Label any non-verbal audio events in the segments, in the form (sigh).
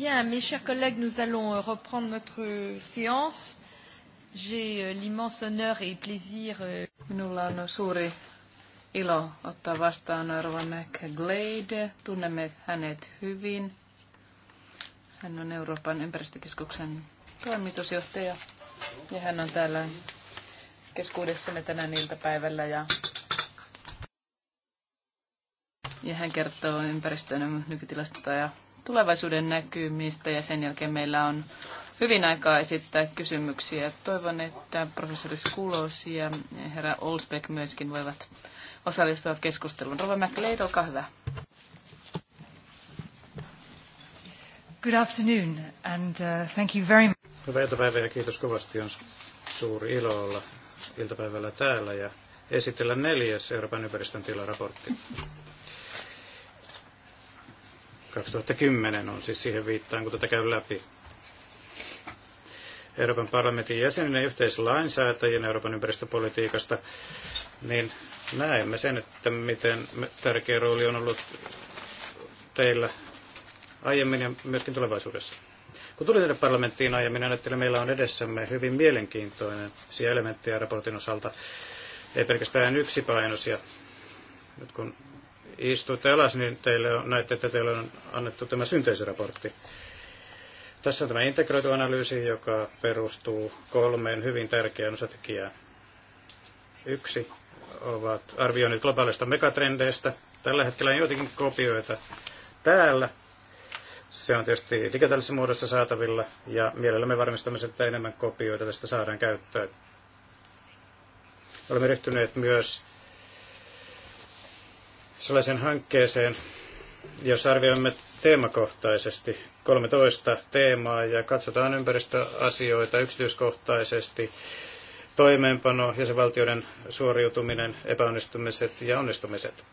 Bien, mes chers collègues, nous allons euh, reprendre notre euh, séance. J'ai euh, l'immense honneur et plaisir. Minulla on suuri ilo ottaa vastaan Rova McGlade. Tunnemme hänet hyvin. Hän on Euroopan ympäristökeskuksen toimitusjohtaja ja hän on täällä keskuudessamme tänä iltapäivällä ja ja hän kertoo ympäristön nykytilasta ja tulevaisuuden näkymistä ja sen jälkeen meillä on hyvin aikaa esittää kysymyksiä. Toivon, että professori Skulos ja herra Olsbeck myöskin voivat osallistua keskusteluun. Rova McLeod, olkaa hyvä. Good afternoon and uh, thank you very much. Hyvää iltapäivää ja kiitos kovasti. On suuri ilo olla iltapäivällä täällä ja esitellä neljäs Euroopan ympäristön tilaraportti. raportti. 2010 on siis siihen viittaan, kun tätä käy läpi. Euroopan parlamentin ja yhteislainsäätäjien Euroopan ympäristöpolitiikasta, niin näemme sen, että miten tärkeä rooli on ollut teillä aiemmin ja myöskin tulevaisuudessa. Kun tuli tänne parlamenttiin aiemmin, ajattelin, meillä on edessämme hyvin mielenkiintoinen elementtiä raportin osalta, ei pelkästään yksipainoisia. Nyt kun istuitte alas, niin teille on, näette, että teille on annettu tämä synteesiraportti. Tässä on tämä integroitu analyysi, joka perustuu kolmeen hyvin tärkeään osatekijään. Yksi ovat arvioinnit globaalista megatrendeistä. Tällä hetkellä on joitakin kopioita täällä. Se on tietysti digitaalisessa muodossa saatavilla ja mielellämme varmistamme, että enemmän kopioita tästä saadaan käyttöön. Olemme ryhtyneet myös sellaisen hankkeeseen, jos arvioimme teemakohtaisesti 13 teemaa ja katsotaan ympäristöasioita yksityiskohtaisesti, toimeenpano, jäsenvaltioiden suoriutuminen, epäonnistumiset ja onnistumiset.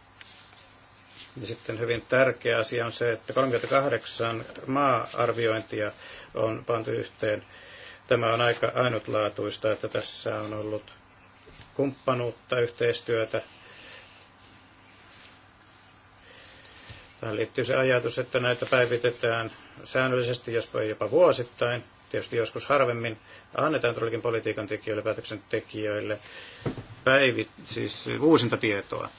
Ja sitten hyvin tärkeä asia on se, että 38 maa-arviointia on pantu yhteen. Tämä on aika ainutlaatuista, että tässä on ollut kumppanuutta, yhteistyötä Tähän liittyy se ajatus, että näitä päivitetään säännöllisesti, jospa jopa vuosittain, tietysti joskus harvemmin. Annetaan todellakin politiikan tekijöille, päätöksentekijöille päivit, siis uusinta tietoa.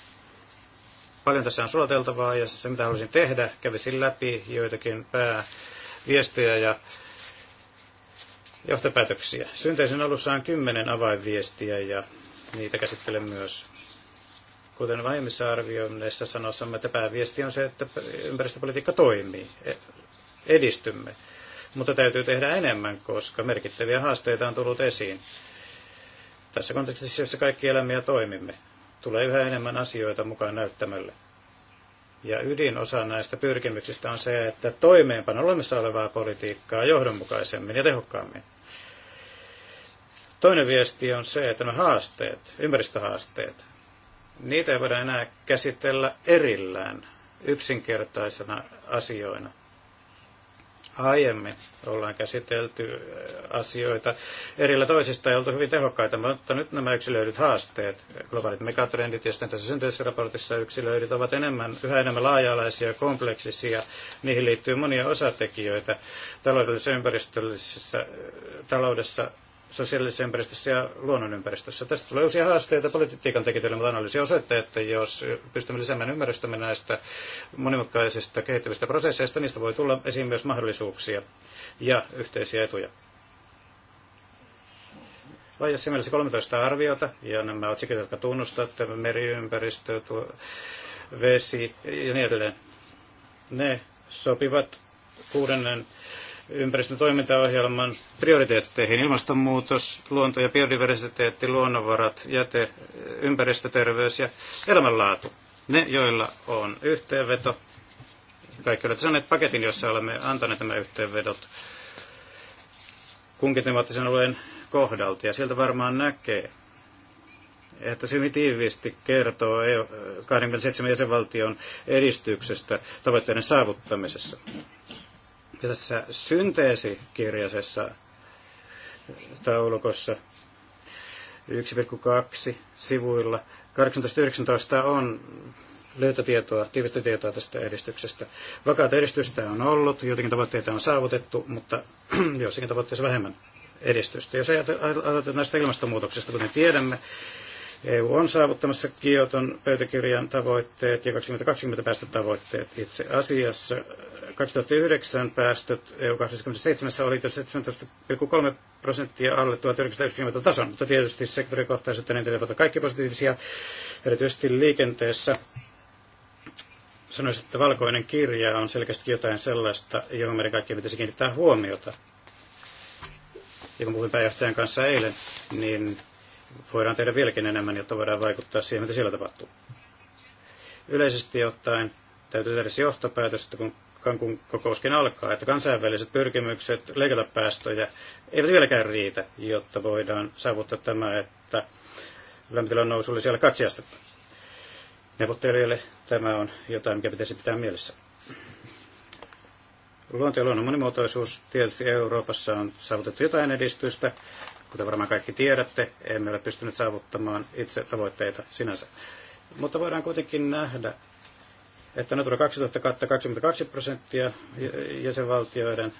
Paljon tässä on sulateltavaa ja se mitä haluaisin tehdä, kävisin läpi joitakin pääviestejä ja johtopäätöksiä. Synteisen alussa on kymmenen avainviestiä ja niitä käsittelen myös Kuten aiemmissa arvioinneissa sanoimme, että pääviesti on se, että ympäristöpolitiikka toimii, e- edistymme. Mutta täytyy tehdä enemmän, koska merkittäviä haasteita on tullut esiin. Tässä kontekstissa, jossa kaikki elämme ja toimimme, tulee yhä enemmän asioita mukaan näyttämölle, Ja ydinosa näistä pyrkimyksistä on se, että toimeenpano olemassa olevaa politiikkaa johdonmukaisemmin ja tehokkaammin. Toinen viesti on se, että nämä haasteet, ympäristöhaasteet, niitä ei voida enää käsitellä erillään yksinkertaisena asioina. Aiemmin ollaan käsitelty äh, asioita erillä toisista ja oltu hyvin tehokkaita, mutta nyt nämä yksilöidyt haasteet, globaalit megatrendit ja sitten tässä syntyessä raportissa yksilöidyt ovat enemmän, yhä enemmän laaja-alaisia ja kompleksisia. Niihin liittyy monia osatekijöitä taloudellisessa ympäristöllisissä äh, taloudessa sosiaalisessa ympäristössä ja luonnonympäristössä. Tästä tulee uusia haasteita politiikan tekijöille, mutta analyysi osoittaa, että jos pystymme lisäämään ymmärrystämme näistä monimutkaisista kehittyvistä prosesseista, niistä voi tulla esiin myös mahdollisuuksia ja yhteisiä etuja. Laajassa mielessä 13 arviota, ja nämä otsikot, jotka tunnustatte, meriympäristö, tuo, vesi ja niin edelleen, ne sopivat kuudennen ympäristön toimintaohjelman prioriteetteihin ilmastonmuutos, luonto ja biodiversiteetti, luonnonvarat, jäte, ympäristöterveys ja elämänlaatu. Ne, joilla on yhteenveto, kaikki olette saaneet paketin, jossa olemme antaneet nämä yhteenvedot kunkin temaattisen alueen kohdalta. Ja sieltä varmaan näkee, että se hyvin tiiviisti kertoo 27 e jäsenvaltion edistyksestä tavoitteiden saavuttamisessa. Ja tässä synteesikirjaisessa taulukossa 1,2 sivuilla 18.19 on löytötietoa, tiivistä tietoa tästä edistyksestä. Vakaata edistystä on ollut, jotenkin tavoitteita on saavutettu, mutta (clears throat) jossakin tavoitteessa vähemmän edistystä. Jos ajatellaan näistä ilmastonmuutoksesta, kuten tiedämme, EU on saavuttamassa Kioton pöytäkirjan tavoitteet ja 2020 päästötavoitteet itse asiassa. 2009 päästöt EU27 oli 17,3 prosenttia alle 1990 tason, mutta tietysti sektorikohtaiset eniten niin ovat kaikki positiivisia, erityisesti liikenteessä. Sanoisin, että valkoinen kirja on selkeästi jotain sellaista, johon meidän kaikkien pitäisi kiinnittää huomiota. Ja kun puhuin pääjohtajan kanssa eilen, niin voidaan tehdä vieläkin enemmän, jotta voidaan vaikuttaa siihen, mitä siellä tapahtuu. Yleisesti ottaen täytyy tehdä se johtopäätös, että kun Kankun kokouskin alkaa, että kansainväliset pyrkimykset leikata päästöjä eivät vieläkään riitä, jotta voidaan saavuttaa tämä, että lämpötilan nousu oli siellä kaksi astetta. Neuvottelijoille tämä on jotain, mikä pitäisi pitää mielessä. Luonto- ja luonnon monimuotoisuus tietysti Euroopassa on saavutettu jotain edistystä, Kuten varmaan kaikki tiedätte, emme ole pystyneet saavuttamaan itse tavoitteita sinänsä. Mutta voidaan kuitenkin nähdä, että Natura 2000 kattaa 22 prosenttia jäsenvaltioiden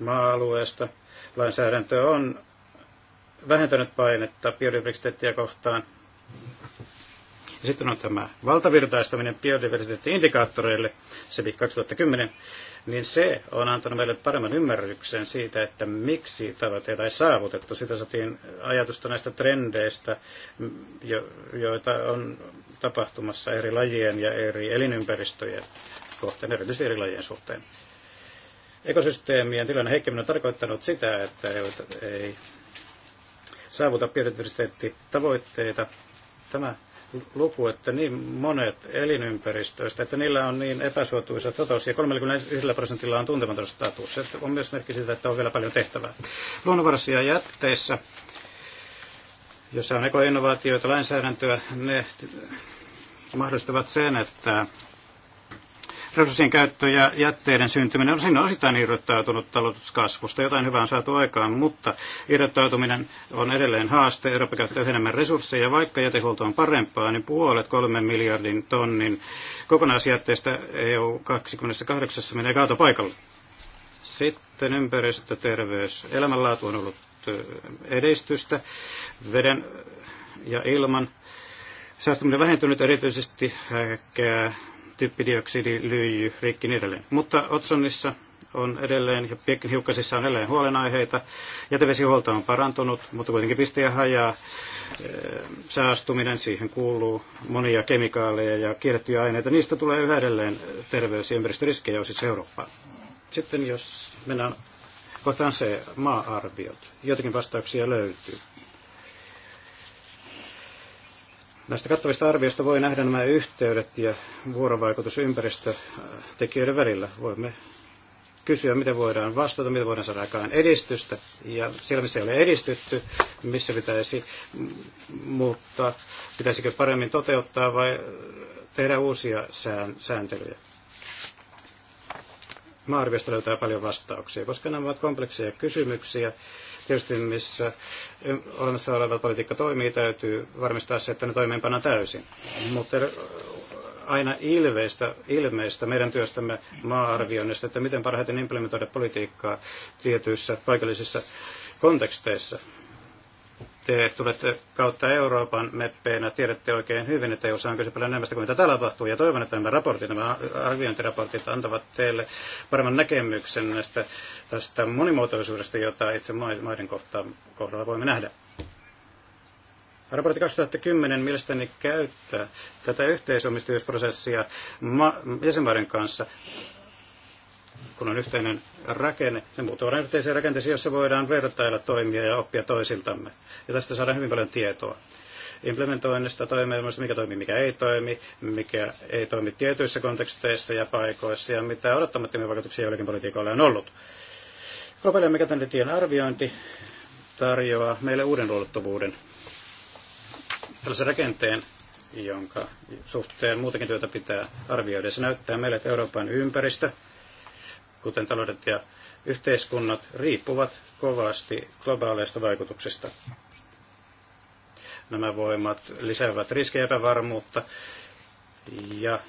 maa-alueesta. Lainsäädäntö on vähentänyt painetta biodiversiteettiä kohtaan ja sitten on tämä valtavirtaistaminen biodiversiteettiindikaattoreille, se 2010, niin se on antanut meille paremman ymmärryksen siitä, että miksi tavoitteita ei saavutettu. Sitä saatiin ajatusta näistä trendeistä, joita on tapahtumassa eri lajien ja eri elinympäristöjen kohteen, erityisesti eri lajien suhteen. Ekosysteemien tilanne heikkeminen on tarkoittanut sitä, että ei saavuta biodiversiteettitavoitteita. Tämä luku, että niin monet elinympäristöistä, että niillä on niin epäsuotuisa totos, ja 31 prosentilla on tuntematon status. Se on myös merkki siitä, että on vielä paljon tehtävää. Luonnonvarsia jätteissä, jossa on ekoinnovaatioita, lainsäädäntöä, ne mahdollistavat sen, että resurssien käyttö ja jätteiden syntyminen on sinne osittain irrottautunut talouskasvusta. Jotain hyvää on saatu aikaan, mutta irrottautuminen on edelleen haaste. Eurooppa käyttää enemmän resursseja. Vaikka jätehuolto on parempaa, niin puolet kolmen miljardin tonnin kokonaisjätteestä EU 28 menee kaatopaikalle. Sitten ympäristö, terveys, elämänlaatu on ollut edistystä. Veden ja ilman säästäminen vähentynyt erityisesti häkkää lyijy, rikki niin edelleen. Mutta Otsonissa on edelleen, ja hiukkasissa on edelleen huolenaiheita. Jätevesihuolto on parantunut, mutta kuitenkin pistejä hajaa. Eh, Säästuminen, siihen kuuluu monia kemikaaleja ja kiertyjä aineita. Niistä tulee yhä edelleen terveys- ja ympäristöriskejä osissa Eurooppaa. Sitten jos mennään kohtaan se maa-arviot. Jotakin vastauksia löytyy. Näistä kattavista arvioista voi nähdä nämä yhteydet ja vuorovaikutus ympäristötekijöiden välillä. Voimme kysyä, miten voidaan vastata, miten voidaan saada aikaan edistystä. Ja siellä, missä ei ole edistytty, missä pitäisi mm, muuttaa, pitäisikö paremmin toteuttaa vai tehdä uusia sään, sääntelyjä. Maa-arviosta löytää paljon vastauksia, koska nämä ovat komplekseja kysymyksiä Tietysti missä olemassa oleva politiikka toimii, täytyy varmistaa se, että ne toimeenpana täysin. Mutta aina ilmeistä, ilmeistä meidän työstämme maa-arvioinnista, että miten parhaiten implementoida politiikkaa tietyissä paikallisissa konteksteissa te tulette kautta Euroopan meppeinä, tiedätte oikein hyvin, että jos e on kyse paljon enemmän kuin mitä täällä tapahtuu. Ja toivon, että nämä raportit, nämä arviointiraportit antavat teille paremman näkemyksen näistä, tästä monimuotoisuudesta, jota itse maiden kohtaan kohdalla voimme nähdä. Raportti 2010 mielestäni käyttää tätä yhteisomistajuusprosessia jäsenmaiden kanssa kun on yhteinen rakenne, ne muuttuvat yhteisiä rakenteisiin, joissa voidaan vertailla toimia ja oppia toisiltamme. Ja tästä saadaan hyvin paljon tietoa implementoinnista, toimimasta, mikä toimii, mikä ei toimi, mikä ei toimi tietyissä konteksteissa ja paikoissa ja mitä odottamattomia vaikutuksia joillakin politiikoilla on ollut. Globaalien megatendentien arviointi tarjoaa meille uuden ulottuvuuden, tällaisen rakenteen, jonka suhteen muutakin työtä pitää arvioida. Se näyttää meille, että Euroopan ympäristö, kuten taloudet ja yhteiskunnat, riippuvat kovasti globaaleista vaikutuksista. Nämä voimat lisäävät riskejä epävarmuutta ja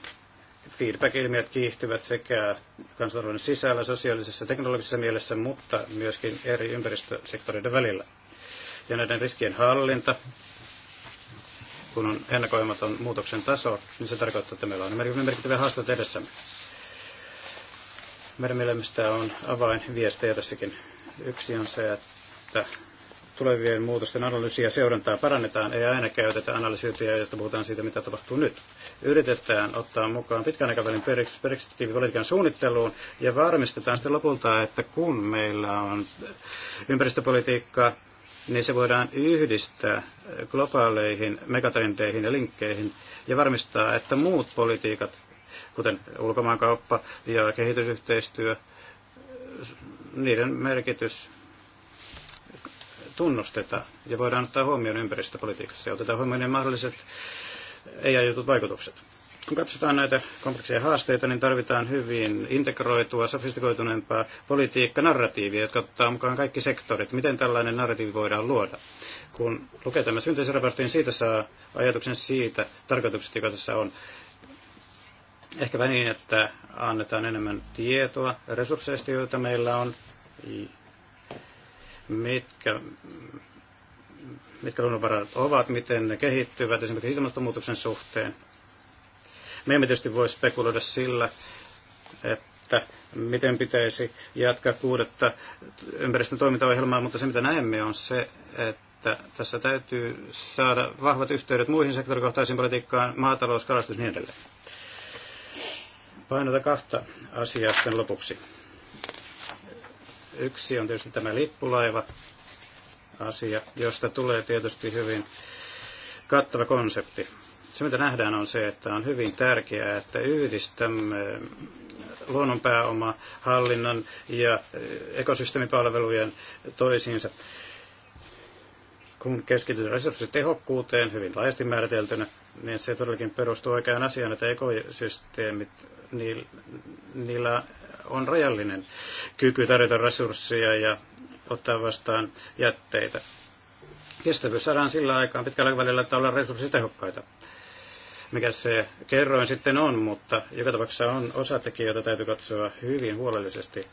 feedback-ilmiöt kiihtyvät sekä kansantalouden sisällä, sosiaalisessa ja teknologisessa mielessä, mutta myöskin eri ympäristösektoreiden välillä. Ja näiden riskien hallinta, kun on ennakoimaton muutoksen taso, niin se tarkoittaa, että meillä on merkittäviä haasteita edessämme. Meidän mielestä on avainviestejä tässäkin. Yksi on se, että tulevien muutosten analyysiä seurantaa parannetaan, ei aina käytetä analysyytiä, jotta puhutaan siitä, mitä tapahtuu nyt. Yritetään ottaa mukaan pitkän aikavälin perspektiivipolitiikan suunnitteluun ja varmistetaan sitten lopulta, että kun meillä on ympäristöpolitiikkaa, niin se voidaan yhdistää globaaleihin megatrendeihin ja linkkeihin ja varmistaa, että muut politiikat kuten ulkomaankauppa ja kehitysyhteistyö, niiden merkitys tunnustetaan ja voidaan ottaa huomioon ympäristöpolitiikassa ja otetaan huomioon ne mahdolliset ei ajutut vaikutukset. Kun katsotaan näitä kompleksia haasteita, niin tarvitaan hyvin integroitua, sofistikoituneempaa politiikka-narratiivia, jotka ottaa mukaan kaikki sektorit. Miten tällainen narratiivi voidaan luoda? Kun lukee tämän synteesiraportin, siitä saa ajatuksen siitä tarkoituksesta, joka tässä on ehkäpä niin, että annetaan enemmän tietoa resursseista, joita meillä on, mitkä, mitkä luonnonvarat ovat, miten ne kehittyvät esimerkiksi ilmastonmuutoksen suhteen. Me emme tietysti voi spekuloida sillä, että miten pitäisi jatkaa kuudetta ympäristön toimintaohjelmaa, mutta se mitä näemme on se, että tässä täytyy saada vahvat yhteydet muihin sektorikohtaisiin politiikkaan, maatalous, kalastus ja niin edelleen. Painota kahta asiaa sitten lopuksi. Yksi on tietysti tämä lippulaiva asia, josta tulee tietysti hyvin kattava konsepti. Se, mitä nähdään, on se, että on hyvin tärkeää, että yhdistämme luonnonpääoma, hallinnan ja eh, ekosysteemipalvelujen toisiinsa. Kun keskitytään resurssitehokkuuteen hyvin laajasti määriteltynä, niin se todellakin perustuu oikeaan asiaan, että ekosysteemit niillä on rajallinen kyky tarjota resursseja ja ottaa vastaan jätteitä. Kestävyys saadaan sillä aikaan pitkällä välillä, että ollaan resurssitehokkaita. Mikä se kerroin sitten on, mutta joka tapauksessa on osatekijöitä, täytyy katsoa hyvin huolellisesti,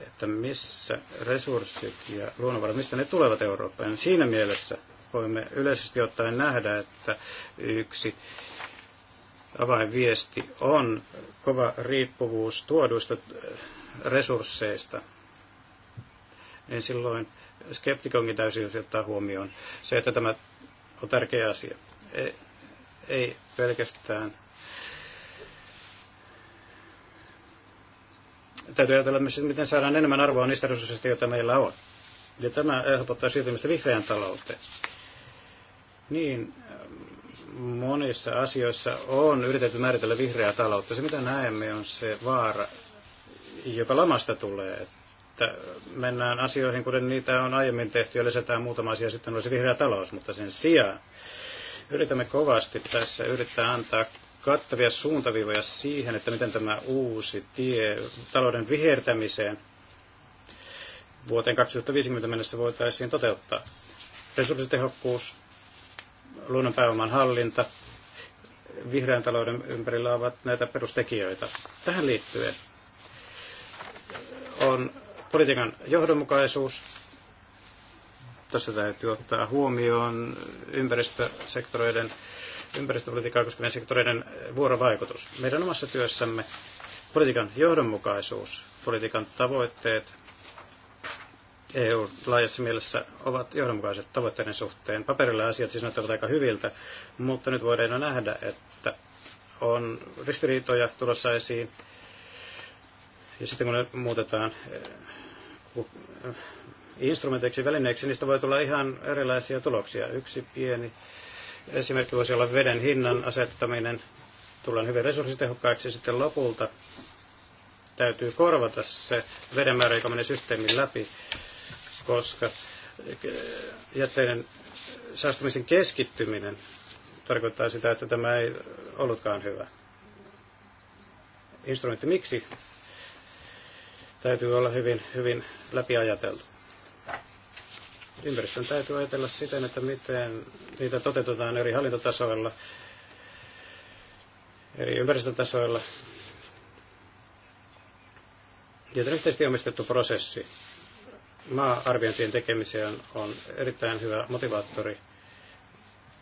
että missä resurssit ja luonnonvarat, mistä ne tulevat Eurooppaan. Siinä mielessä voimme yleisesti ottaen nähdä, että yksi avainviesti on kova riippuvuus tuoduista äh, resursseista, niin silloin skeptikonkin täysin ottaa huomioon se, että tämä on tärkeä asia. Ei, ei pelkästään täytyy ajatella myös, miten saadaan enemmän arvoa niistä resursseista, joita meillä on. Ja tämä helpottaa siirtymistä vihreän talouteen. Niin, monissa asioissa on yritetty määritellä vihreää taloutta. Se, mitä näemme, on se vaara, joka lamasta tulee, että mennään asioihin, kuten niitä on aiemmin tehty, ja lisätään muutama asia, sitten olisi vihreä talous, mutta sen sijaan yritämme kovasti tässä yrittää antaa kattavia suuntaviivoja siihen, että miten tämä uusi tie talouden vihertämiseen vuoteen 2050 mennessä voitaisiin toteuttaa. Resurssitehokkuus, luonnonpääoman hallinta, vihreän talouden ympärillä ovat näitä perustekijöitä. Tähän liittyen on politiikan johdonmukaisuus. Tässä täytyy ottaa huomioon ympäristösektoreiden, ympäristöpolitiikkaa koskevien sektoreiden vuorovaikutus. Meidän omassa työssämme politiikan johdonmukaisuus, politiikan tavoitteet EU laajassa mielessä ovat johdonmukaiset tavoitteiden suhteen. Paperilla asiat siis näyttävät aika hyviltä, mutta nyt voidaan jo nähdä, että on ristiriitoja tulossa esiin. Ja sitten kun ne muutetaan eh, instrumenteiksi, välineiksi, niistä voi tulla ihan erilaisia tuloksia. Yksi pieni esimerkki voisi olla veden hinnan asettaminen. Tullaan hyvin resurssitehokkaiksi sitten lopulta täytyy korvata se määrä, joka menee systeemin läpi koska jätteiden saastumisen keskittyminen tarkoittaa sitä, että tämä ei ollutkaan hyvä. Instrumentti miksi täytyy olla hyvin, hyvin läpiajateltu. Ympäristön täytyy ajatella siten, että miten niitä toteutetaan eri hallintotasoilla, eri ympäristötasoilla, joten yhteisesti omistettu prosessi maa-arviointien tekemiseen on erittäin hyvä motivaattori,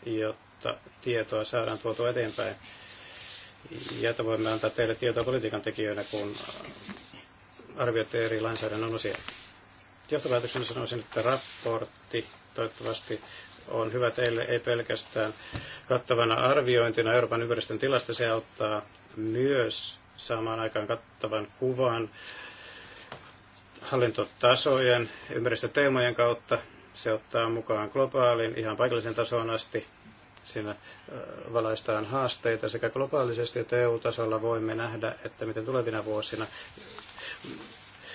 jotta tietoa saadaan tuotua eteenpäin. Ja että voimme antaa teille tietoa politiikan tekijöinä, kun arvioitte eri lainsäädännön osia. Johtopäätöksenä sanoisin, että raportti toivottavasti on hyvä teille, ei pelkästään kattavana arviointina Euroopan ympäristön tilasta. Se auttaa myös saamaan aikaan kattavan kuvan hallintotasojen, ympäristöteemojen kautta. Se ottaa mukaan globaalin, ihan paikallisen tasoon asti. Siinä valaistaan haasteita sekä globaalisesti että EU-tasolla voimme nähdä, että miten tulevina vuosina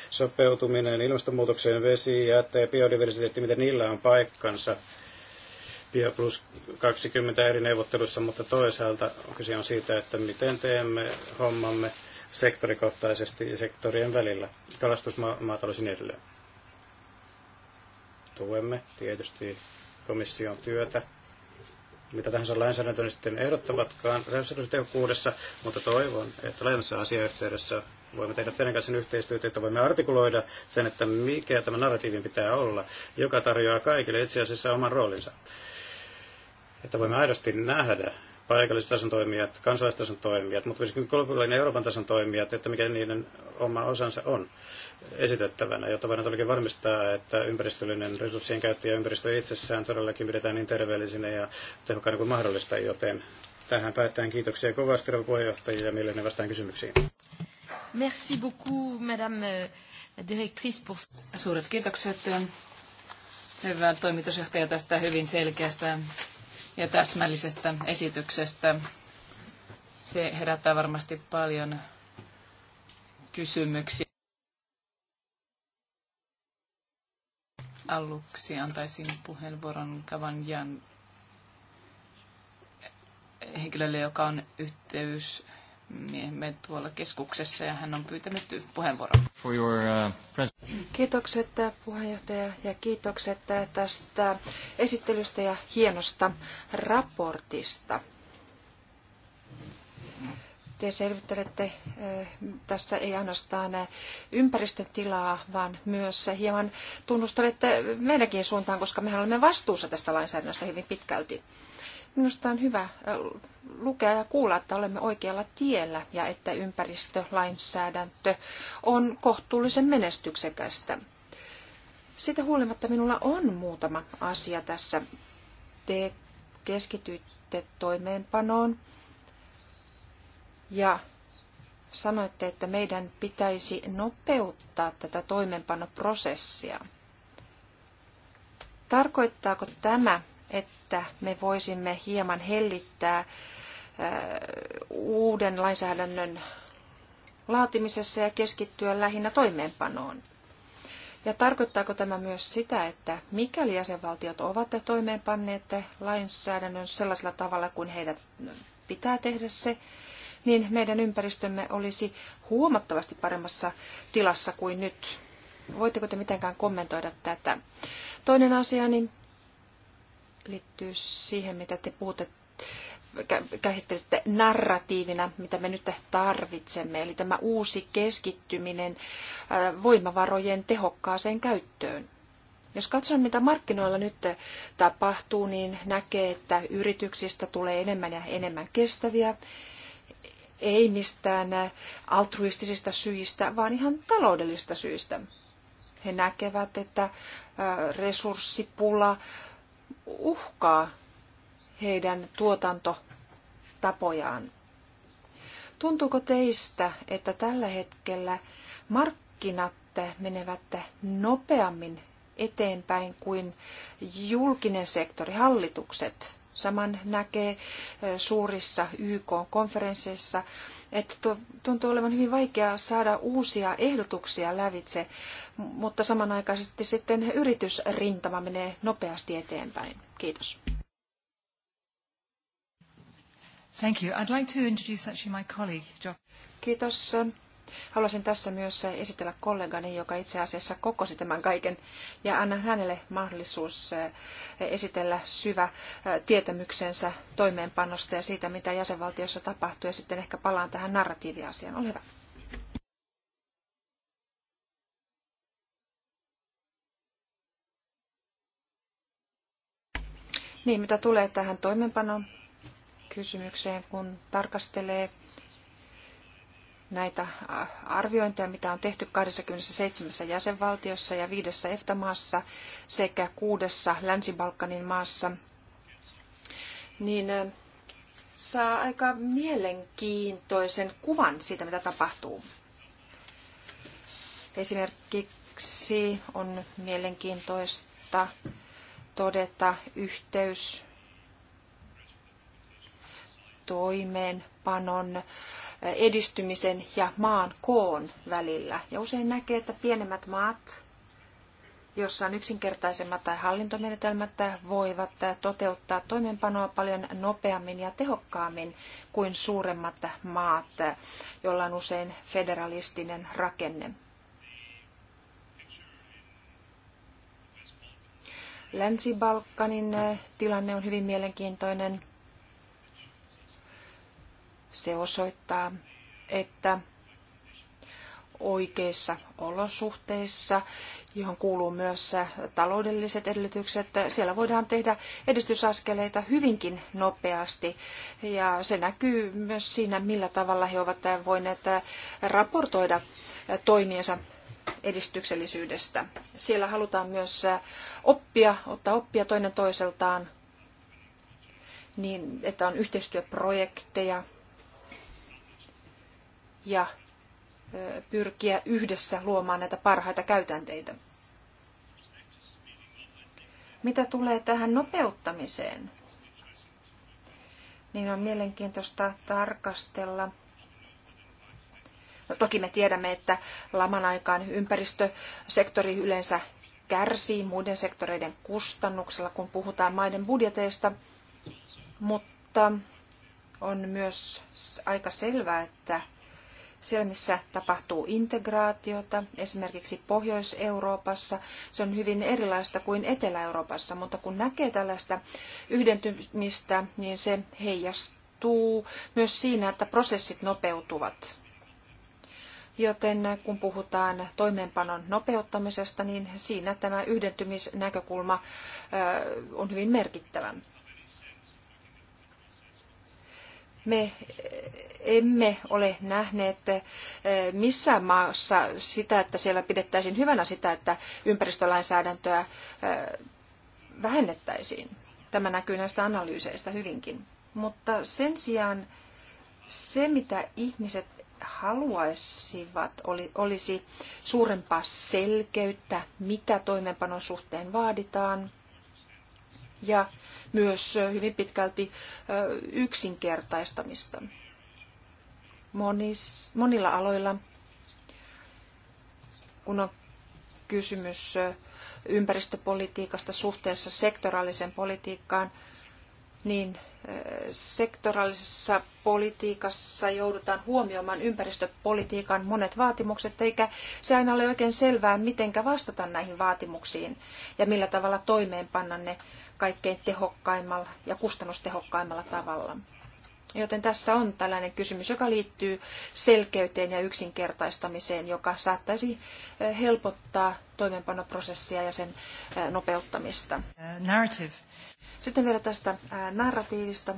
sopeutuminen ilmastonmuutokseen, vesi, jäte ja biodiversiteetti, miten niillä on paikkansa. Bio plus 20 eri neuvottelussa, mutta toisaalta kyse on siitä, että miten teemme hommamme sektorikohtaisesti ja sektorien välillä, kalastusmaatalous ja niin edelleen. Tuemme tietysti komission työtä, mitä tahansa lainsäädäntö niin sitten ehdottavatkaan resurssitehokkuudessa, mutta toivon, että laajemmassa asiayhteydessä voimme tehdä teidän kanssa yhteistyötä, että voimme artikuloida sen, että mikä tämä narratiivin pitää olla, joka tarjoaa kaikille itse asiassa oman roolinsa. Että voimme aidosti nähdä, paikallistason toimijat, kansalaistason toimijat, mutta myöskin globaalinen Euroopan tason toimijat, että mikä niiden oma osansa on esitettävänä, jotta voidaan todellakin varmistaa, että ympäristöllinen resurssien käyttö ja ympäristö itsessään todellakin pidetään niin terveellisinä ja tehokkaana kuin mahdollista, joten tähän päättäen kiitoksia kovasti rouva puheenjohtajille ja mielelläni vastaan kysymyksiin. Merci beaucoup, madame directrice, pour... Suuret kiitokset, hyvä toimitusjohtaja, tästä hyvin selkeästä ja täsmällisestä esityksestä. Se herättää varmasti paljon kysymyksiä. Aluksi antaisin puheenvuoron Jan henkilölle, joka on yhteys miehemme tuolla keskuksessa ja hän on pyytänyt puheenvuoron. For your, uh, kiitokset uh, puheenjohtaja ja kiitokset uh, tästä esittelystä ja hienosta raportista. Te selvittelette uh, tässä ei ainoastaan ympäristön tilaa, vaan myös hieman tunnustelette meidänkin suuntaan, koska mehän olemme vastuussa tästä lainsäädännöstä hyvin pitkälti. Minusta on hyvä lukea ja kuulla, että olemme oikealla tiellä ja että ympäristölainsäädäntö on kohtuullisen menestyksekästä. Sitä huolimatta minulla on muutama asia tässä. Te keskityitte toimeenpanoon ja sanoitte, että meidän pitäisi nopeuttaa tätä toimeenpanoprosessia. Tarkoittaako tämä että me voisimme hieman hellittää äh, uuden lainsäädännön laatimisessa ja keskittyä lähinnä toimeenpanoon. Ja tarkoittaako tämä myös sitä, että mikäli jäsenvaltiot ovat toimeenpanneet lainsäädännön sellaisella tavalla kuin heidän pitää tehdä se, niin meidän ympäristömme olisi huomattavasti paremmassa tilassa kuin nyt. Voitteko te mitenkään kommentoida tätä? Toinen asia, niin liittyy siihen, mitä te puhutte, käsittelette narratiivina, mitä me nyt tarvitsemme, eli tämä uusi keskittyminen voimavarojen tehokkaaseen käyttöön. Jos katsoo, mitä markkinoilla nyt tapahtuu, niin näkee, että yrityksistä tulee enemmän ja enemmän kestäviä, ei mistään altruistisista syistä, vaan ihan taloudellisista syistä. He näkevät, että resurssipula uhkaa heidän tuotantotapojaan. Tuntuuko teistä, että tällä hetkellä markkinat menevät nopeammin eteenpäin kuin julkinen sektori, hallitukset? Saman näkee suurissa YK-konferensseissa, että tuntuu olevan hyvin vaikeaa saada uusia ehdotuksia lävitse, mutta samanaikaisesti sitten yritysrintama menee nopeasti eteenpäin. Kiitos. Thank you. I'd like to introduce actually my colleague, Kiitos. Haluaisin tässä myös esitellä kollegani, joka itse asiassa kokosi tämän kaiken, ja annan hänelle mahdollisuus eh, esitellä syvä eh, tietämyksensä toimeenpanosta ja siitä, mitä jäsenvaltiossa tapahtuu, ja sitten ehkä palaan tähän narratiiviasiaan. Ole hyvä. Niin, mitä tulee tähän toimenpanon kysymykseen, kun tarkastelee näitä arviointeja, mitä on tehty 27 jäsenvaltiossa ja viidessä EFTA-maassa sekä kuudessa Länsi-Balkanin maassa, niin saa aika mielenkiintoisen kuvan siitä, mitä tapahtuu. Esimerkiksi on mielenkiintoista todeta yhteys toimeenpanon edistymisen ja maan koon välillä. Ja usein näkee, että pienemmät maat, jossa on yksinkertaisemmat tai hallintomenetelmät, voivat toteuttaa toimeenpanoa paljon nopeammin ja tehokkaammin kuin suuremmat maat, joilla on usein federalistinen rakenne. Länsi-Balkanin tilanne on hyvin mielenkiintoinen. Se osoittaa, että oikeissa olosuhteissa, johon kuuluu myös taloudelliset edellytykset. Siellä voidaan tehdä edistysaskeleita hyvinkin nopeasti ja se näkyy myös siinä, millä tavalla he ovat voineet raportoida toimiensa edistyksellisyydestä. Siellä halutaan myös oppia, ottaa oppia toinen toiseltaan, niin että on yhteistyöprojekteja, ja pyrkiä yhdessä luomaan näitä parhaita käytänteitä. Mitä tulee tähän nopeuttamiseen, niin on mielenkiintoista tarkastella. No, toki me tiedämme, että laman aikaan ympäristösektori yleensä kärsii muiden sektoreiden kustannuksella, kun puhutaan maiden budjeteista, mutta on myös aika selvää, että siellä, missä tapahtuu integraatiota, esimerkiksi Pohjois-Euroopassa, se on hyvin erilaista kuin Etelä-Euroopassa, mutta kun näkee tällaista yhdentymistä, niin se heijastuu myös siinä, että prosessit nopeutuvat. Joten kun puhutaan toimeenpanon nopeuttamisesta, niin siinä tämä yhdentymisnäkökulma on hyvin merkittävä. Me emme ole nähneet eh, missään maassa sitä, että siellä pidettäisiin hyvänä sitä, että ympäristölainsäädäntöä eh, vähennettäisiin. Tämä näkyy näistä analyyseistä hyvinkin. Mutta sen sijaan se, mitä ihmiset haluaisivat, oli, olisi suurempaa selkeyttä, mitä toimeenpanon suhteen vaaditaan, ja myös hyvin pitkälti yksinkertaistamista. Monis, monilla aloilla, kun on kysymys ympäristöpolitiikasta suhteessa sektoraaliseen politiikkaan, niin sektorallisessa politiikassa joudutaan huomioimaan ympäristöpolitiikan monet vaatimukset, eikä se aina ole oikein selvää, miten vastata näihin vaatimuksiin ja millä tavalla toimeenpanna ne kaikkein tehokkaimmalla ja kustannustehokkaimmalla tavalla. Joten tässä on tällainen kysymys, joka liittyy selkeyteen ja yksinkertaistamiseen, joka saattaisi eh, helpottaa toimeenpanoprosessia ja sen eh, nopeuttamista. Narrative. Sitten vielä tästä narratiivista.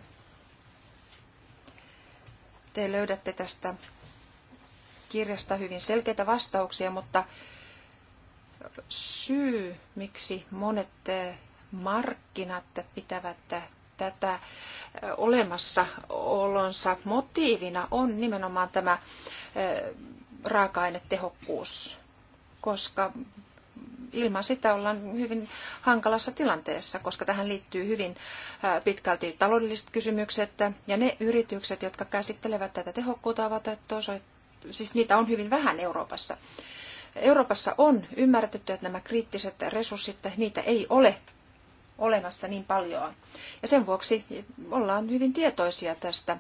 Te löydätte tästä kirjasta hyvin selkeitä vastauksia, mutta syy, miksi monet markkinat pitävät tätä olemassa olonsa motiivina, on nimenomaan tämä raaka-ainetehokkuus, koska ilman sitä ollaan hyvin hankalassa tilanteessa, koska tähän liittyy hyvin pitkälti taloudelliset kysymykset. Ja ne yritykset, jotka käsittelevät tätä tehokkuutta, ovat siis niitä on hyvin vähän Euroopassa. Euroopassa on ymmärretty, että nämä kriittiset resurssit, niitä ei ole olemassa niin paljon. Ja sen vuoksi ollaan hyvin tietoisia tästä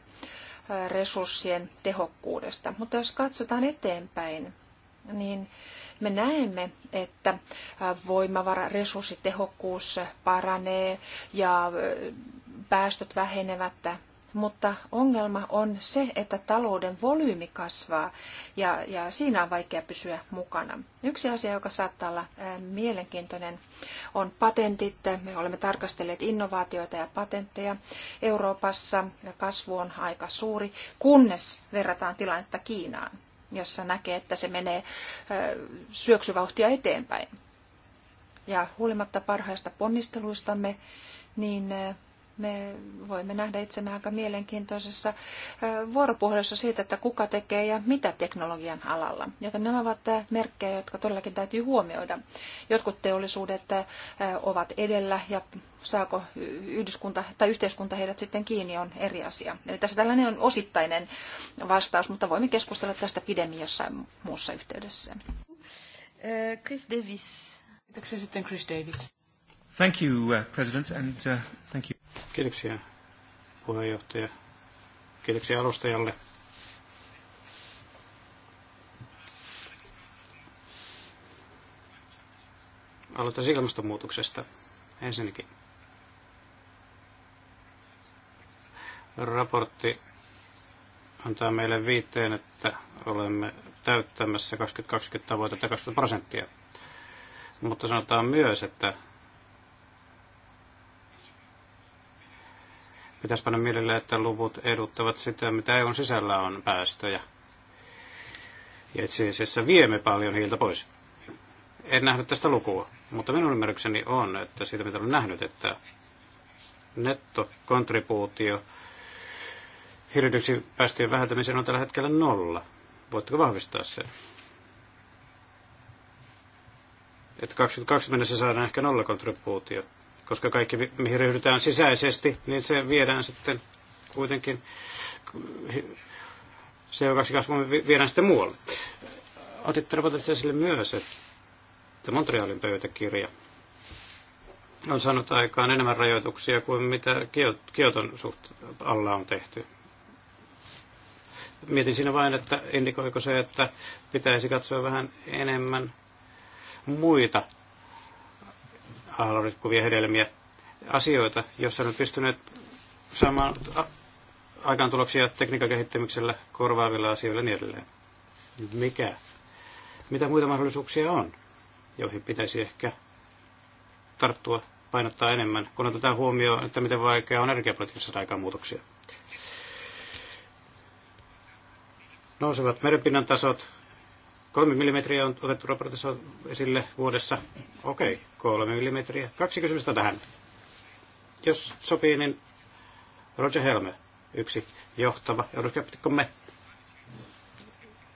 resurssien tehokkuudesta. Mutta jos katsotaan eteenpäin, niin me näemme, että voimavara, resurssitehokkuus paranee ja päästöt vähenevät, mutta ongelma on se, että talouden volyymi kasvaa ja, ja siinä on vaikea pysyä mukana. Yksi asia, joka saattaa olla mielenkiintoinen, on patentit. Me olemme tarkastelleet innovaatioita ja patentteja. Euroopassa kasvu on aika suuri, kunnes verrataan tilannetta Kiinaan jossa näkee, että se menee syöksyvauhtia eteenpäin. Ja huolimatta parhaista ponnisteluistamme, niin me voimme nähdä itsemme aika mielenkiintoisessa vuoropuhelussa siitä, että kuka tekee ja mitä teknologian alalla. Joten nämä ovat merkkejä, jotka todellakin täytyy huomioida. Jotkut teollisuudet ovat edellä ja saako yhdyskunta tai yhteiskunta heidät sitten kiinni on eri asia. Eli tässä tällainen on osittainen vastaus, mutta voimme keskustella tästä pidemmin jossain muussa yhteydessä. Chris Davis. Kiitoksia sitten Chris Davis. Thank you, uh, President, and uh, thank you. Kiitoksia puheenjohtaja. Kiitoksia alustajalle. Aloittaisin ilmastonmuutoksesta ensinnäkin. Raportti antaa meille viitteen, että olemme täyttämässä 2020 tavoitetta 20 prosenttia. Mutta sanotaan myös, että Pitäisi panna mielellä, että luvut eduttavat sitä, mitä EUn sisällä on päästöjä. Ja itse asiassa viemme paljon hiiltä pois. En nähnyt tästä lukua, mutta minun ymmärrykseni on, että siitä mitä olen nähnyt, että nettokontribuutio hiilidioksidipäästöjen vähentämiseen on tällä hetkellä nolla. Voitteko vahvistaa sen? Että 2020 mennessä saadaan ehkä nollakontribuutio koska kaikki mihin ryhdytään sisäisesti, niin se viedään sitten kuitenkin se 2 kasvumme viedään sitten muualle. Otitte raportissa esille myös, että Montrealin pöytäkirja on saanut aikaan enemmän rajoituksia kuin mitä Kioton suht alla on tehty. Mietin siinä vain, että indikoiko se, että pitäisi katsoa vähän enemmän muita halunnut hedelmiä asioita, joissa on pystyneet saamaan aikaan tuloksia tekniikan kehittämisellä, korvaavilla asioilla ja niin edelleen. Mikä? Mitä muita mahdollisuuksia on, joihin pitäisi ehkä tarttua, painottaa enemmän, kun otetaan huomioon, että miten vaikea on energiapolitiikassa saada aikaan muutoksia? Nousevat merenpinnan tasot, 3 millimetriä on otettu raportissa esille vuodessa. Okei, okay, kolme millimetriä. Kaksi kysymystä tähän. Jos sopii, niin Roger Helme, yksi johtava euroskeptikkomme,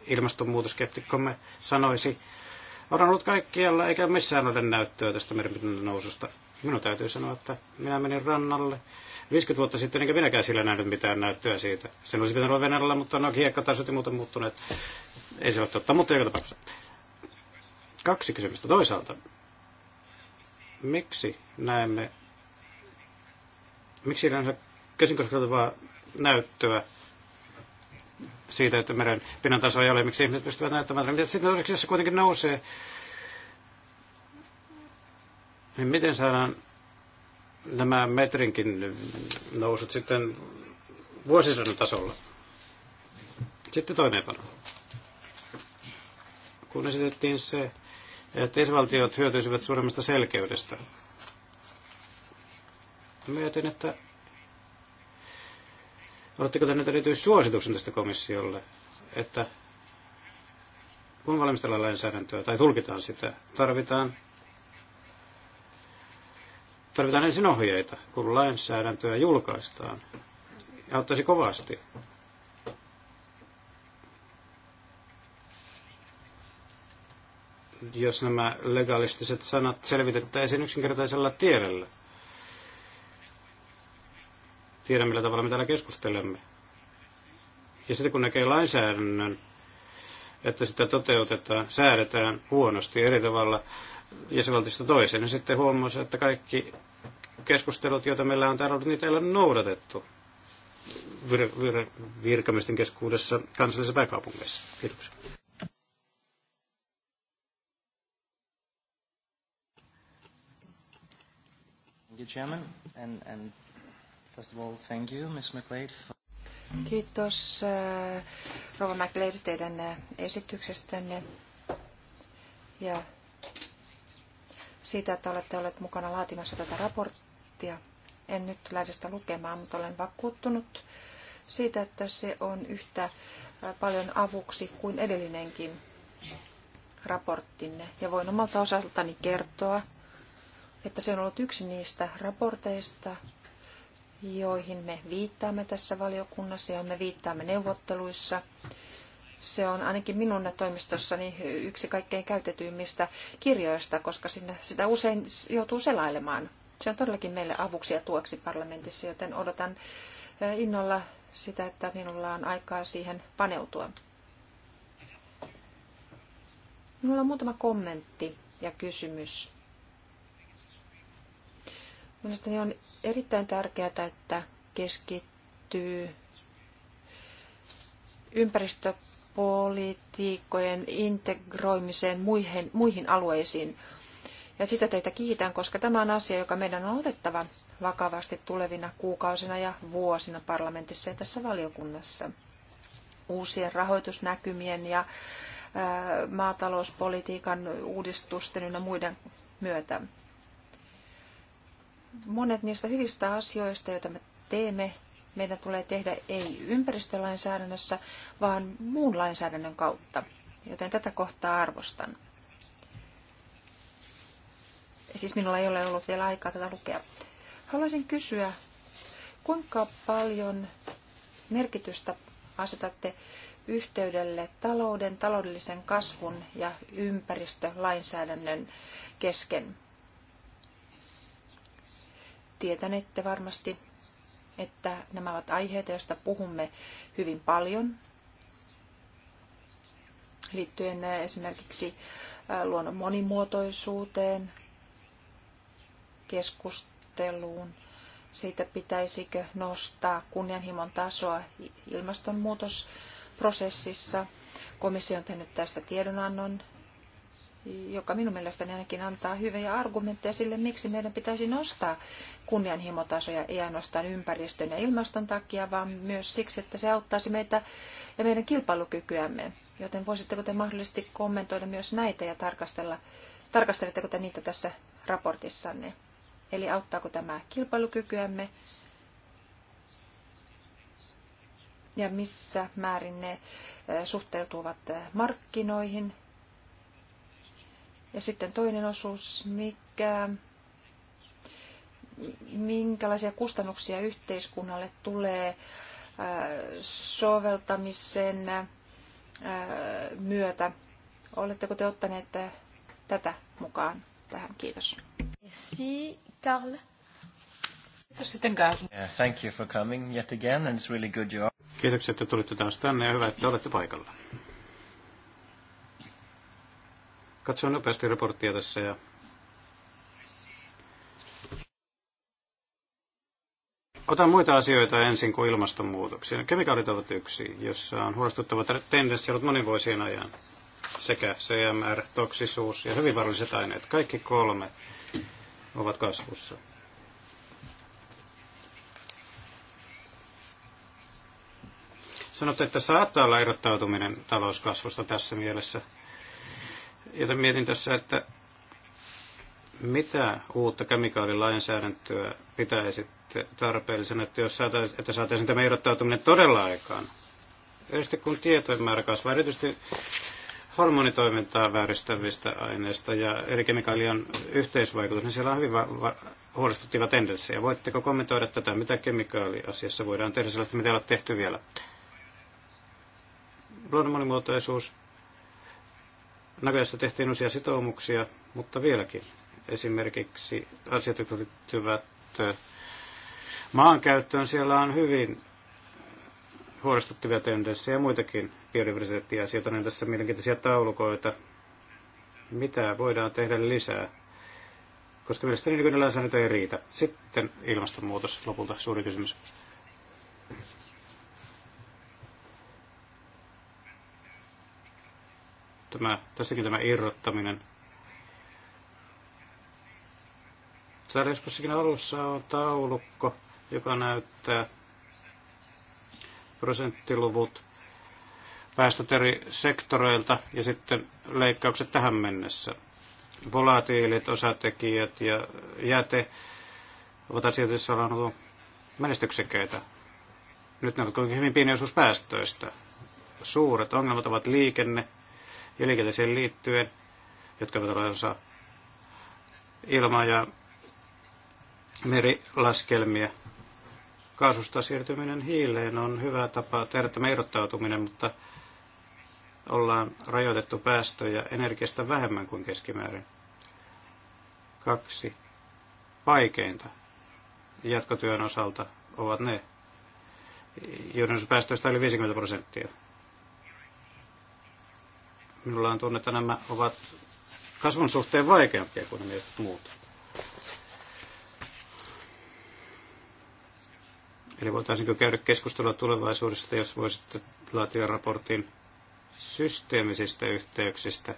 ilmastonmuutoskeptikkomme, sanoisi, on ollut kaikkialla eikä missään ole näyttöä tästä merkitysten noususta. Minun täytyy sanoa, että minä menin rannalle 50 vuotta sitten, enkä minäkään sillä nähnyt mitään näyttöä siitä. Sen olisi pitänyt olla Venäjällä, mutta no, hiekkatasot ja muuta muuttuneet. Ei se ole totta, mutta joka tapauksessa. Kaksi kysymystä toisaalta. Miksi näemme, miksi yleensä käsin näyttöä siitä, että meren pinnan taso ei ole, miksi ihmiset pystyvät näyttämään, mutta sitten toiseksi, se kuitenkin nousee, niin miten saadaan nämä metrinkin nousut sitten vuosisadan tasolla? Sitten toinen epäilyä kun esitettiin se, että esivaltiot hyötyisivät suuremmasta selkeydestä. Mietin, että oletteko te nyt erityissuosituksen tästä komissiolle, että kun valmistellaan lainsäädäntöä tai tulkitaan sitä, tarvitaan, tarvitaan ensin ohjeita, kun lainsäädäntöä julkaistaan. Auttaisi kovasti, jos nämä legalistiset sanat selvitettäisiin yksinkertaisella tiedellä. Tiedän, millä tavalla me täällä keskustelemme. Ja sitten kun näkee lainsäädännön, että sitä toteutetaan, säädetään huonosti eri tavalla jäsenvaltiosta toiseen, niin sitten huomaa että kaikki keskustelut, joita meillä on täällä ollut, niitä ei ole noudatettu vir- vir- virkamiesten keskuudessa kansallisessa pääkaupungissa. Kiitoksia. Chairman. And, and first of all, thank you, Ms. McLeod. For... Kiitos uh, Rova McLeod teidän uh, esityksestänne ja siitä, että olette olleet mukana laatimassa tätä raporttia. En nyt lähde sitä lukemaan, mutta olen vakuuttunut siitä, että se on yhtä uh, paljon avuksi kuin edellinenkin raporttinne. Ja voin omalta osaltani kertoa, että se on ollut yksi niistä raporteista, joihin me viittaamme tässä valiokunnassa, johon me viittaamme neuvotteluissa. Se on ainakin minun toimistossani yksi kaikkein käytetyimmistä kirjoista, koska sinne sitä usein joutuu selailemaan. Se on todellakin meille avuksi ja tueksi parlamentissa, joten odotan innolla sitä, että minulla on aikaa siihen paneutua. Minulla on muutama kommentti ja kysymys Mielestäni on erittäin tärkeää, että keskittyy ympäristöpolitiikkojen integroimiseen muihin, muihin alueisiin. Ja sitä teitä kiitän, koska tämä on asia, joka meidän on otettava vakavasti tulevina kuukausina ja vuosina parlamentissa ja tässä valiokunnassa. Uusien rahoitusnäkymien ja maatalouspolitiikan uudistusten ja muiden myötä monet niistä hyvistä asioista, joita me teemme, meidän tulee tehdä ei ympäristölainsäädännössä, vaan muun lainsäädännön kautta. Joten tätä kohtaa arvostan. Siis minulla ei ole ollut vielä aikaa tätä lukea. Haluaisin kysyä, kuinka paljon merkitystä asetatte yhteydelle talouden, taloudellisen kasvun ja ympäristölainsäädännön kesken? tietänette varmasti, että nämä ovat aiheita, joista puhumme hyvin paljon liittyen äh, esimerkiksi äh, luonnon monimuotoisuuteen, keskusteluun siitä, pitäisikö nostaa kunnianhimon tasoa ilmastonmuutosprosessissa. Komissio on tehnyt tästä tiedonannon joka minun mielestäni ainakin antaa hyviä argumentteja sille, miksi meidän pitäisi nostaa kunnianhimotasoja, ei ainoastaan ympäristön ja ilmaston takia, vaan myös siksi, että se auttaisi meitä ja meidän kilpailukykyämme. Joten voisitteko te mahdollisesti kommentoida myös näitä ja tarkastella, tarkasteletteko te niitä tässä raportissanne? Eli auttaako tämä kilpailukykyämme ja missä määrin ne eh, suhteutuvat eh, markkinoihin ja sitten toinen osuus, mikä, minkälaisia kustannuksia yhteiskunnalle tulee äh, soveltamisen äh, myötä. Oletteko te ottaneet äh, tätä mukaan tähän? Kiitos. Merci, Karl. Kiitos sitten Karl. thank you for coming yet again, and it's really good you are. Kiitoksia, että tulitte taas tänne ja hyvä, että olette paikalla. Katsoin nopeasti raporttia tässä ja Otan muita asioita ensin kuin ilmastonmuutoksia. Kemikaalit ovat yksi, jossa on huolestuttava tendenssi ollut monin vuosien ajan. Sekä CMR, toksisuus ja hyvin vaaralliset aineet. Kaikki kolme ovat kasvussa. Sanotte, että saattaa olla erottautuminen talouskasvusta tässä mielessä. Joten mietin tässä, että mitä uutta kemikaalilainsäädäntöä pitäisi tarpeellisena, että, jos saataisiin, että saataisiin tämä irrottautuminen todella aikaan? Erityisesti kun tietojen määrä kasvaa, erityisesti hormonitoimintaa vääristävistä aineista ja eri kemikaalien yhteisvaikutus, niin siellä on hyvin va- va- huolestuttava tendenssi. Ja voitteko kommentoida tätä, mitä kemikaaliasiassa voidaan tehdä sellaista, mitä ei ole tehty vielä? Luonnon monimuotoisuus, Nagoyassa tehtiin uusia sitoumuksia, mutta vieläkin esimerkiksi asiat, jotka liittyvät maankäyttöön, siellä on hyvin huolestuttavia tendenssejä ja muitakin biodiversiteettiasioita, niin tässä mielenkiintoisia taulukoita, mitä voidaan tehdä lisää, koska mielestäni nykyinen lainsäädäntö ei riitä. Sitten ilmastonmuutos lopulta suuri kysymys. tämä, tässäkin tämä irrottaminen. Täällä joskussakin alussa on taulukko, joka näyttää prosenttiluvut päästöt eri sektoreilta ja sitten leikkaukset tähän mennessä. Volatiilit, osatekijät ja jäte ovat asioissa joissa ollaan menestyksekkäitä. Nyt ne ovat kuitenkin hyvin pieni osuus päästöistä. Suuret ongelmat ovat liikenne, ylikeliseen liittyen, jotka ovat osa ilma- ja merilaskelmia. Kaasusta siirtyminen hiileen on hyvä tapa tehdä tämä irrottautuminen, mutta ollaan rajoitettu päästöjä energiasta vähemmän kuin keskimäärin. Kaksi. Vaikeinta jatkotyön osalta ovat ne, joiden päästöistä oli 50 prosenttia. Minulla on tunne, että nämä ovat kasvun suhteen vaikeampia kuin ne muut. Eli voitaisiinko käydä keskustelua tulevaisuudesta, jos voisitte laatia raportin systeemisistä yhteyksistä.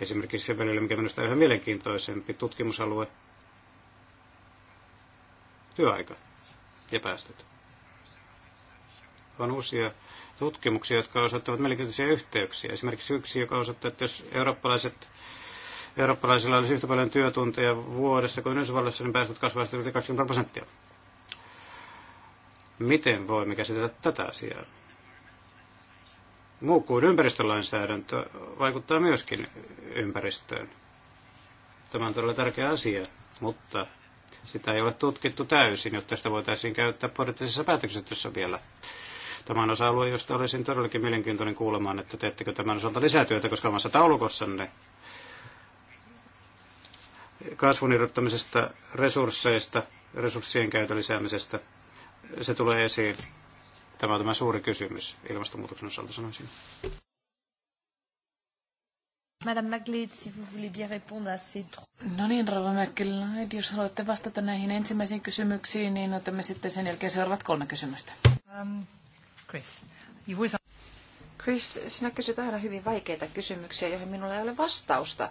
Esimerkiksi se välillä, mikä minusta on yhä mielenkiintoisempi tutkimusalue, työaika ja päästöt. On uusia tutkimuksia, jotka osoittavat mielenkiintoisia yhteyksiä. Esimerkiksi yksi, joka osoittaa, että jos eurooppalaiset eurooppalaisilla olisi yhtä paljon työtunteja vuodessa kuin Yhdysvalloissa, niin päästöt kasvaisivat yli 20 prosenttia. Miten voimme käsitellä tätä asiaa? Muu kuin ympäristölainsäädäntö vaikuttaa myöskin ympäristöön. Tämä on todella tärkeä asia, mutta sitä ei ole tutkittu täysin, jotta sitä voitaisiin käyttää poliittisessa päätöksessä vielä. Tämä on osa-alue, josta olisin todellakin mielenkiintoinen kuulemaan, että teettekö tämän osalta lisätyötä, koska omassa taulukossanne kasvun irrottamisesta, resursseista, resurssien käytön lisäämisestä, se tulee esiin. Tämä on tämä suuri kysymys ilmastonmuutoksen osalta, sanoisin. Madame Maglid, si vous voulez bien répondre à ces trois... No niin, Rova McLeod, jos haluatte vastata näihin ensimmäisiin kysymyksiin, niin otamme sitten sen jälkeen seuraavat kolme kysymystä. Um, Chris. You Chris, sinä kysyt aina hyvin vaikeita kysymyksiä, joihin minulla ei ole vastausta.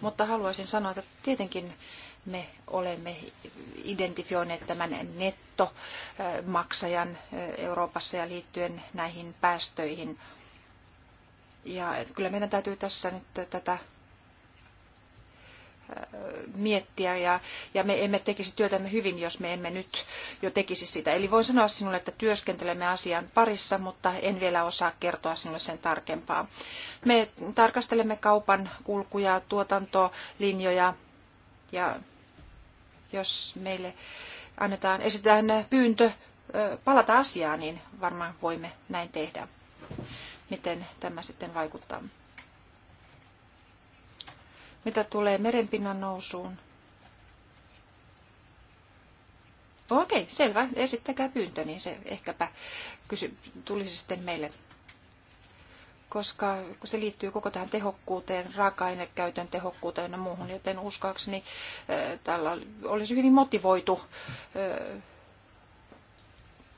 Mutta haluaisin sanoa, että tietenkin me olemme identifioineet tämän nettomaksajan eh, Euroopassa ja liittyen näihin päästöihin. Ja kyllä meidän täytyy tässä nyt tätä miettiä ja, ja me emme tekisi työtämme hyvin, jos me emme nyt jo tekisi sitä. Eli voin sanoa sinulle, että työskentelemme asian parissa, mutta en vielä osaa kertoa sinulle sen tarkempaa. Me tarkastelemme kaupan kulkuja, tuotantolinjoja ja jos meille annetaan, esitetään pyyntö palata asiaan, niin varmaan voimme näin tehdä. Miten tämä sitten vaikuttaa? Mitä tulee merenpinnan nousuun? Okei, selvä. Esittäkää pyyntö, niin se ehkäpä kysy, tulisi sitten meille. Koska se liittyy koko tähän tehokkuuteen, raaka-ainekäytön tehokkuuteen ja muuhun, joten uskoakseni tällä olisi hyvin motivoitu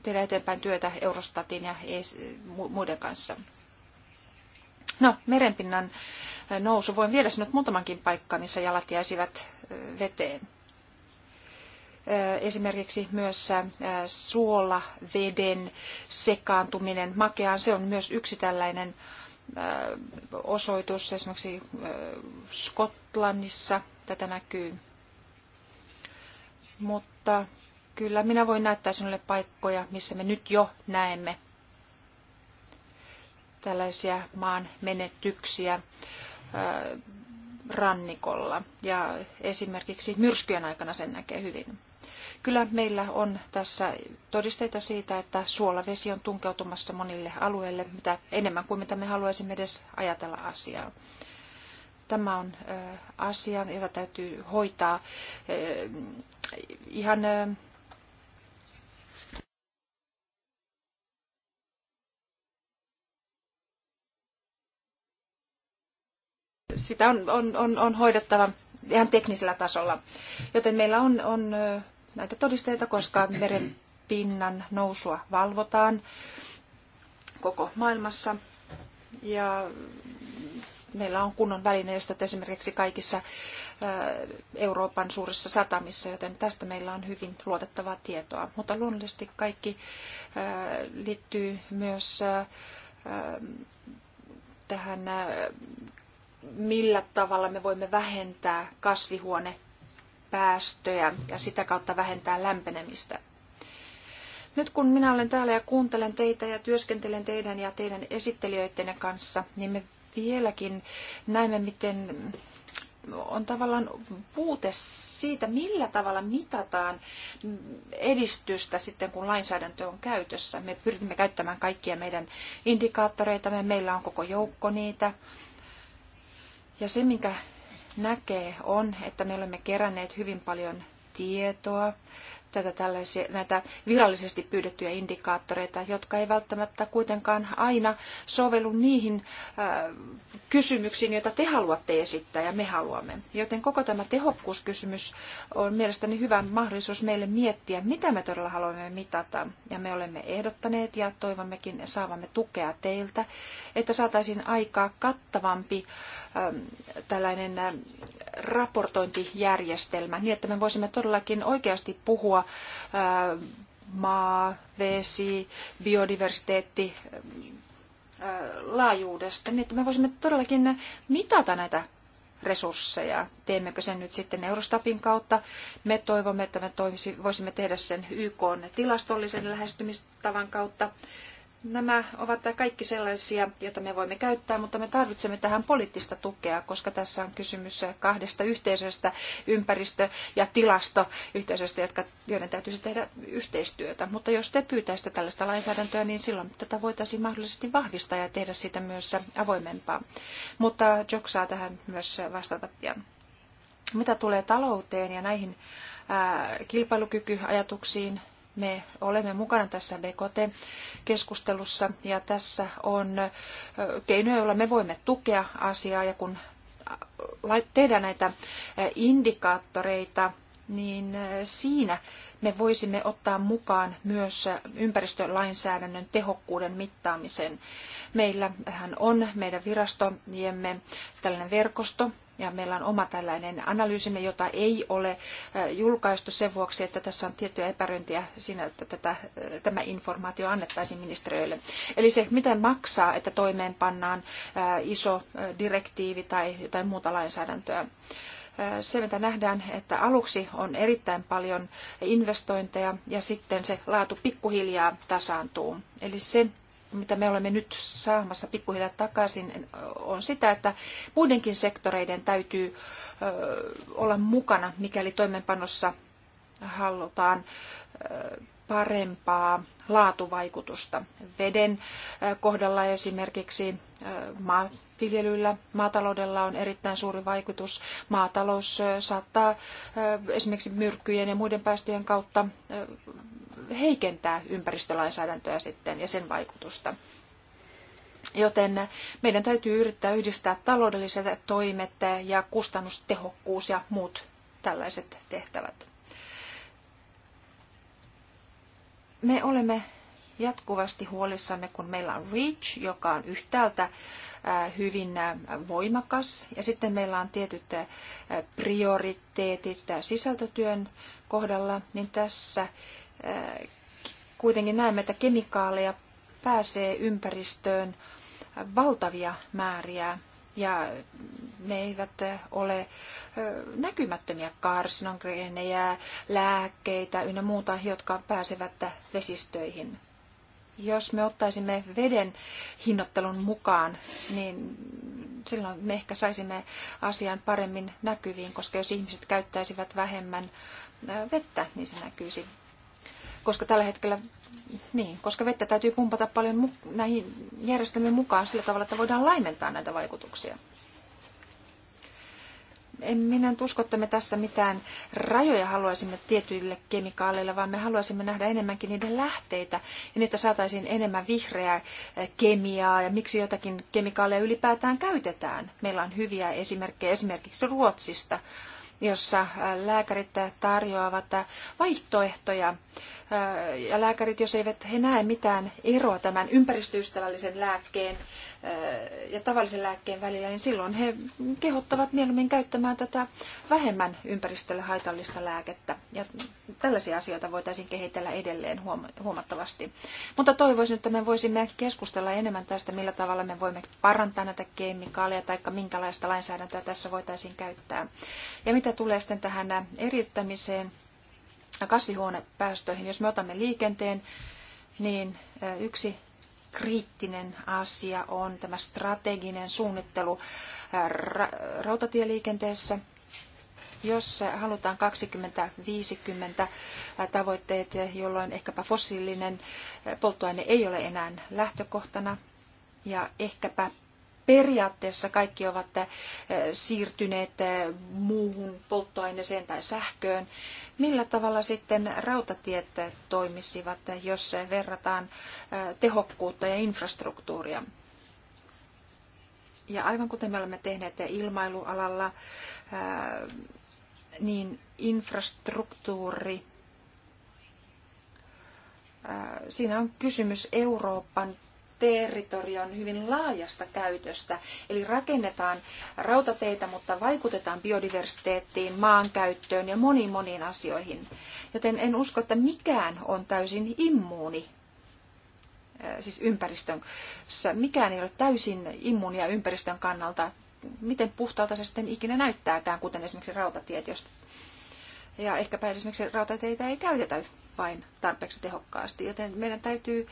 tehdä eteenpäin työtä Eurostatin ja muiden kanssa. No, merenpinnan nousu. Voin viedä sinut muutamankin paikkaan, missä jalat jäisivät veteen. Esimerkiksi myös suolaveden sekaantuminen makeaan, se on myös yksi tällainen osoitus. Esimerkiksi Skotlannissa tätä näkyy. Mutta kyllä minä voin näyttää sinulle paikkoja, missä me nyt jo näemme tällaisia maan menetyksiä rannikolla ja esimerkiksi myrskyjen aikana sen näkee hyvin. Kyllä meillä on tässä todisteita siitä, että suolavesi on tunkeutumassa monille alueille mitä enemmän kuin mitä me haluaisimme edes ajatella asiaa. Tämä on asia, jota täytyy hoitaa ihan sitä on, on, on, on hoidettava ihan teknisellä tasolla. Joten meillä on, on näitä todisteita, koska meren pinnan nousua valvotaan koko maailmassa. Ja meillä on kunnon välineistöt esimerkiksi kaikissa Euroopan suurissa satamissa, joten tästä meillä on hyvin luotettavaa tietoa. Mutta luonnollisesti kaikki liittyy myös tähän millä tavalla me voimme vähentää kasvihuonepäästöjä ja sitä kautta vähentää lämpenemistä. Nyt kun minä olen täällä ja kuuntelen teitä ja työskentelen teidän ja teidän esittelijöiden kanssa, niin me vieläkin näemme, miten on tavallaan puute siitä, millä tavalla mitataan edistystä sitten, kun lainsäädäntö on käytössä. Me pyrimme käyttämään kaikkia meidän indikaattoreita, meillä on koko joukko niitä, ja se, minkä näkee, on, että me olemme keränneet hyvin paljon tietoa tätä tällaisia, näitä virallisesti pyydettyjä indikaattoreita, jotka ei välttämättä kuitenkaan aina sovellu niihin äh, kysymyksiin, joita te haluatte esittää ja me haluamme. Joten koko tämä tehokkuuskysymys on mielestäni hyvä mahdollisuus meille miettiä, mitä me todella haluamme mitata. Ja me olemme ehdottaneet ja toivommekin saavamme tukea teiltä, että saataisiin aikaa kattavampi ähm, tällainen äh, raportointijärjestelmä, niin että me voisimme todellakin oikeasti puhua maa, vesi, biodiversiteetti laajuudesta, niin että me voisimme todellakin mitata näitä resursseja. Teemmekö sen nyt sitten Eurostapin kautta? Me toivomme, että me toimisi, voisimme tehdä sen YK tilastollisen lähestymistavan kautta. Nämä ovat kaikki sellaisia, joita me voimme käyttää, mutta me tarvitsemme tähän poliittista tukea, koska tässä on kysymys kahdesta yhteisöstä, ympäristö- ja tilastoyhteisöstä, jotka, joiden täytyisi tehdä yhteistyötä. Mutta jos te pyytäisitte tällaista lainsäädäntöä, niin silloin tätä voitaisiin mahdollisesti vahvistaa ja tehdä siitä myös avoimempaa. Mutta Jok saa tähän myös vastata pian. Mitä tulee talouteen ja näihin kilpailukykyajatuksiin, me olemme mukana tässä BKT-keskustelussa ja tässä on keinoja, joilla me voimme tukea asiaa ja kun tehdään näitä indikaattoreita, niin siinä me voisimme ottaa mukaan myös ympäristölainsäädännön tehokkuuden mittaamisen. Meillähän on meidän virastojemme tällainen verkosto, ja meillä on oma tällainen analyysimme, jota ei ole julkaistu sen vuoksi, että tässä on tiettyä epäröintiä siinä, että tätä, tämä informaatio annettaisiin ministeriöille. Eli se, miten maksaa, että toimeenpannaan iso direktiivi tai jotain muuta lainsäädäntöä se, mitä nähdään, että aluksi on erittäin paljon investointeja ja sitten se laatu pikkuhiljaa tasaantuu. Eli se, mitä me olemme nyt saamassa pikkuhiljaa takaisin, on sitä, että muidenkin sektoreiden täytyy olla mukana, mikäli toimenpanossa halutaan parempaa laatuvaikutusta. Veden kohdalla esimerkiksi maanviljelyllä, maataloudella on erittäin suuri vaikutus. Maatalous saattaa esimerkiksi myrkkyjen ja muiden päästöjen kautta heikentää ympäristölainsäädäntöä sitten ja sen vaikutusta. Joten meidän täytyy yrittää yhdistää taloudelliset toimet ja kustannustehokkuus ja muut tällaiset tehtävät. Me olemme jatkuvasti huolissamme, kun meillä on REACH, joka on yhtäältä äh, hyvin äh, voimakas, ja sitten meillä on tietyt äh, prioriteetit sisältötyön kohdalla, niin tässä kuitenkin näemme, että kemikaaleja pääsee ympäristöön valtavia määriä ja ne eivät ole näkymättömiä karsinogreenejä, lääkkeitä ynnä muuta, jotka pääsevät vesistöihin. Jos me ottaisimme veden hinnoittelun mukaan, niin silloin me ehkä saisimme asian paremmin näkyviin, koska jos ihmiset käyttäisivät vähemmän vettä, niin se näkyisi koska tällä hetkellä, niin, koska vettä täytyy pumpata paljon näihin järjestelmiin mukaan sillä tavalla, että voidaan laimentaa näitä vaikutuksia. En minä nyt usko, että me tässä mitään rajoja haluaisimme tietyille kemikaaleille, vaan me haluaisimme nähdä enemmänkin niiden lähteitä ja niitä saataisiin enemmän vihreää eh, kemiaa ja miksi jotakin kemikaaleja ylipäätään käytetään. Meillä on hyviä esimerkkejä esimerkiksi Ruotsista, jossa äh, lääkärit tarjoavat vaihtoehtoja. Äh, ja lääkärit, jos eivät he näe mitään eroa tämän ympäristöystävällisen lääkkeen ja tavallisen lääkkeen välillä, niin silloin he kehottavat mieluummin käyttämään tätä vähemmän ympäristölle haitallista lääkettä. Ja tällaisia asioita voitaisiin kehitellä edelleen huomattavasti. Mutta toivoisin, että me voisimme keskustella enemmän tästä, millä tavalla me voimme parantaa näitä kemikaaleja tai minkälaista lainsäädäntöä tässä voitaisiin käyttää. Ja mitä tulee sitten tähän eriyttämiseen, kasvihuonepäästöihin, jos me otamme liikenteen, niin yksi kriittinen asia on tämä strateginen suunnittelu rautatieliikenteessä. Jos halutaan 2050 tavoitteet, jolloin ehkäpä fossiilinen polttoaine ei ole enää lähtökohtana ja ehkäpä periaatteessa kaikki ovat eh, siirtyneet eh, muuhun polttoaineeseen tai sähköön. Millä tavalla sitten rautatiet eh, toimisivat, jos verrataan tehokkuutta ja infrastruktuuria? Ja aivan kuten me olemme tehneet ilmailualalla, niin infrastruktuuri, siinä on kysymys Euroopan territorion hyvin laajasta käytöstä. Eli rakennetaan rautateitä, mutta vaikutetaan biodiversiteettiin, maankäyttöön ja moniin moniin asioihin. Joten en usko, että mikään on täysin immuuni siis ympäristön, mikään ei ole täysin immuunia ympäristön kannalta, miten puhtaalta se sitten ikinä näyttääkään, kuten esimerkiksi rautatiet, josta ja ehkäpä esimerkiksi rautateitä ei käytetä vain tarpeeksi tehokkaasti, joten meidän täytyy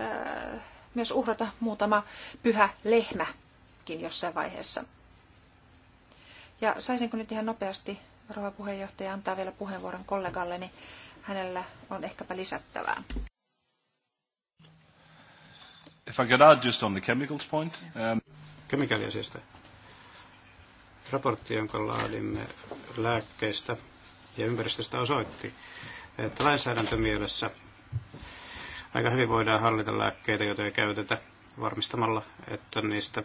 äh, myös uhrata muutama pyhä lehmäkin jossain vaiheessa. Ja saisinko nyt ihan nopeasti rouva puheenjohtaja antaa vielä puheenvuoron kollegalleni. Niin hänellä on ehkäpä lisättävää. If I could add just on the chemicals point. Um... Kemikaaliasiasta. Raportti, jonka laadimme lääkkeistä ja ympäristöstä osoitti, että lainsäädäntömielessä aika hyvin voidaan hallita lääkkeitä, joita ei käytetä varmistamalla, että, niistä,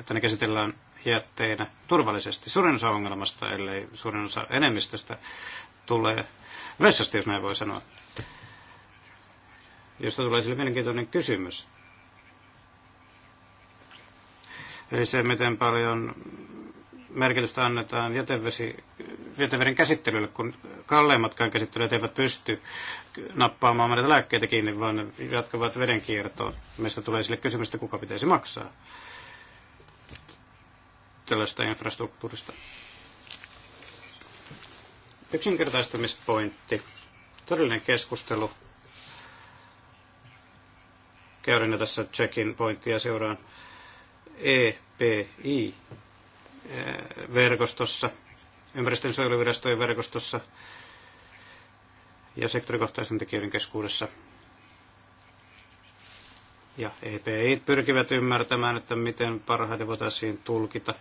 että ne käsitellään jätteinä turvallisesti. Suurin osa ongelmasta, ellei suurin osa enemmistöstä, tulee vessasta, jos näin voi sanoa. Josta tulee sille mielenkiintoinen kysymys. Eli se, miten paljon merkitystä annetaan jätevesi, jäteveden käsittelylle, kun kalleimmatkaan käsittelyt eivät pysty nappaamaan näitä lääkkeitä kiinni, vaan ne jatkavat kiertoon. Meistä tulee sille että kuka pitäisi maksaa tällaista infrastruktuurista. Yksinkertaistamispointti. Todellinen keskustelu. Käydään tässä check-in pointtia seuraan. EPI verkostossa, ympäristönsuojeluvirastojen verkostossa ja sektorikohtaisen tekijöiden keskuudessa. Ja EPI pyrkivät ymmärtämään, että miten parhaiten voitaisiin tulkita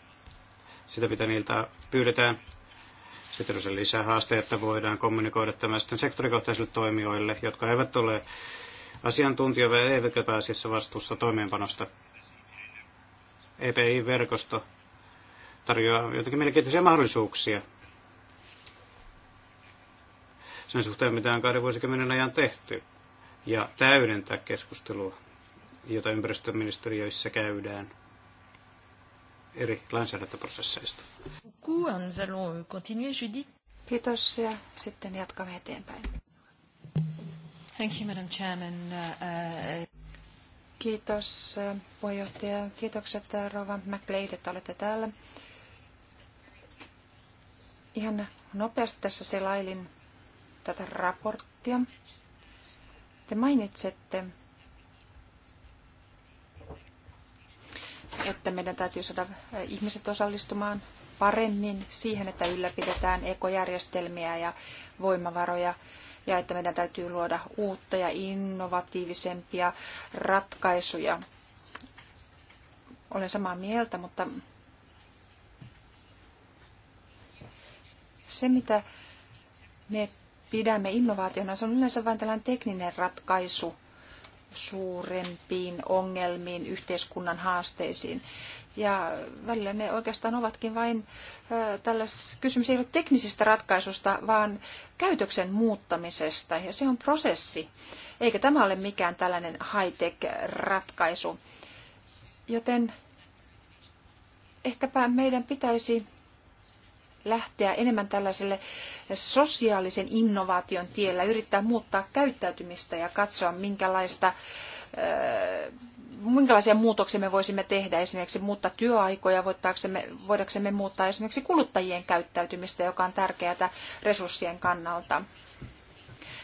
sitä, mitä niiltä pyydetään. Sitten on se lisähaaste, että voidaan kommunikoida tämä sitten sektorikohtaisille toimijoille, jotka eivät ole asiantuntijoita eivätkä pääasiassa vastuussa toimeenpanosta. EPI-verkosto tarjoaa jotakin mielenkiintoisia mahdollisuuksia sen suhteen, mitä on kahden vuosikymmenen ajan tehty, ja täydentää keskustelua, jota ympäristöministeriöissä käydään eri lainsäädäntöprosesseista. Kiitos ja sitten jatkamme eteenpäin. Thank you, Madam Chairman. Uh, uh, Kiitos äh, puheenjohtaja. Kiitokset äh, Rova McLeod, että olette täällä. Ihan nopeasti tässä selailin tätä raporttia. Te mainitsette, että meidän täytyy saada ihmiset osallistumaan paremmin siihen, että ylläpidetään ekojärjestelmiä ja voimavaroja ja että meidän täytyy luoda uutta ja innovatiivisempia ratkaisuja. Olen samaa mieltä, mutta Se, mitä me pidämme innovaationa, se on yleensä vain tällainen tekninen ratkaisu suurempiin ongelmiin, yhteiskunnan haasteisiin. Ja välillä ne oikeastaan ovatkin vain tällais, kysymys ei ole teknisistä ratkaisusta, vaan käytöksen muuttamisesta. Ja se on prosessi, eikä tämä ole mikään tällainen high-tech-ratkaisu. Joten ehkäpä meidän pitäisi lähteä enemmän tällaiselle sosiaalisen innovaation tiellä, yrittää muuttaa käyttäytymistä ja katsoa, minkälaista äh, minkälaisia muutoksia me voisimme tehdä, esimerkiksi muuttaa työaikoja, voidaksemme muuttaa esimerkiksi kuluttajien käyttäytymistä, joka on tärkeää resurssien kannalta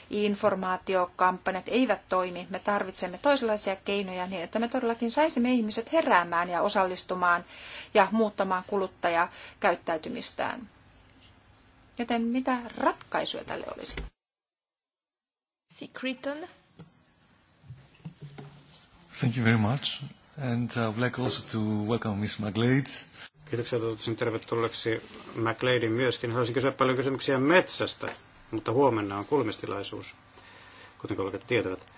informaatiokampanjat eivät toimi. Me tarvitsemme toisenlaisia keinoja niin, että me todellakin saisimme ihmiset heräämään ja osallistumaan ja muuttamaan kuluttajakäyttäytymistään. Joten mitä ratkaisuja tälle olisi? Secreton. Thank you very much. And I would like also to welcome Miss McGlade. Kiitoksia toivotusin tervetulleeksi McLeodin myöskin. Haluaisin kysyä paljon kysymyksiä metsästä. Mutta huomenna on kulmistilaisuus, kuten kollegat tietävät,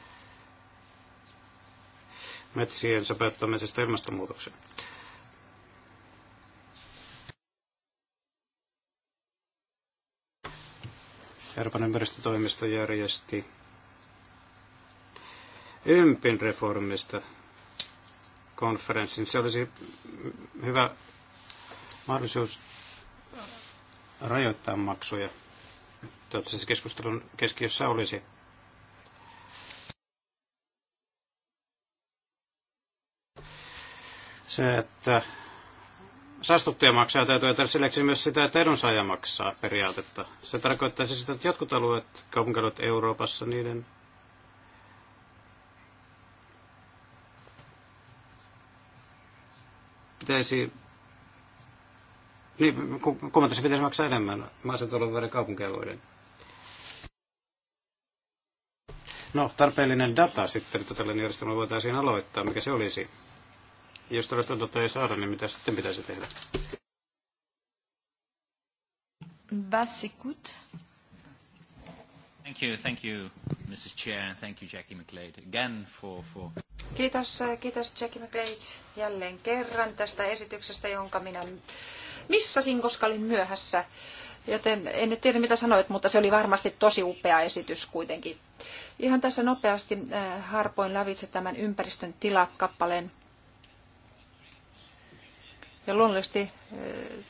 metsien sopeuttamisesta ilmastonmuutokseen. Euroopan ympäristötoimisto järjesti ympin reformista konferenssin. Se olisi hyvä mahdollisuus rajoittaa maksuja toivottavasti keskustelun keskiössä olisi. Se, että saastuttaja maksaa, täytyy ajatella silleksi myös sitä, että edunsaaja maksaa periaatetta. Se tarkoittaisi sitä, että jotkut alueet, kaupunkialueet Euroopassa, niiden pitäisi, niin kummentaisi pitäisi maksaa enemmän maaseutualueiden kaupunkialueiden. No, tarpeellinen data sitten, että tällainen järjestelmä voitaisiin aloittaa, mikä se olisi? Jos tällaista data ei saada, niin mitä sitten pitäisi tehdä? écoute. Thank you, thank you, Mrs. Chair, and thank you, Jackie McLeod, again for, for... Kiitos, äh, kiitos Jackie McLeod jälleen kerran tästä esityksestä, jonka minä missasin, koska olin myöhässä. Joten en nyt tiedä mitä sanoit, mutta se oli varmasti tosi upea esitys kuitenkin. Ihan tässä nopeasti äh, harpoin lävitse tämän ympäristön tilakappaleen. Ja luonnollisesti äh,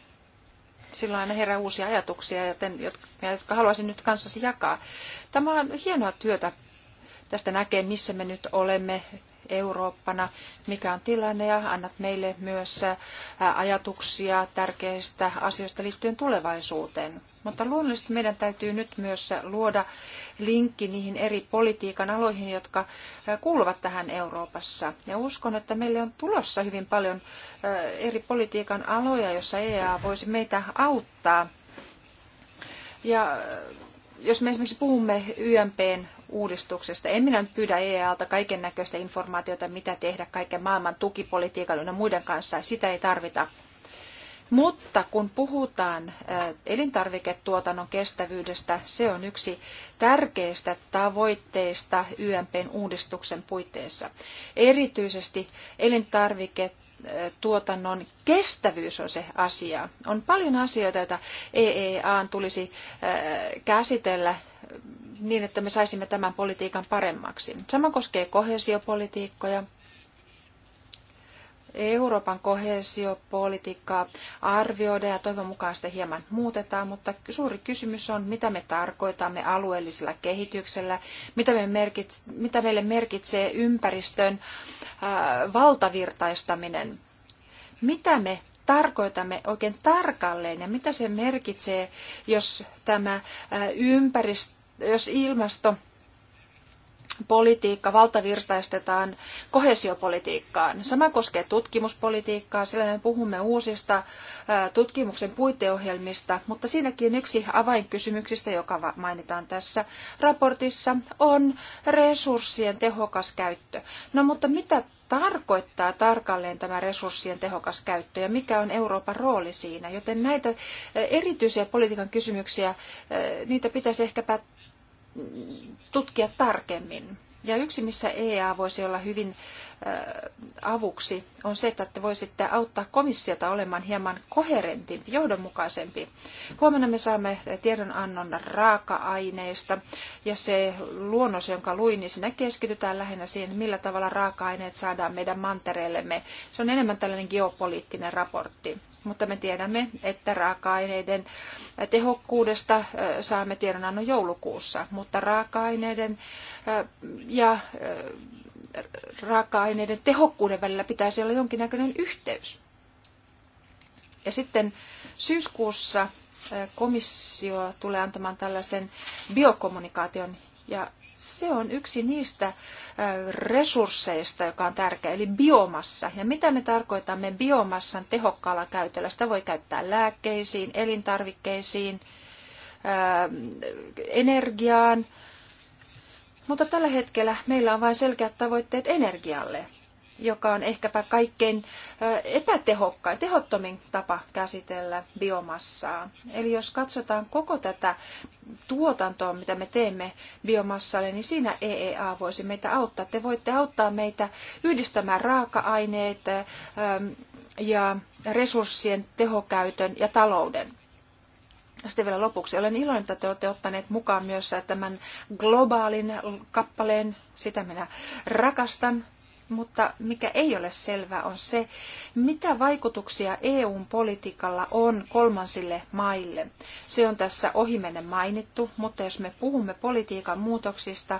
sillä aina herää uusia ajatuksia, joten, jotka, jotka haluaisin nyt kanssasi jakaa. Tämä on hienoa työtä. Tästä näkee, missä me nyt olemme, Eurooppana, mikä on tilanne ja annat meille myös ajatuksia tärkeistä asioista liittyen tulevaisuuteen. Mutta luonnollisesti meidän täytyy nyt myös luoda linkki niihin eri politiikan aloihin, jotka kuuluvat tähän Euroopassa. Ja uskon, että meille on tulossa hyvin paljon eri politiikan aloja, joissa EA voisi meitä auttaa. Ja jos me esimerkiksi puhumme YMPn uudistuksesta. En minä nyt pyydä EALta kaiken näköistä informaatiota, mitä tehdä kaiken maailman tukipolitiikan ja muiden kanssa. Sitä ei tarvita. Mutta kun puhutaan elintarviketuotannon kestävyydestä, se on yksi tärkeistä tavoitteista YMPn uudistuksen puitteissa. Erityisesti elintarviketuotannon kestävyys on se asia. On paljon asioita, joita EEA tulisi käsitellä niin, että me saisimme tämän politiikan paremmaksi. Sama koskee kohesiopolitiikkoja. Euroopan kohesiopolitiikkaa arvioidaan ja toivon mukaan sitä hieman muutetaan, mutta suuri kysymys on, mitä me tarkoitamme alueellisella kehityksellä, mitä, me merkitse, mitä meille merkitsee ympäristön valtavirtaistaminen, mitä me tarkoitamme oikein tarkalleen ja mitä se merkitsee, jos tämä ympäristö jos ilmasto politiikka valtavirtaistetaan kohesiopolitiikkaan. Sama koskee tutkimuspolitiikkaa, sillä me puhumme uusista tutkimuksen puiteohjelmista, mutta siinäkin yksi avainkysymyksistä, joka mainitaan tässä raportissa, on resurssien tehokas käyttö. No mutta mitä tarkoittaa tarkalleen tämä resurssien tehokas käyttö ja mikä on Euroopan rooli siinä. Joten näitä erityisiä politiikan kysymyksiä, niitä pitäisi ehkäpä tutkia tarkemmin. Ja yksi, missä EA voisi olla hyvin avuksi, on se, että te voisitte auttaa komissiota olemaan hieman koherentimpi, johdonmukaisempi. Huomenna me saamme tiedonannon raaka-aineista, ja se luonnos, jonka luin, niin siinä keskitytään lähinnä siihen, millä tavalla raaka-aineet saadaan meidän mantereellemme. Se on enemmän tällainen geopoliittinen raportti mutta me tiedämme, että raaka-aineiden tehokkuudesta saamme tiedonannon joulukuussa, mutta raaka-aineiden ja raaka-aineiden tehokkuuden välillä pitäisi olla jonkinnäköinen yhteys. Ja sitten syyskuussa komissio tulee antamaan tällaisen biokommunikaation ja se on yksi niistä resursseista, joka on tärkeä, eli biomassa. Ja mitä me tarkoitamme biomassan tehokkaalla käytöllä? Sitä voi käyttää lääkkeisiin, elintarvikkeisiin, energiaan. Mutta tällä hetkellä meillä on vain selkeät tavoitteet energialle joka on ehkäpä kaikkein epätehokkain, tehottomin tapa käsitellä biomassaa. Eli jos katsotaan koko tätä tuotantoa, mitä me teemme biomassalle, niin siinä EEA voisi meitä auttaa. Te voitte auttaa meitä yhdistämään raaka-aineet ja resurssien tehokäytön ja talouden. Sitten vielä lopuksi olen iloinen, että te olette ottaneet mukaan myös tämän globaalin kappaleen. Sitä minä rakastan mutta mikä ei ole selvää on se, mitä vaikutuksia EUn politiikalla on kolmansille maille. Se on tässä ohimennen mainittu, mutta jos me puhumme politiikan muutoksista,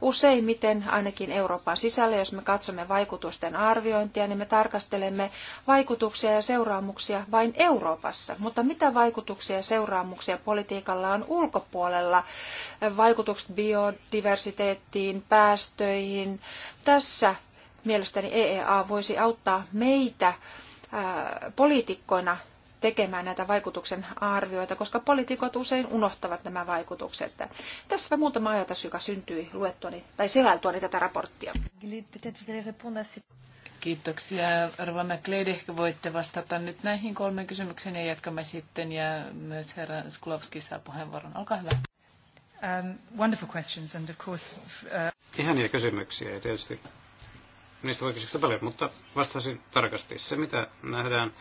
useimmiten ainakin Euroopan sisällä, jos me katsomme vaikutusten arviointia, niin me tarkastelemme vaikutuksia ja seuraamuksia vain Euroopassa. Mutta mitä vaikutuksia ja seuraamuksia politiikalla on ulkopuolella? Vaikutukset biodiversiteettiin, päästöihin. Tässä mielestäni EEA voisi auttaa meitä poliitikkoina tekemään näitä vaikutuksen arvioita, koska poliitikot usein unohtavat nämä vaikutukset. Tässä muutama ajatus, joka syntyi luettuani tai selailtuani tätä raporttia. Kiitoksia. Arva McLeod, ehkä voitte vastata nyt näihin kolmeen kysymykseen ja jatkamme sitten. Ja myös herra Skulovski saa puheenvuoron. Olkaa hyvä. Um, wonderful questions and of course... Uh... Ihania kysymyksiä ja tietysti niistä voi kysyä paljon, mutta vastasin tarkasti. Se, mitä nähdään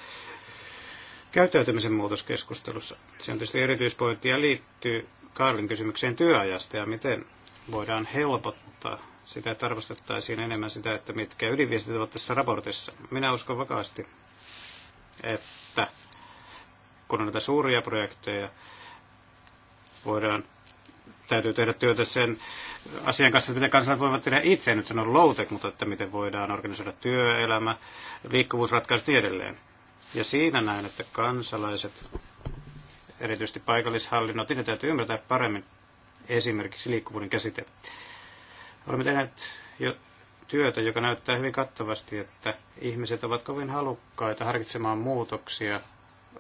käyttäytymisen muutoskeskustelussa, se on tietysti erityispointti ja liittyy Karlin kysymykseen työajasta ja miten voidaan helpottaa sitä, että arvostettaisiin enemmän sitä, että mitkä ydinviestit ovat tässä raportissa. Minä uskon vakaasti, että kun on näitä suuria projekteja, voidaan, täytyy tehdä työtä sen asian kanssa, että miten kansalaiset voivat tehdä itse, en nyt sanon loutek, mutta että miten voidaan organisoida työelämä, liikkuvuusratkaisut ja edelleen. Ja siinä näen, että kansalaiset, erityisesti paikallishallinnot, niitä täytyy ymmärtää paremmin esimerkiksi liikkuvuuden käsite. Olemme tehneet jo työtä, joka näyttää hyvin kattavasti, että ihmiset ovat kovin halukkaita harkitsemaan muutoksia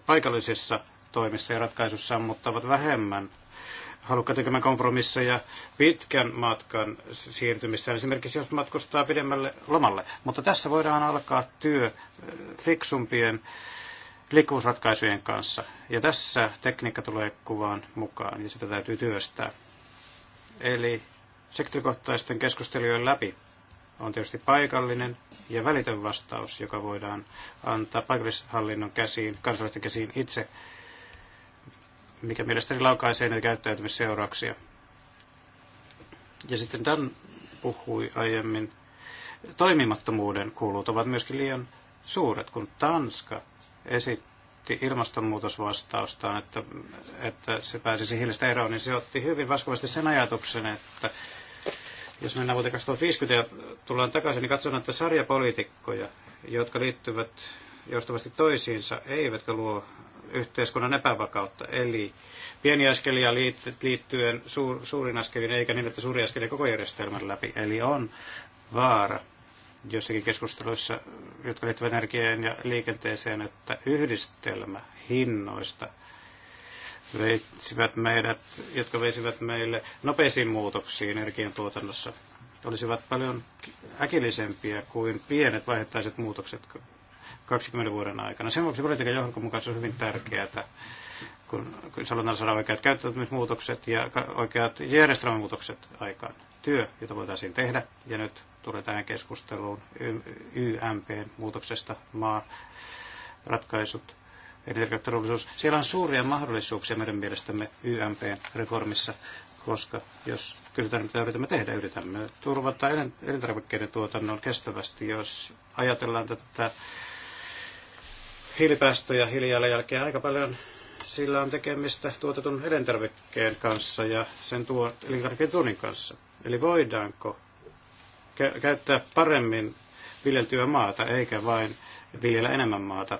paikallisissa toimissa ja ratkaisussa, mutta ovat vähemmän halukka tekemään kompromisseja pitkän matkan siirtymissä, esimerkiksi jos matkustaa pidemmälle lomalle. Mutta tässä voidaan alkaa työ äh, fiksumpien liikkuvuusratkaisujen kanssa. Ja tässä tekniikka tulee kuvaan mukaan ja sitä täytyy työstää. Eli sektorikohtaisten keskustelujen läpi on tietysti paikallinen ja välitön vastaus, joka voidaan antaa paikallishallinnon käsiin, kansalaisten käsiin itse mikä mielestäni laukaisee näitä käyttäytymisseurauksia. Ja sitten Dan puhui aiemmin, toimimattomuuden kulut ovat myöskin liian suuret, kun Tanska esitti ilmastonmuutosvastaustaan, että, että se pääsisi hiilestä eroon, niin se otti hyvin vaskavasti sen ajatuksen, että jos mennään vuoteen 2050 ja tullaan takaisin, niin katsotaan, että sarjapoliitikkoja, jotka liittyvät joustavasti toisiinsa, eivätkä luo yhteiskunnan epävakautta. Eli pieni askelia liittyen suur, suurin askelin, eikä niin, että suuri askelia koko järjestelmän läpi. Eli on vaara jossakin keskusteluissa, jotka liittyvät energiaan ja liikenteeseen, että yhdistelmä hinnoista veitsivät meidät, jotka veisivät meille nopeisiin muutoksiin energiantuotannossa, olisivat paljon äkillisempiä kuin pienet vaihettaiset muutokset 20 vuoden aikana. Sen vuoksi politiikan johdonmukaisuus on hyvin tärkeää, kun, kun halutaan saada oikeat käyttäytymismuutokset ja oikeat järjestelmämuutokset aikaan. Työ, jota voitaisiin tehdä, ja nyt tulee tähän keskusteluun ymp muutoksesta maa ratkaisut energiaturvallisuus. Siellä on suuria mahdollisuuksia meidän mielestämme YMP-reformissa, koska jos kysytään, mitä yritämme tehdä, yritämme turvata elintarvikkeiden tuotannon kestävästi. Jos ajatellaan tätä hiilipäästöjä, hiilijalanjälkeä aika paljon. Sillä on tekemistä tuotetun elintarvikkeen kanssa ja sen tuo, elintarvikkeen tuonnin kanssa. Eli voidaanko kä- käyttää paremmin viljeltyä maata, eikä vain viljellä enemmän maata.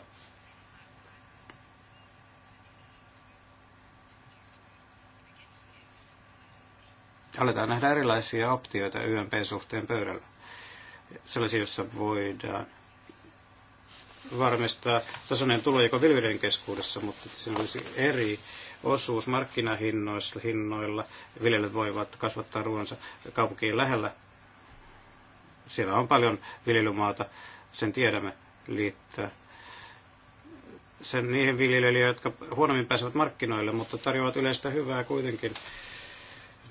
Aletaan nähdä erilaisia optioita YMP-suhteen pöydällä. Sellaisia, joissa voidaan varmistaa tasainen tulojako viljelijöiden keskuudessa, mutta siinä olisi eri osuus markkinahinnoilla. Viljelijät voivat kasvattaa ruoansa kaupunkiin lähellä. Siellä on paljon viljelymaata, sen tiedämme liittää sen niihin viljelijöille, jotka huonommin pääsevät markkinoille, mutta tarjoavat yleistä hyvää kuitenkin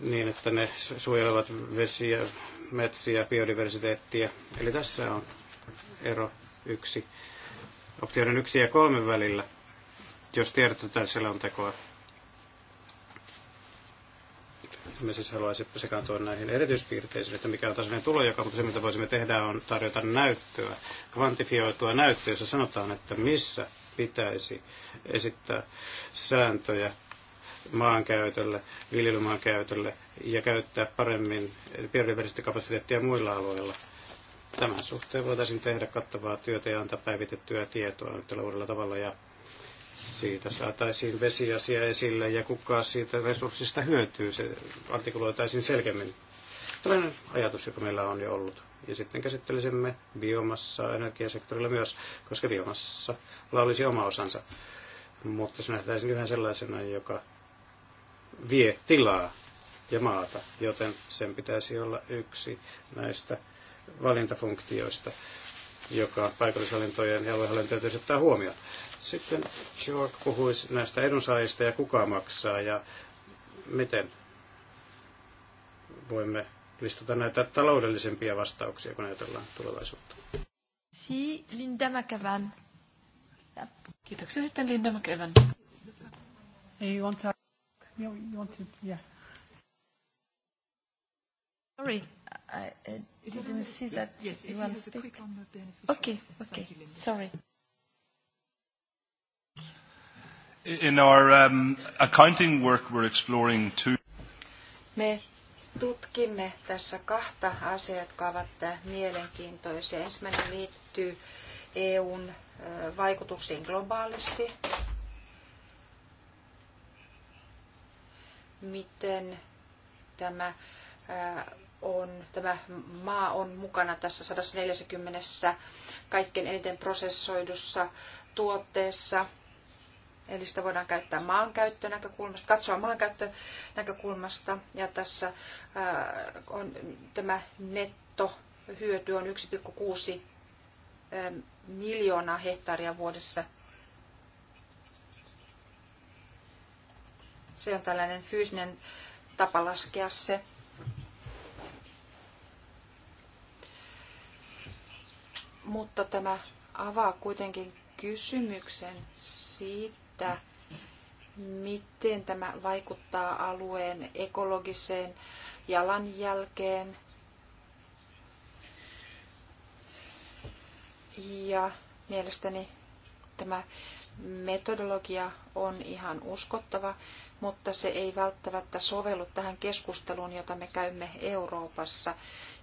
niin, että ne suojelevat vesiä, metsiä, biodiversiteettiä. Eli tässä on ero yksi optioiden yksi ja kolme välillä, jos tätä selontekoa. Me siis haluaisimme sekaantua näihin erityispiirteisiin, että mikä on tasainen tulojako, mutta se mitä voisimme tehdä on tarjota näyttöä, kvantifioitua näyttöä, jossa sanotaan, että missä pitäisi esittää sääntöjä maankäytölle, viljelymaankäytölle ja käyttää paremmin biodiversiteettikapasiteettia muilla alueilla. Tämän suhteen voitaisiin tehdä kattavaa työtä ja antaa päivitettyä tietoa nyt tällä uudella tavalla ja siitä saataisiin vesiasia esille ja kuka siitä resurssista hyötyy. Se artikuloitaisiin selkemmin. Tällainen ajatus, joka meillä on jo ollut. Ja sitten käsittelisimme biomassaa energiasektorilla myös, koska biomassalla olisi oma osansa. Mutta se nähtäisiin yhä sellaisena, joka vie tilaa ja maata, joten sen pitäisi olla yksi näistä valintafunktioista, joka paikallisvalintojen ja aluehallintojen täytyisi ottaa huomioon. Sitten George puhuisi näistä edunsaajista ja kuka maksaa ja miten voimme listata näitä taloudellisempia vastauksia, kun ajatellaan tulevaisuutta. Si, Linda McEvan. Kiitoksia sitten Linda McEvan. You want to... You want to... Yeah. Sorry, I, didn't see that. Yes, if you want to speak. Quick on the beneficiaries. Okay, okay. Sorry. In our um, accounting work, we're exploring two. Me tutkimme tässä kahta asiaa, jotka ovat äh, mielenkiintoisia. Ensimmäinen liittyy EUn äh, vaikutuksiin globaalisti. Miten tämä äh, on, tämä maa on mukana tässä 140 kaikkein eniten prosessoidussa tuotteessa. Eli sitä voidaan käyttää maankäyttönäkökulmasta, katsoa maankäyttönäkökulmasta. Ja tässä äh, on tämä nettohyöty on 1,6 ähm, miljoonaa hehtaaria vuodessa. Se on tällainen fyysinen tapa laskea se. Mutta tämä avaa kuitenkin kysymyksen siitä, miten tämä vaikuttaa alueen ekologiseen jalanjälkeen Ja mielestäni tämä metodologia on ihan uskottava mutta se ei välttämättä sovellu tähän keskusteluun, jota me käymme Euroopassa.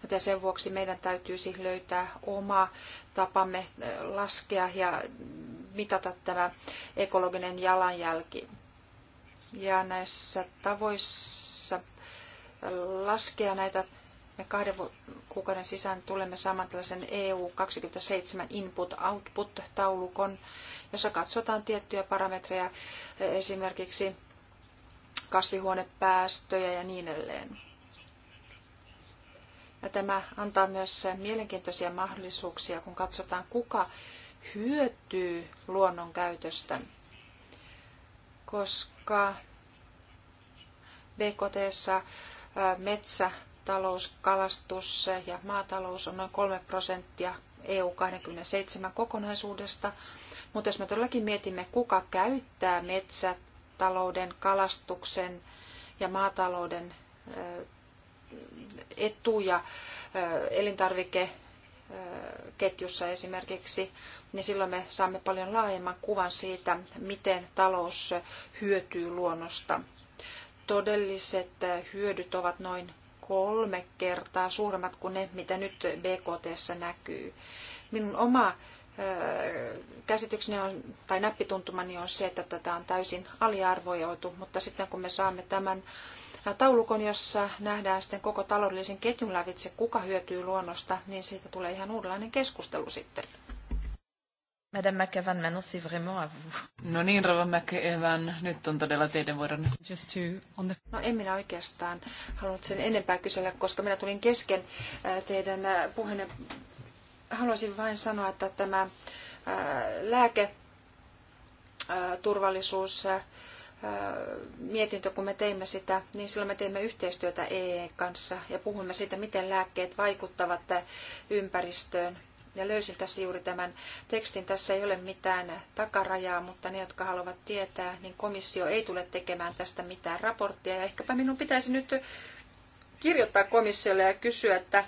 Joten sen vuoksi meidän täytyisi löytää oma tapamme laskea ja mitata tämä ekologinen jalanjälki. Ja näissä tavoissa laskea näitä me kahden kuukauden sisään tulemme saamaan tällaisen EU27 input-output-taulukon, jossa katsotaan tiettyjä parametreja, esimerkiksi kasvihuonepäästöjä ja niin edelleen. Ja tämä antaa myös mielenkiintoisia mahdollisuuksia, kun katsotaan, kuka hyötyy luonnon käytöstä, koska BKT äh, metsä, talous, kalastus ja maatalous on noin 3 prosenttia EU27 kokonaisuudesta. Mutta jos me todellakin mietimme, kuka käyttää metsät, talouden kalastuksen ja maatalouden etuja elintarvikeketjussa esimerkiksi, niin silloin me saamme paljon laajemman kuvan siitä, miten talous hyötyy luonnosta. Todelliset hyödyt ovat noin kolme kertaa suuremmat kuin ne, mitä nyt BKTssä näkyy. Minun oma käsitykseni on, tai näppituntumani on se, että tätä on täysin aliarvoitu, mutta sitten kun me saamme tämän taulukon, jossa nähdään sitten koko taloudellisen ketjun lävitse, kuka hyötyy luonnosta, niin siitä tulee ihan uudenlainen keskustelu sitten. Madame McEvan, maintenant c'est vraiment à vous. No niin, Rova McEvan, nyt on todella teidän vuoronne. Just to on the... No en minä oikeastaan halunnut sen enempää kysellä, koska minä tulin kesken teidän puheenne haluaisin vain sanoa, että tämä äh, lääketurvallisuus äh, äh, mietintö, kun me teimme sitä, niin silloin me teimme yhteistyötä EEn kanssa ja puhuimme siitä, miten lääkkeet vaikuttavat ympäristöön. Ja löysin tässä juuri tämän tekstin. Tässä ei ole mitään takarajaa, mutta ne, jotka haluavat tietää, niin komissio ei tule tekemään tästä mitään raporttia. Ja ehkäpä minun pitäisi nyt kirjoittaa komissiolle ja kysyä, että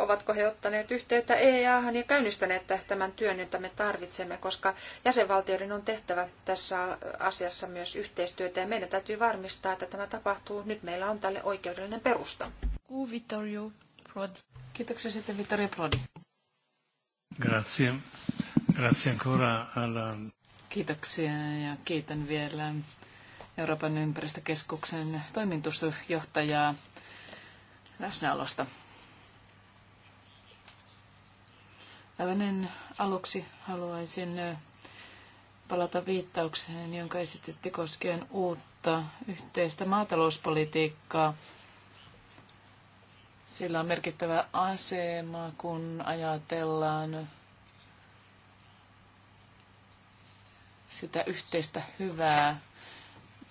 ovatko he ottaneet yhteyttä EAhan ja käynnistäneet tämän työn, jota me tarvitsemme, koska jäsenvaltioiden on tehtävä tässä asiassa myös yhteistyötä ja meidän täytyy varmistaa, että tämä tapahtuu. Nyt meillä on tälle oikeudellinen perusta. Vittorio Prodi. Kiitoksia sitten Vittorio Prodi. Grazie. Grazie ancora alla... Kiitoksia ja kiitän vielä Euroopan ympäristökeskuksen toimitusjohtajaa läsnäolosta. Aivan aluksi haluaisin palata viittaukseen, jonka esititte koskien uutta yhteistä maatalouspolitiikkaa. Sillä on merkittävä asema, kun ajatellaan sitä yhteistä hyvää,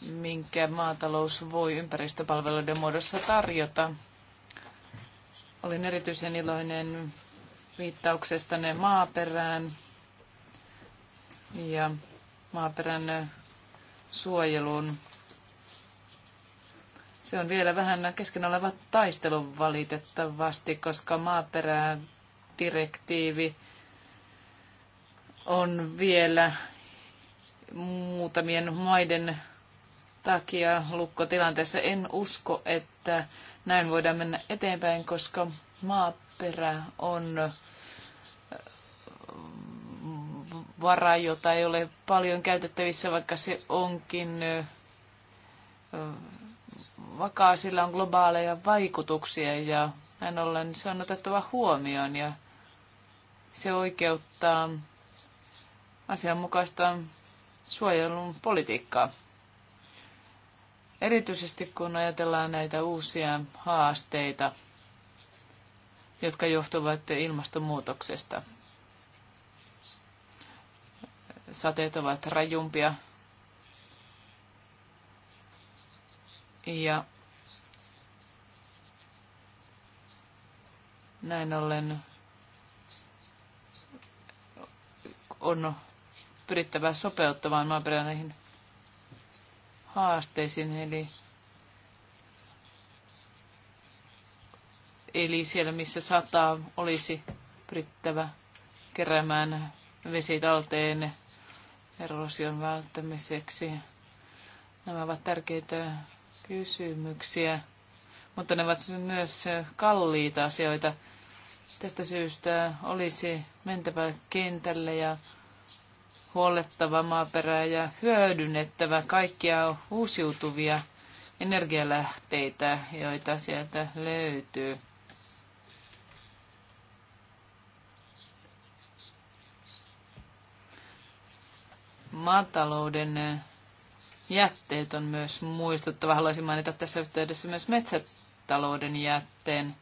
minkä maatalous voi ympäristöpalveluiden muodossa tarjota. Olin erityisen iloinen viittauksestanne maaperään ja maaperän suojeluun. Se on vielä vähän kesken oleva taistelu valitettavasti, koska maaperädirektiivi on vielä muutamien maiden takia lukkotilanteessa. En usko, että näin voidaan mennä eteenpäin, koska maa alkuperä on äh, vara, jota ei ole paljon käytettävissä, vaikka se onkin äh, vakaa, sillä on globaaleja vaikutuksia ja näin ollen se on otettava huomioon ja se oikeuttaa asianmukaista suojelun politiikkaa. Erityisesti kun ajatellaan näitä uusia haasteita – jotka johtuvat ilmastonmuutoksesta. Sateet ovat rajumpia ja näin ollen on pyrittävä sopeuttamaan maaperän näihin haasteisiin, eli Eli siellä, missä sataa, olisi pyrittävä keräämään vesi talteen erosion välttämiseksi. Nämä ovat tärkeitä kysymyksiä, mutta ne ovat myös kalliita asioita. Tästä syystä olisi mentävä kentälle ja huolettava maaperää ja hyödynnettävä kaikkia uusiutuvia energialähteitä, joita sieltä löytyy. Maatalouden eh, jätteet on myös muistuttava. Haluaisin mainita tässä yhteydessä myös metsätalouden jätteen.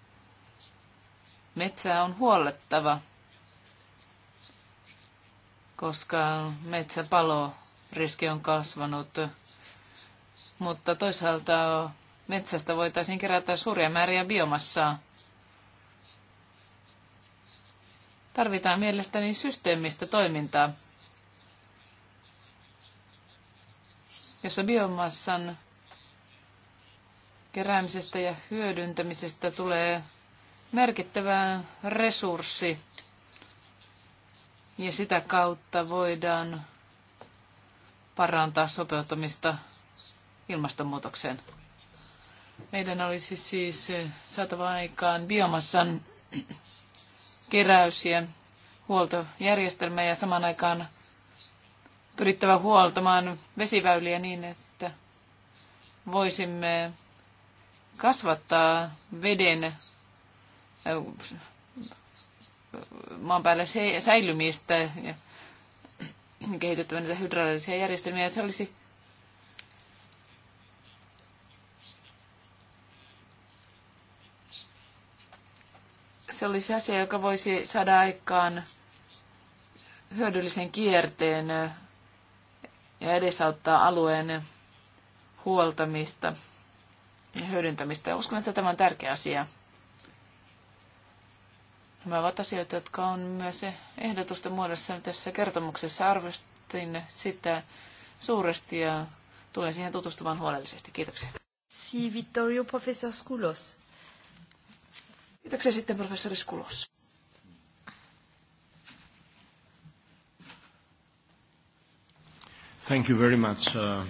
Metsää on huollettava, koska metsäpalo riski on kasvanut. Mutta toisaalta metsästä voitaisiin kerätä suuria määriä biomassaa. Tarvitaan mielestäni systeemistä toimintaa. jossa biomassan keräämisestä ja hyödyntämisestä tulee merkittävä resurssi. Ja sitä kautta voidaan parantaa sopeutumista ilmastonmuutokseen. Meidän olisi siis saatava aikaan biomassan keräys ja huoltojärjestelmä ja saman aikaan pyrittävä huoltamaan vesiväyliä niin, että voisimme kasvattaa veden äh, maan päällä säilymistä ja kehitettävä näitä hydraulisia järjestelmiä. Se olisi se olisi asia, joka voisi saada aikaan hyödyllisen kierteen äh, ja edesauttaa alueen huoltamista ja hyödyntämistä. ja Uskon, että tämä on tärkeä asia. Nämä ovat asioita, jotka on myös ehdotusten muodossa tässä kertomuksessa. Arvostin sitä suuresti ja tulen siihen tutustumaan huolellisesti. Kiitoksia. Si Vittorio Professor Skulos. Kiitoksia sitten professori Skulos. Thank you very much, uh,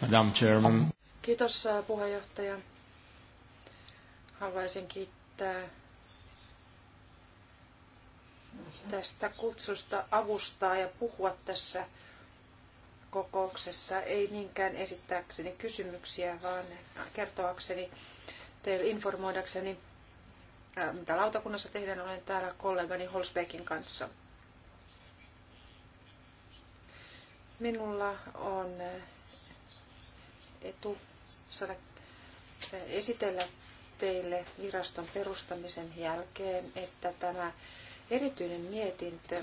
Madam Chairman. Kiitos uh, puheenjohtaja. Haluaisin kiittää tästä kutsusta avustaa ja puhua tässä kokouksessa. Ei niinkään esittääkseni kysymyksiä, vaan kertoakseni teille informoidakseni, äh, mitä lautakunnassa tehdään. Olen täällä kollegani Holsbeckin kanssa. Minulla on eh, etu saada eh, esitellä teille viraston perustamisen jälkeen, että tämä erityinen mietintö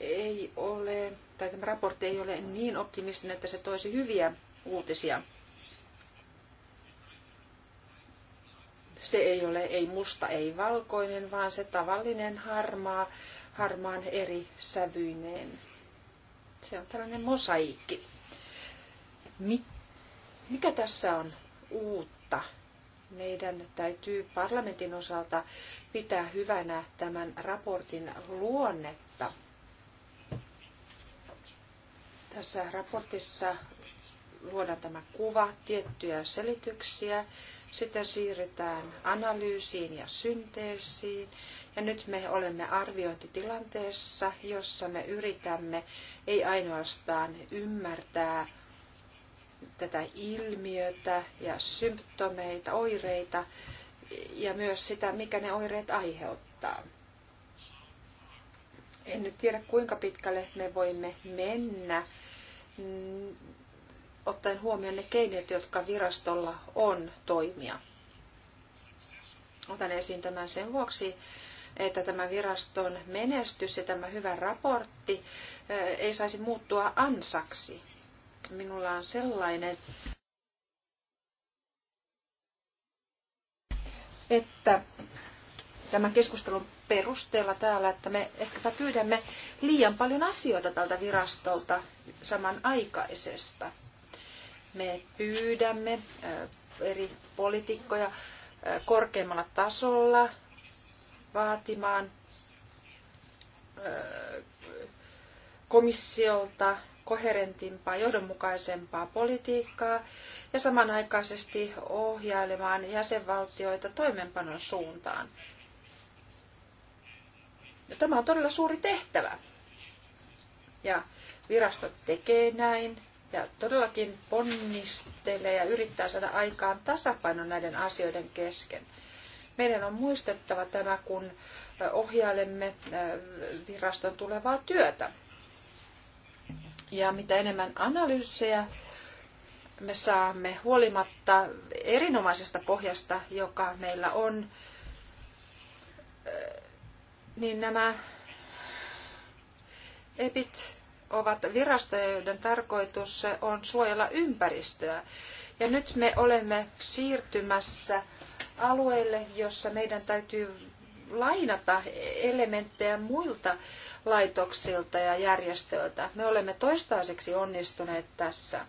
ei ole, tai tämä raportti ei ole niin optimistinen, että se toisi hyviä uutisia Se ei ole ei musta, ei valkoinen, vaan se tavallinen harmaa, harmaan eri sävyineen. Se on tällainen mosaikki. Mikä tässä on uutta? Meidän täytyy parlamentin osalta pitää hyvänä tämän raportin luonnetta. Tässä raportissa luodaan tämä kuva, tiettyjä selityksiä, sitten siirrytään analyysiin ja synteesiin. Ja nyt me olemme arviointitilanteessa, jossa me yritämme ei ainoastaan ymmärtää tätä ilmiötä ja symptomeita, oireita ja myös sitä, mikä ne oireet aiheuttaa. En nyt tiedä, kuinka pitkälle me voimme mennä ottaen huomioon ne keinot, jotka virastolla on toimia. Otan esiin tämän sen vuoksi, että tämä viraston menestys ja tämä hyvä raportti eh, ei saisi muuttua ansaksi. Minulla on sellainen, että tämän keskustelun perusteella täällä, että me ehkäpä pyydämme liian paljon asioita tältä virastolta samanaikaisesta. Me pyydämme eri poliitikkoja korkeammalla tasolla vaatimaan komissiolta koherentimpaa, johdonmukaisempaa politiikkaa ja samanaikaisesti ohjailemaan jäsenvaltioita toimeenpanon suuntaan. Ja tämä on todella suuri tehtävä. Ja virasto tekee näin ja todellakin ponnistelee ja yrittää saada aikaan tasapaino näiden asioiden kesken. Meidän on muistettava tämä, kun ohjailemme viraston tulevaa työtä. Ja mitä enemmän analyysejä me saamme huolimatta erinomaisesta pohjasta, joka meillä on, niin nämä EPIT ovat virastoja, joiden tarkoitus on suojella ympäristöä. Ja nyt me olemme siirtymässä alueelle, jossa meidän täytyy lainata elementtejä muilta laitoksilta ja järjestöiltä. Me olemme toistaiseksi onnistuneet tässä.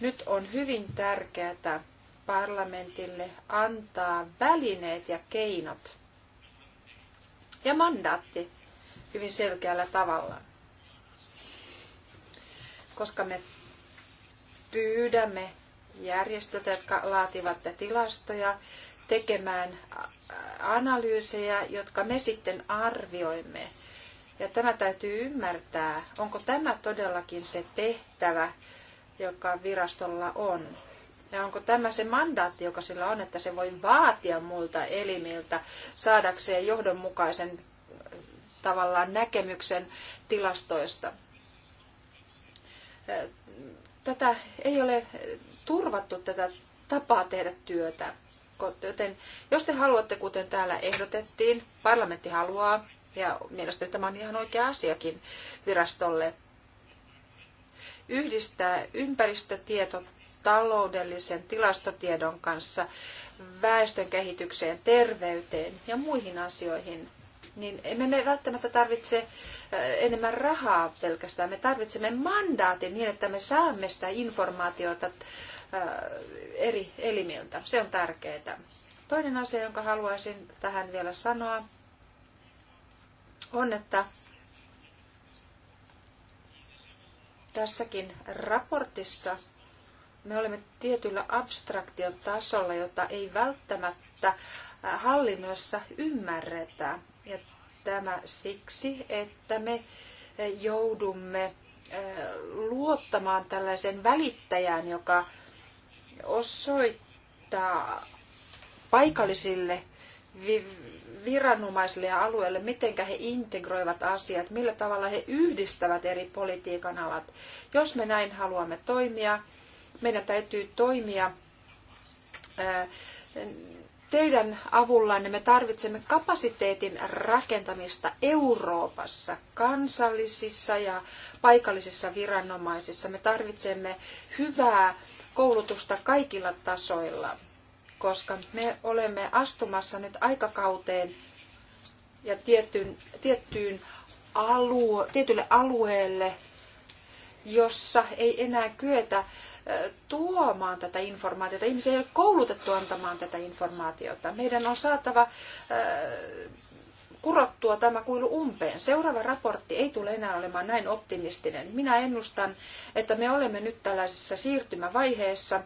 Nyt on hyvin tärkeää parlamentille antaa välineet ja keinot ja mandaatti hyvin selkeällä tavalla koska me pyydämme järjestöt, jotka laativat tilastoja, tekemään analyysejä, jotka me sitten arvioimme. Ja tämä täytyy ymmärtää, onko tämä todellakin se tehtävä, joka virastolla on. Ja onko tämä se mandaatti, joka sillä on, että se voi vaatia muilta elimiltä saadakseen johdonmukaisen tavallaan näkemyksen tilastoista tätä ei ole turvattu tätä tapaa tehdä työtä. Joten jos te haluatte, kuten täällä ehdotettiin, parlamentti haluaa, ja mielestäni tämä on ihan oikea asiakin virastolle, yhdistää ympäristötieto taloudellisen tilastotiedon kanssa väestön kehitykseen, terveyteen ja muihin asioihin niin emme me välttämättä tarvitse äh, enemmän rahaa pelkästään. Me tarvitsemme mandaatin niin, että me saamme sitä informaatiota äh, eri elimiltä. Se on tärkeää. Toinen asia, jonka haluaisin tähän vielä sanoa, on, että tässäkin raportissa me olemme tietyllä abstraktion tasolla, jota ei välttämättä äh, hallinnoissa ymmärretä. Ja tämä siksi, että me joudumme luottamaan tällaisen välittäjään, joka osoittaa paikallisille viranomaisille ja alueelle, miten he integroivat asiat, millä tavalla he yhdistävät eri politiikan alat. Jos me näin haluamme toimia, meidän täytyy toimia teidän avullanne me tarvitsemme kapasiteetin rakentamista Euroopassa, kansallisissa ja paikallisissa viranomaisissa. Me tarvitsemme hyvää koulutusta kaikilla tasoilla, koska me olemme astumassa nyt aikakauteen ja tiettyyn, tiettyyn alue, tietylle alueelle, jossa ei enää kyetä tuomaan tätä informaatiota. Ihmisiä ei ole koulutettu antamaan tätä informaatiota. Meidän on saatava kurottua tämä kuilu umpeen. Seuraava raportti ei tule enää olemaan näin optimistinen. Minä ennustan, että me olemme nyt tällaisessa siirtymävaiheessa,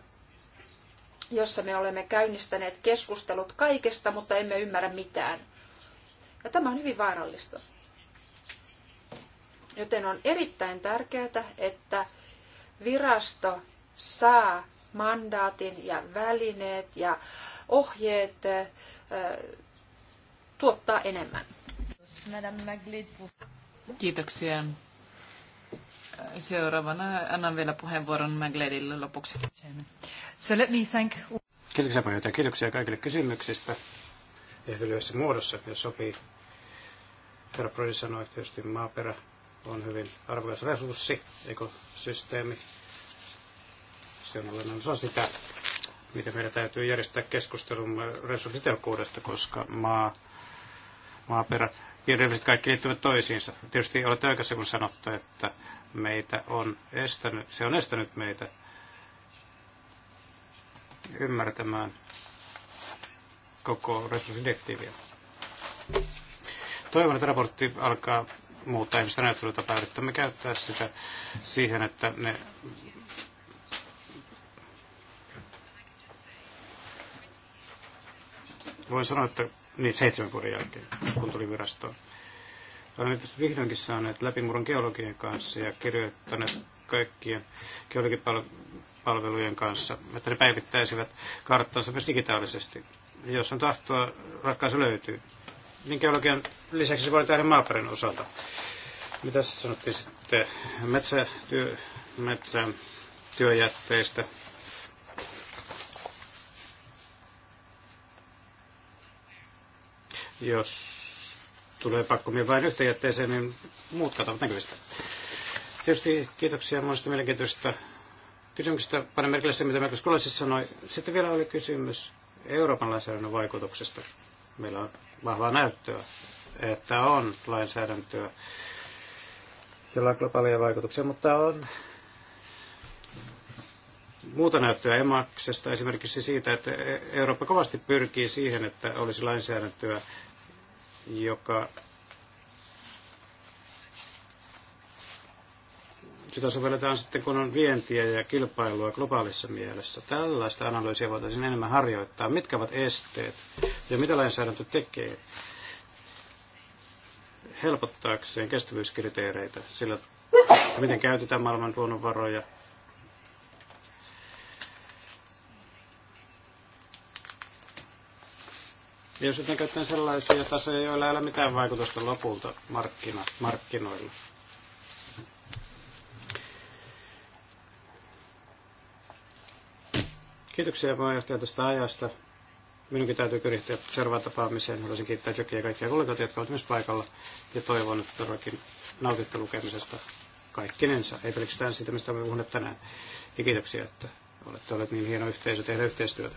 jossa me olemme käynnistäneet keskustelut kaikesta, mutta emme ymmärrä mitään. Ja tämä on hyvin vaarallista. Joten on erittäin tärkeää, että virasto saa mandaatin ja välineet ja ohjeet äh, tuottaa enemmän. Kiitoksia. Seuraavana annan vielä puheenvuoron Magledille lopuksi. So let me thank... Kiitoksia paljon ja kiitoksia kaikille kysymyksistä. ja lyhyessä muodossa, jos sopii. Herra Prodi sanoi, että tietysti maaperä on hyvin arvokas resurssi, ekosysteemi, No, se on osa sitä, miten meidän täytyy järjestää keskustelun resurssitehokkuudesta, koska maa, maaperä, biodiversiteetti kaikki liittyvät toisiinsa. Tietysti olette oikeassa, kun sanotte, että meitä on estänyt, se on estänyt meitä ymmärtämään koko resurssidektiiviä. Toivon, että raportti alkaa muuttaa ihmistä näyttelytapaa. käyttää sitä siihen, että ne voin sanoa, että niin seitsemän vuoden jälkeen, kun tuli virastoon. Olemme tietysti vihdoinkin saaneet läpimurron geologien kanssa ja kirjoittaneet kaikkien geologipalvelujen kanssa, että ne päivittäisivät karttansa myös digitaalisesti. Jos on tahtoa, ratkaisu löytyy. Niin geologian lisäksi se voi tehdä maaperän osalta. Mitä sanottiin sitten metsätyö, metsätyöjätteistä? Jos tulee pakkomien vain yhteen jätteeseen, niin muut katsovat näkyvistä. Tietysti kiitoksia monesta mielenkiintoisista kysymyksistä. Panen merkille se, mitä Merkis Kulessi sanoi. Sitten vielä oli kysymys Euroopan lainsäädännön vaikutuksesta. Meillä on vahvaa näyttöä, että on lainsäädäntöä, jolla on globaalia vaikutuksia, mutta on muuta näyttöä emaksesta, esimerkiksi siitä, että Eurooppa kovasti pyrkii siihen, että olisi lainsäädäntöä, joka jota sovelletaan sitten kun on vientiä ja kilpailua globaalissa mielessä. Tällaista analyysiä voitaisiin enemmän harjoittaa. Mitkä ovat esteet ja mitä lainsäädäntö tekee helpottaakseen kestävyyskriteereitä sillä, miten käytetään maailman luonnonvaroja, Ja jos jotenkin käytetään sellaisia tasoja, joilla ei ole mitään vaikutusta lopulta markkina, markkinoilla. Kiitoksia puheenjohtaja tästä ajasta. Minunkin täytyy yrittää seuraavaan tapaamiseen. Haluaisin kiittää Jokia ja kaikkia kollegoita, jotka ovat myös paikalla. Ja toivon, että todellakin nautitte lukemisesta kaikkinensa. Ei pelkästään siitä, mistä olemme puhuneet tänään. Ja kiitoksia, että Olette olleet niin hieno yhteisö tehdä yhteistyötä.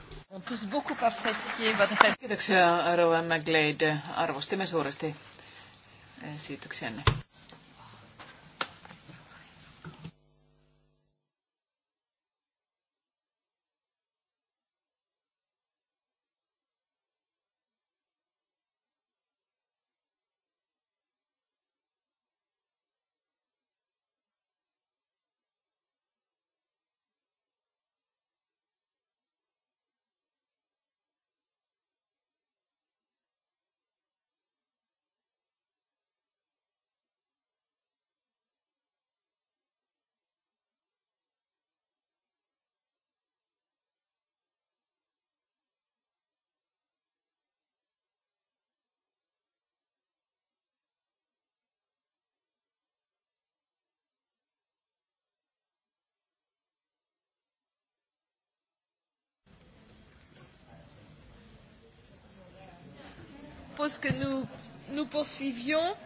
Kiitoksia Rowan McGlade. Arvostimme suuresti esityksenne. propose que nous, nous poursuivions.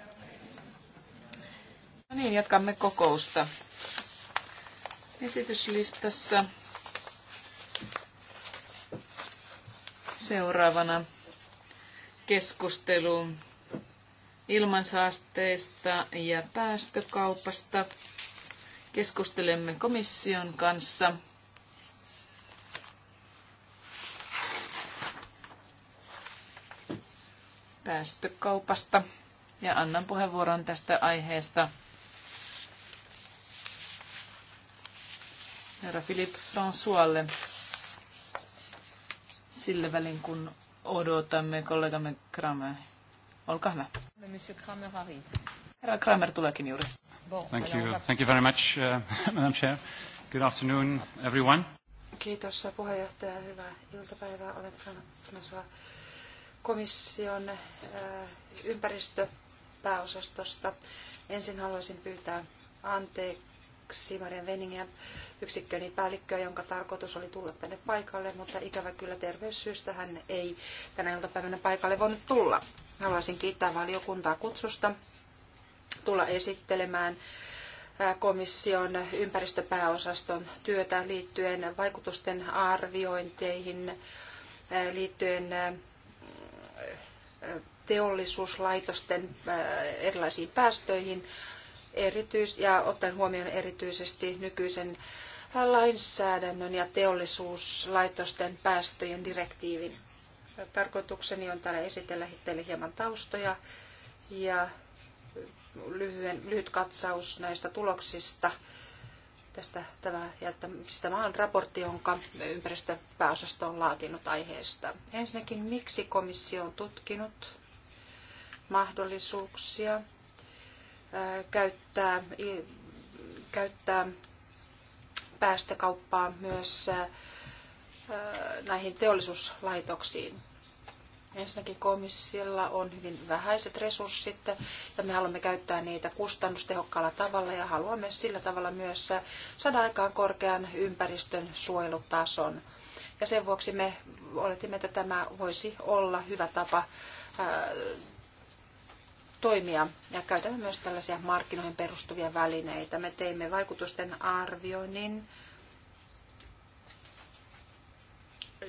No niin, jatkamme kokousta. Esityslistassa seuraavana keskustelu ilmansaasteista ja päästökaupasta. Keskustelemme komission kanssa – päästökaupasta ja annan puheenvuoron tästä aiheesta herra Philippe Françoisille, sillä välin, kun odotamme kollegamme Kramer. Olkaa hyvä. Kramer Herra Kramer tuleekin juuri. Thank you. Thank you very much, uh, (laughs) Madam Chair. Good afternoon, everyone. Kiitos puheenjohtaja. Hyvää iltapäivää. Olen François komission äh, ympäristöpääosastosta. Ensin haluaisin pyytää anteeksi Marian Veningiä, yksikköni päällikköä, jonka tarkoitus oli tulla tänne paikalle, mutta ikävä kyllä terveyssyystä hän ei tänä iltapäivänä paikalle voinut tulla. Haluaisin kiittää valiokuntaa kutsusta tulla esittelemään äh, komission ympäristöpääosaston työtä liittyen vaikutusten arviointeihin, äh, liittyen teollisuuslaitosten äh, erilaisiin päästöihin erityis- ja ottaen huomioon erityisesti nykyisen lainsäädännön ja teollisuuslaitosten päästöjen direktiivin. Tarkoitukseni on täällä esitellä teille hieman taustoja ja lyhyen, lyhyt katsaus näistä tuloksista – Tästä, tämä, ja siis tämä on raportti, jonka ympäristöpääosasto on laatinut aiheesta. Ensinnäkin, miksi komissio on tutkinut mahdollisuuksia käyttää, käyttää päästökauppaa myös näihin teollisuuslaitoksiin. Ensinnäkin komissilla on hyvin vähäiset resurssit ja me haluamme käyttää niitä kustannustehokkaalla tavalla ja haluamme sillä tavalla myös saada aikaan korkean ympäristön suojelutason. Ja sen vuoksi me oletimme, että tämä voisi olla hyvä tapa toimia ja käytämme myös tällaisia markkinoihin perustuvia välineitä. Me teimme vaikutusten arvioinnin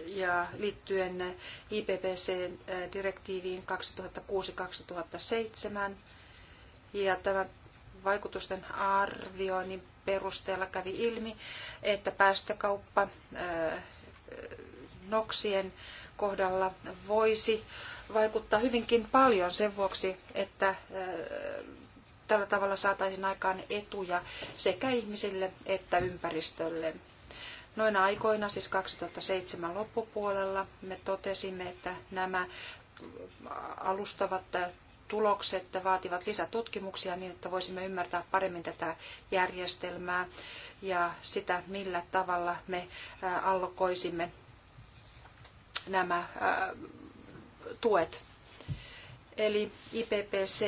ja liittyen IPPC-direktiiviin 2006-2007. Ja tämä vaikutusten arvioinnin perusteella kävi ilmi, että päästökauppa noksien kohdalla voisi vaikuttaa hyvinkin paljon sen vuoksi, että tällä tavalla saataisiin aikaan etuja sekä ihmisille että ympäristölle. Noina aikoina, siis 2007 loppupuolella, me totesimme, että nämä alustavat tulokset vaativat lisätutkimuksia niin, että voisimme ymmärtää paremmin tätä järjestelmää ja sitä, millä tavalla me allokoisimme nämä tuet. Eli IPPC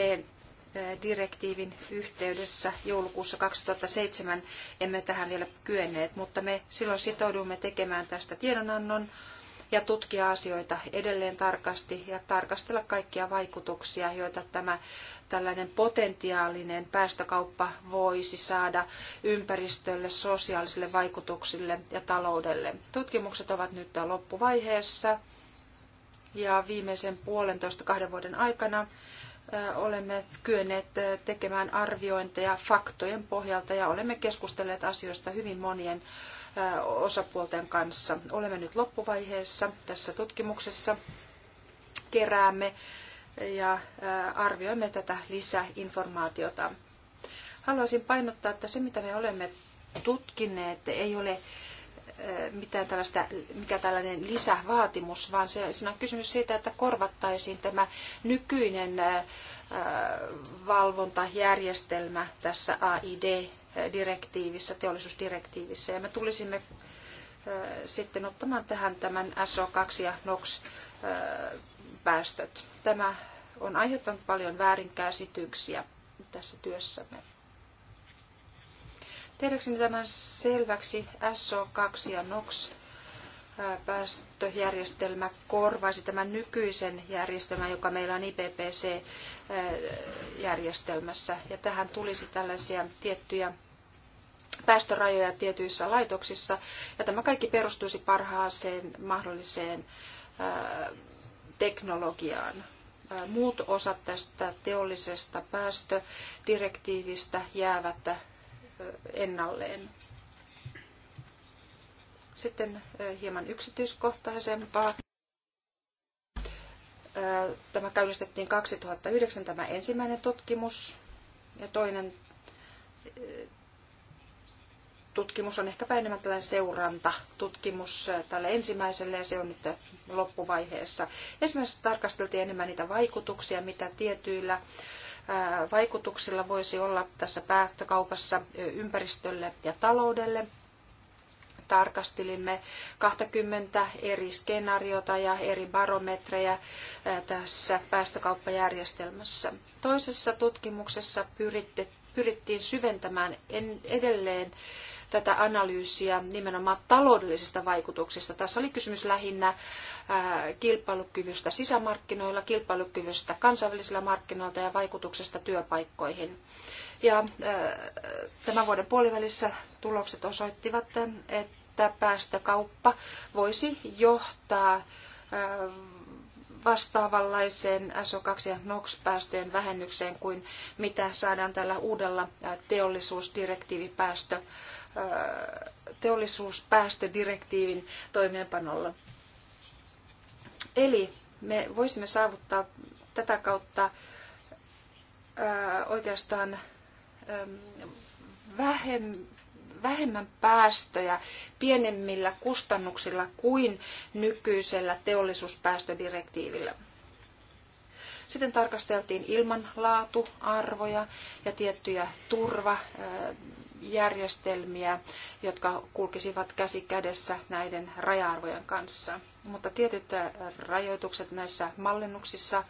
direktiivin yhteydessä joulukuussa 2007 emme tähän vielä kyenneet, mutta me silloin sitouduimme tekemään tästä tiedonannon ja tutkia asioita edelleen tarkasti ja tarkastella kaikkia vaikutuksia, joita tämä tällainen potentiaalinen päästökauppa voisi saada ympäristölle, sosiaalisille vaikutuksille ja taloudelle. Tutkimukset ovat nyt loppuvaiheessa ja viimeisen puolentoista kahden vuoden aikana olemme kyenneet tekemään arviointeja faktojen pohjalta ja olemme keskustelleet asioista hyvin monien osapuolten kanssa. Olemme nyt loppuvaiheessa tässä tutkimuksessa. Keräämme ja arvioimme tätä lisäinformaatiota. Haluaisin painottaa, että se mitä me olemme tutkineet ei ole mitään tällaista, mikä tällainen lisävaatimus, vaan se, siinä on kysymys siitä, että korvattaisiin tämä nykyinen valvontajärjestelmä tässä AID-direktiivissä, teollisuusdirektiivissä. Ja me tulisimme sitten ottamaan tähän tämän SO2 ja NOx-päästöt. Tämä on aiheuttanut paljon väärinkäsityksiä tässä työssämme. Tehdäkseni tämän selväksi, SO2 ja NOx päästöjärjestelmä korvaisi tämän nykyisen järjestelmän, joka meillä on IPPC-järjestelmässä. Ja tähän tulisi tällaisia tiettyjä päästörajoja tietyissä laitoksissa. Ja tämä kaikki perustuisi parhaaseen mahdolliseen teknologiaan. Muut osat tästä teollisesta päästödirektiivistä jäävät ennalleen. Sitten hieman yksityiskohtaisempaa. Tämä käynnistettiin 2009, tämä ensimmäinen tutkimus ja toinen tutkimus on ehkäpä enemmän tällainen seurantatutkimus tälle ensimmäiselle ja se on nyt loppuvaiheessa. Ensimmäisessä tarkasteltiin enemmän niitä vaikutuksia, mitä tietyillä vaikutuksilla voisi olla tässä päästökaupassa ympäristölle ja taloudelle. Tarkastelimme 20 eri skenaariota ja eri barometrejä tässä päästökauppajärjestelmässä. Toisessa tutkimuksessa pyrittiin syventämään edelleen tätä analyysiä nimenomaan taloudellisista vaikutuksista. Tässä oli kysymys lähinnä äh, kilpailukyvystä sisämarkkinoilla, kilpailukyvystä kansainvälisillä markkinoilla ja vaikutuksesta työpaikkoihin. Ja äh, tämän vuoden puolivälissä tulokset osoittivat, että päästökauppa voisi johtaa äh, vastaavanlaiseen SO2- ja NOx-päästöjen vähennykseen kuin mitä saadaan tällä uudella teollisuusdirektiivipäästö teollisuuspäästödirektiivin toimeenpanolla. Eli me voisimme saavuttaa tätä kautta oikeastaan vähemmän päästöjä pienemmillä kustannuksilla kuin nykyisellä teollisuuspäästödirektiivillä. Sitten tarkasteltiin ilmanlaatuarvoja ja tiettyjä turva järjestelmiä, jotka kulkisivat käsi kädessä näiden raja-arvojen kanssa. Mutta tietyt rajoitukset näissä mallinnuksissa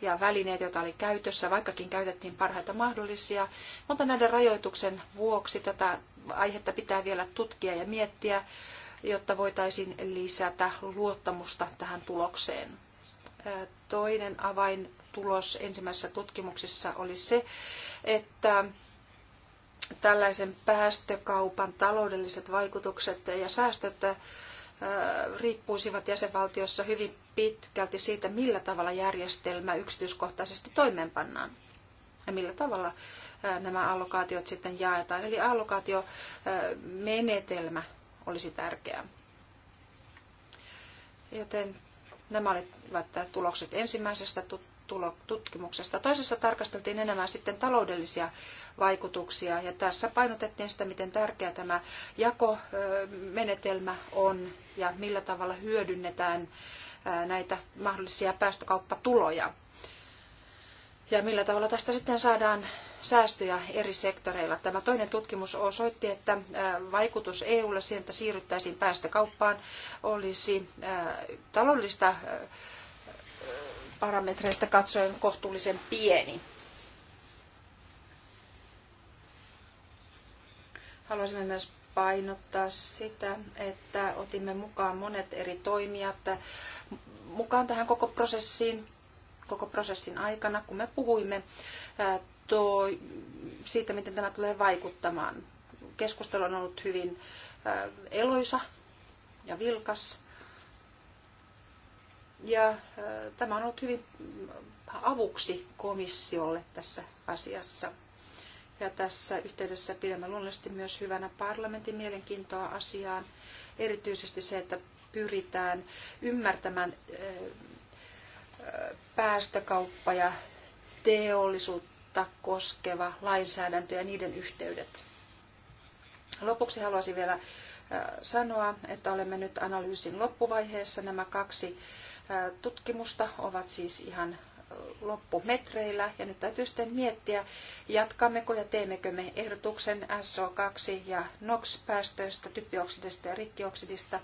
ja välineet, joita oli käytössä, vaikkakin käytettiin parhaita mahdollisia, mutta näiden rajoituksen vuoksi tätä aihetta pitää vielä tutkia ja miettiä, jotta voitaisiin lisätä luottamusta tähän tulokseen. Toinen avaintulos ensimmäisessä tutkimuksessa oli se, että tällaisen päästökaupan taloudelliset vaikutukset ja säästöt riippuisivat jäsenvaltiossa hyvin pitkälti siitä, millä tavalla järjestelmä yksityiskohtaisesti toimeenpannaan ja millä tavalla nämä allokaatiot sitten jaetaan. Eli allokaatiomenetelmä olisi tärkeä. Joten nämä olivat tulokset ensimmäisestä tutkimuksesta. Toisessa tarkasteltiin enemmän sitten taloudellisia vaikutuksia ja tässä painotettiin sitä, miten tärkeä tämä jakomenetelmä on ja millä tavalla hyödynnetään näitä mahdollisia päästökauppatuloja ja millä tavalla tästä sitten saadaan säästöjä eri sektoreilla. Tämä toinen tutkimus osoitti, että vaikutus EUlle siihen, että siirryttäisiin päästökauppaan, olisi taloudellista parametreista katsoen kohtuullisen pieni. Haluaisimme myös painottaa sitä, että otimme mukaan monet eri toimijat mukaan tähän koko prosessiin, koko prosessin aikana, kun me puhuimme tuo, siitä, miten tämä tulee vaikuttamaan. Keskustelu on ollut hyvin eloisa ja vilkas. Ja äh, tämä on ollut hyvin äh, avuksi komissiolle tässä asiassa. Ja tässä yhteydessä pidämme luonnollisesti myös hyvänä parlamentin mielenkiintoa asiaan, erityisesti se, että pyritään ymmärtämään äh, päästökauppa ja teollisuutta koskeva lainsäädäntö ja niiden yhteydet. Lopuksi haluaisin vielä sanoa, että olemme nyt analyysin loppuvaiheessa. Nämä kaksi tutkimusta ovat siis ihan loppumetreillä ja nyt täytyy sitten miettiä, jatkammeko ja teemmekö me ehdotuksen SO2 ja NOx-päästöistä, typioksidista ja rikkioksidista.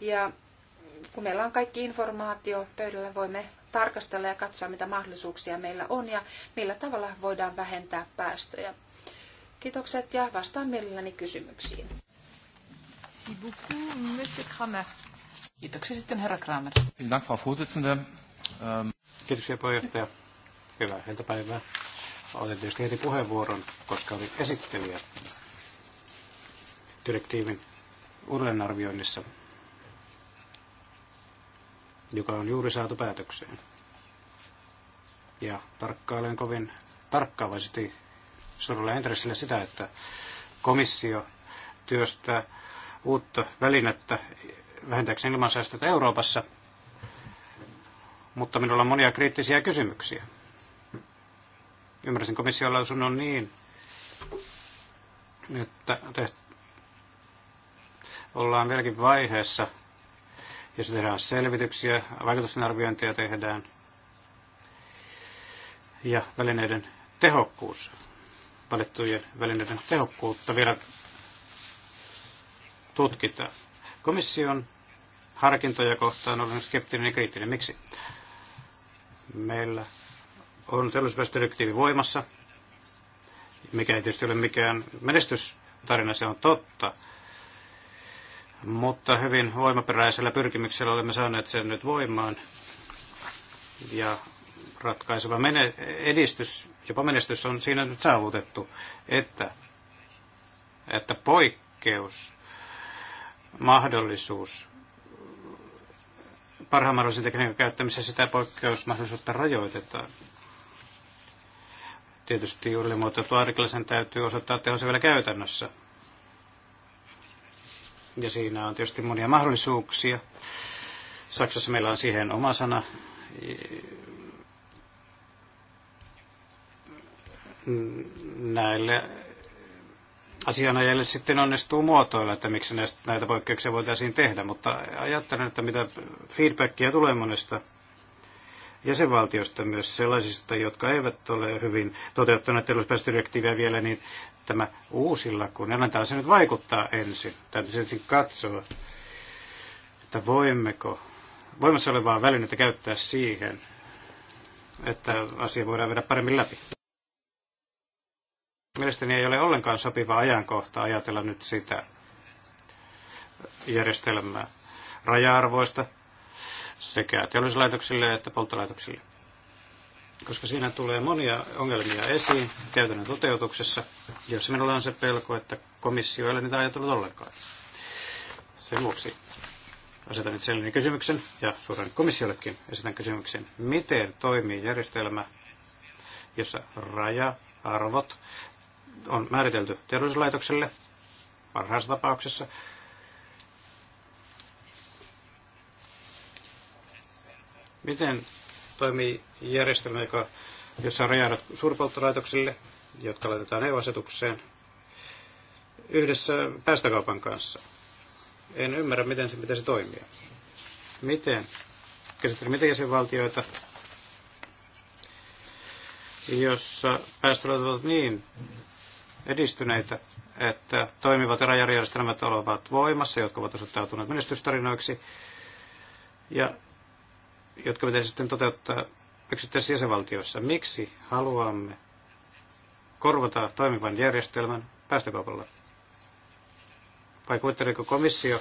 Ja kun meillä on kaikki informaatio pöydällä, voimme tarkastella ja katsoa, mitä mahdollisuuksia meillä on ja millä tavalla voidaan vähentää päästöjä. Kiitokset ja vastaan mielelläni kysymyksiin. Merci beaucoup, Monsieur Kramer. Kiitoksia sitten herra Kramer. Dank, Frau Vorsitzende. Ähm, Kiitoksia puheenjohtaja. Hyvää iltapäivää. Otin tietysti heti puheenvuoron, koska olin esittelijä direktiivin uudelleenarvioinnissa, joka on juuri saatu päätökseen. Ja tarkkailen kovin tarkkaavaisesti suurella intressillä sitä, että komissio työstää uutta välinettä vähentääkseni ilmansaasteita Euroopassa, mutta minulla on monia kriittisiä kysymyksiä. Ymmärsin komission lausunnon niin, että te ollaan vieläkin vaiheessa, jos tehdään selvityksiä, vaikutusten arviointia tehdään ja välineiden tehokkuus, valittujen välineiden tehokkuutta vielä tutkitaan. Komission harkintoja kohtaan olen skeptinen ja kriittinen. Miksi? Meillä on teollisuuspäästödirektiivi voimassa, mikä ei tietysti ole mikään menestystarina, se on totta. Mutta hyvin voimaperäisellä pyrkimyksellä olemme saaneet sen nyt voimaan. Ja ratkaiseva mene- edistys, jopa menestys on siinä nyt saavutettu, että, että poikkeus, mahdollisuus parhaan mahdollisen tekniikan käyttämisessä sitä poikkeusmahdollisuutta rajoitetaan. Tietysti juuri muotoiltu sen täytyy osoittaa tehonsa vielä käytännössä. Ja siinä on tietysti monia mahdollisuuksia. Saksassa meillä on siihen oma sana. Näille asianajajalle sitten onnistuu muotoilla, että miksi näistä, näitä poikkeuksia voitaisiin tehdä, mutta ajattelen, että mitä feedbackia tulee monesta jäsenvaltiosta myös sellaisista, jotka eivät ole hyvin toteuttaneet teollisuuspäästödirektiiviä vielä, niin tämä uusilla, kun annetaan se nyt vaikuttaa ensin. Täytyy ensin katsoa, että voimmeko voimassa olevaa välinettä käyttää siihen, että asia voidaan viedä paremmin läpi. Mielestäni ei ole ollenkaan sopiva ajankohta ajatella nyt sitä järjestelmää raja-arvoista sekä teollisuuslaitoksille että polttolaitoksille. Koska siinä tulee monia ongelmia esiin käytännön toteutuksessa, Jos minulla on se pelko, että komissio ei ole niitä ajatellut ollenkaan. Sen vuoksi asetan nyt sellainen kysymyksen, ja suoraan komissiollekin esitän kysymyksen, miten toimii järjestelmä, jossa raja-arvot on määritelty teollisuuslaitokselle parhaassa tapauksessa. Miten toimii järjestelmä, joka, jossa on rajaudut suurpolttolaitoksille, jotka laitetaan EU-asetukseen yhdessä päästökaupan kanssa? En ymmärrä, miten se pitäisi toimia. Miten? Käsittelen miten jäsenvaltioita, jossa päästöt ovat niin edistyneitä, että toimivat rajajärjestelmät ovat voimassa, jotka ovat osoittautuneet menestystarinoiksi, ja jotka pitäisi sitten toteuttaa yksittäisissä jäsenvaltioissa. Miksi haluamme korvata toimivan järjestelmän päästökaupalla? Vai kuvitteliko komissio,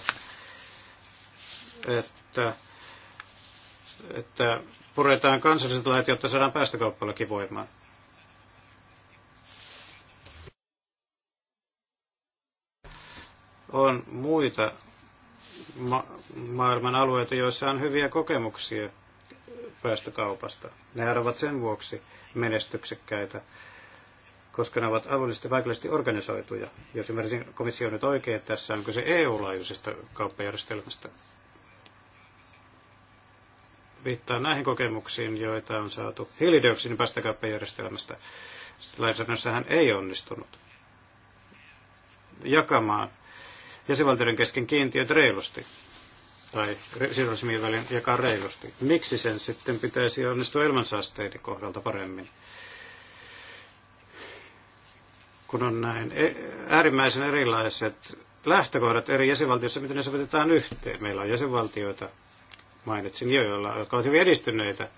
että, että puretaan kansalliset lait, jotta saadaan päästökauppallakin voimaan? on muita ma- maailman alueita, joissa on hyviä kokemuksia päästökaupasta. Ne ovat sen vuoksi menestyksekkäitä, koska ne ovat alueellisesti vaikeasti organisoituja. Jos ymmärsin komissio nyt oikein, että tässä on kyse EU-laajuisesta kauppajärjestelmästä. Viittaan näihin kokemuksiin, joita on saatu hiilidioksidin päästökauppajärjestelmästä. Lainsäädännössähän ei onnistunut jakamaan jäsenvaltioiden kesken kiintiöt reilusti tai sidosryhmien välin jakaa reilusti. Miksi sen sitten pitäisi onnistua ilmansaasteiden kohdalta paremmin? Kun on näin e- äärimmäisen erilaiset lähtökohdat eri jäsenvaltioissa, miten ne sovitetaan yhteen. Meillä on jäsenvaltioita, mainitsin jo, joilla, jotka ovat hyvin edistyneitä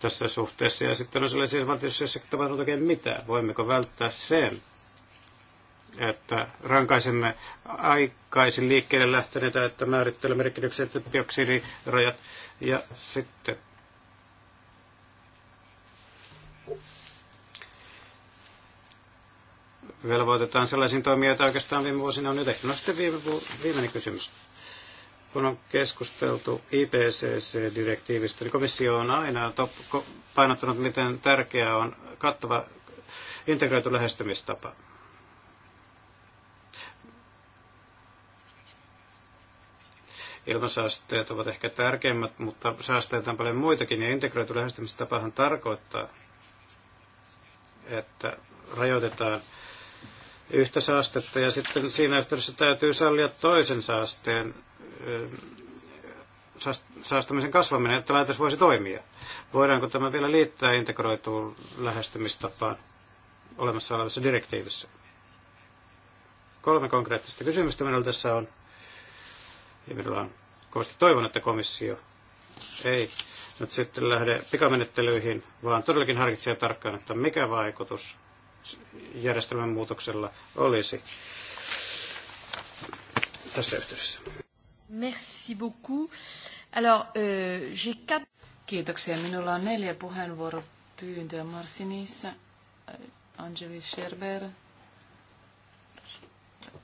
tässä suhteessa. Ja sitten on sellaisia jäsenvaltioissa, joissa ei tapahtunut oikein mitään. Voimmeko välttää sen, rankaisemme aikaisin liikkeelle lähteneitä, että määrittelemme rikkidioksidit dioksidirajat ja sitten velvoitetaan sellaisiin toimijoita, joita oikeastaan viime vuosina on jo tehty. No sitten viime, viimeinen kysymys. Kun on keskusteltu IPCC-direktiivistä, niin komissio on aina top, painottanut, miten tärkeää on kattava integroitu lähestymistapa. Ilmansaasteet ovat ehkä tärkeimmät, mutta saasteet on paljon muitakin, ja integroitu lähestymistapahan tarkoittaa, että rajoitetaan yhtä saastetta, ja sitten siinä yhteydessä täytyy sallia toisen saasteen saastumisen kasvaminen, että laitos voisi toimia. Voidaanko tämä vielä liittää integroituun lähestymistapaan olemassa olevassa direktiivissä? Kolme konkreettista kysymystä minulla tässä on. Ja minulla on Kovasti toivon, että komissio ei nyt sitten lähde pikamenettelyihin, vaan todellakin harkitsee tarkkaan, että mikä vaikutus järjestelmän muutoksella olisi tässä yhteydessä. Merci beaucoup. Alors, euh, quatre... Kiitoksia. Minulla on neljä puheenvuoropyyntöä. Marsinissa, äh, Angelis Scherber,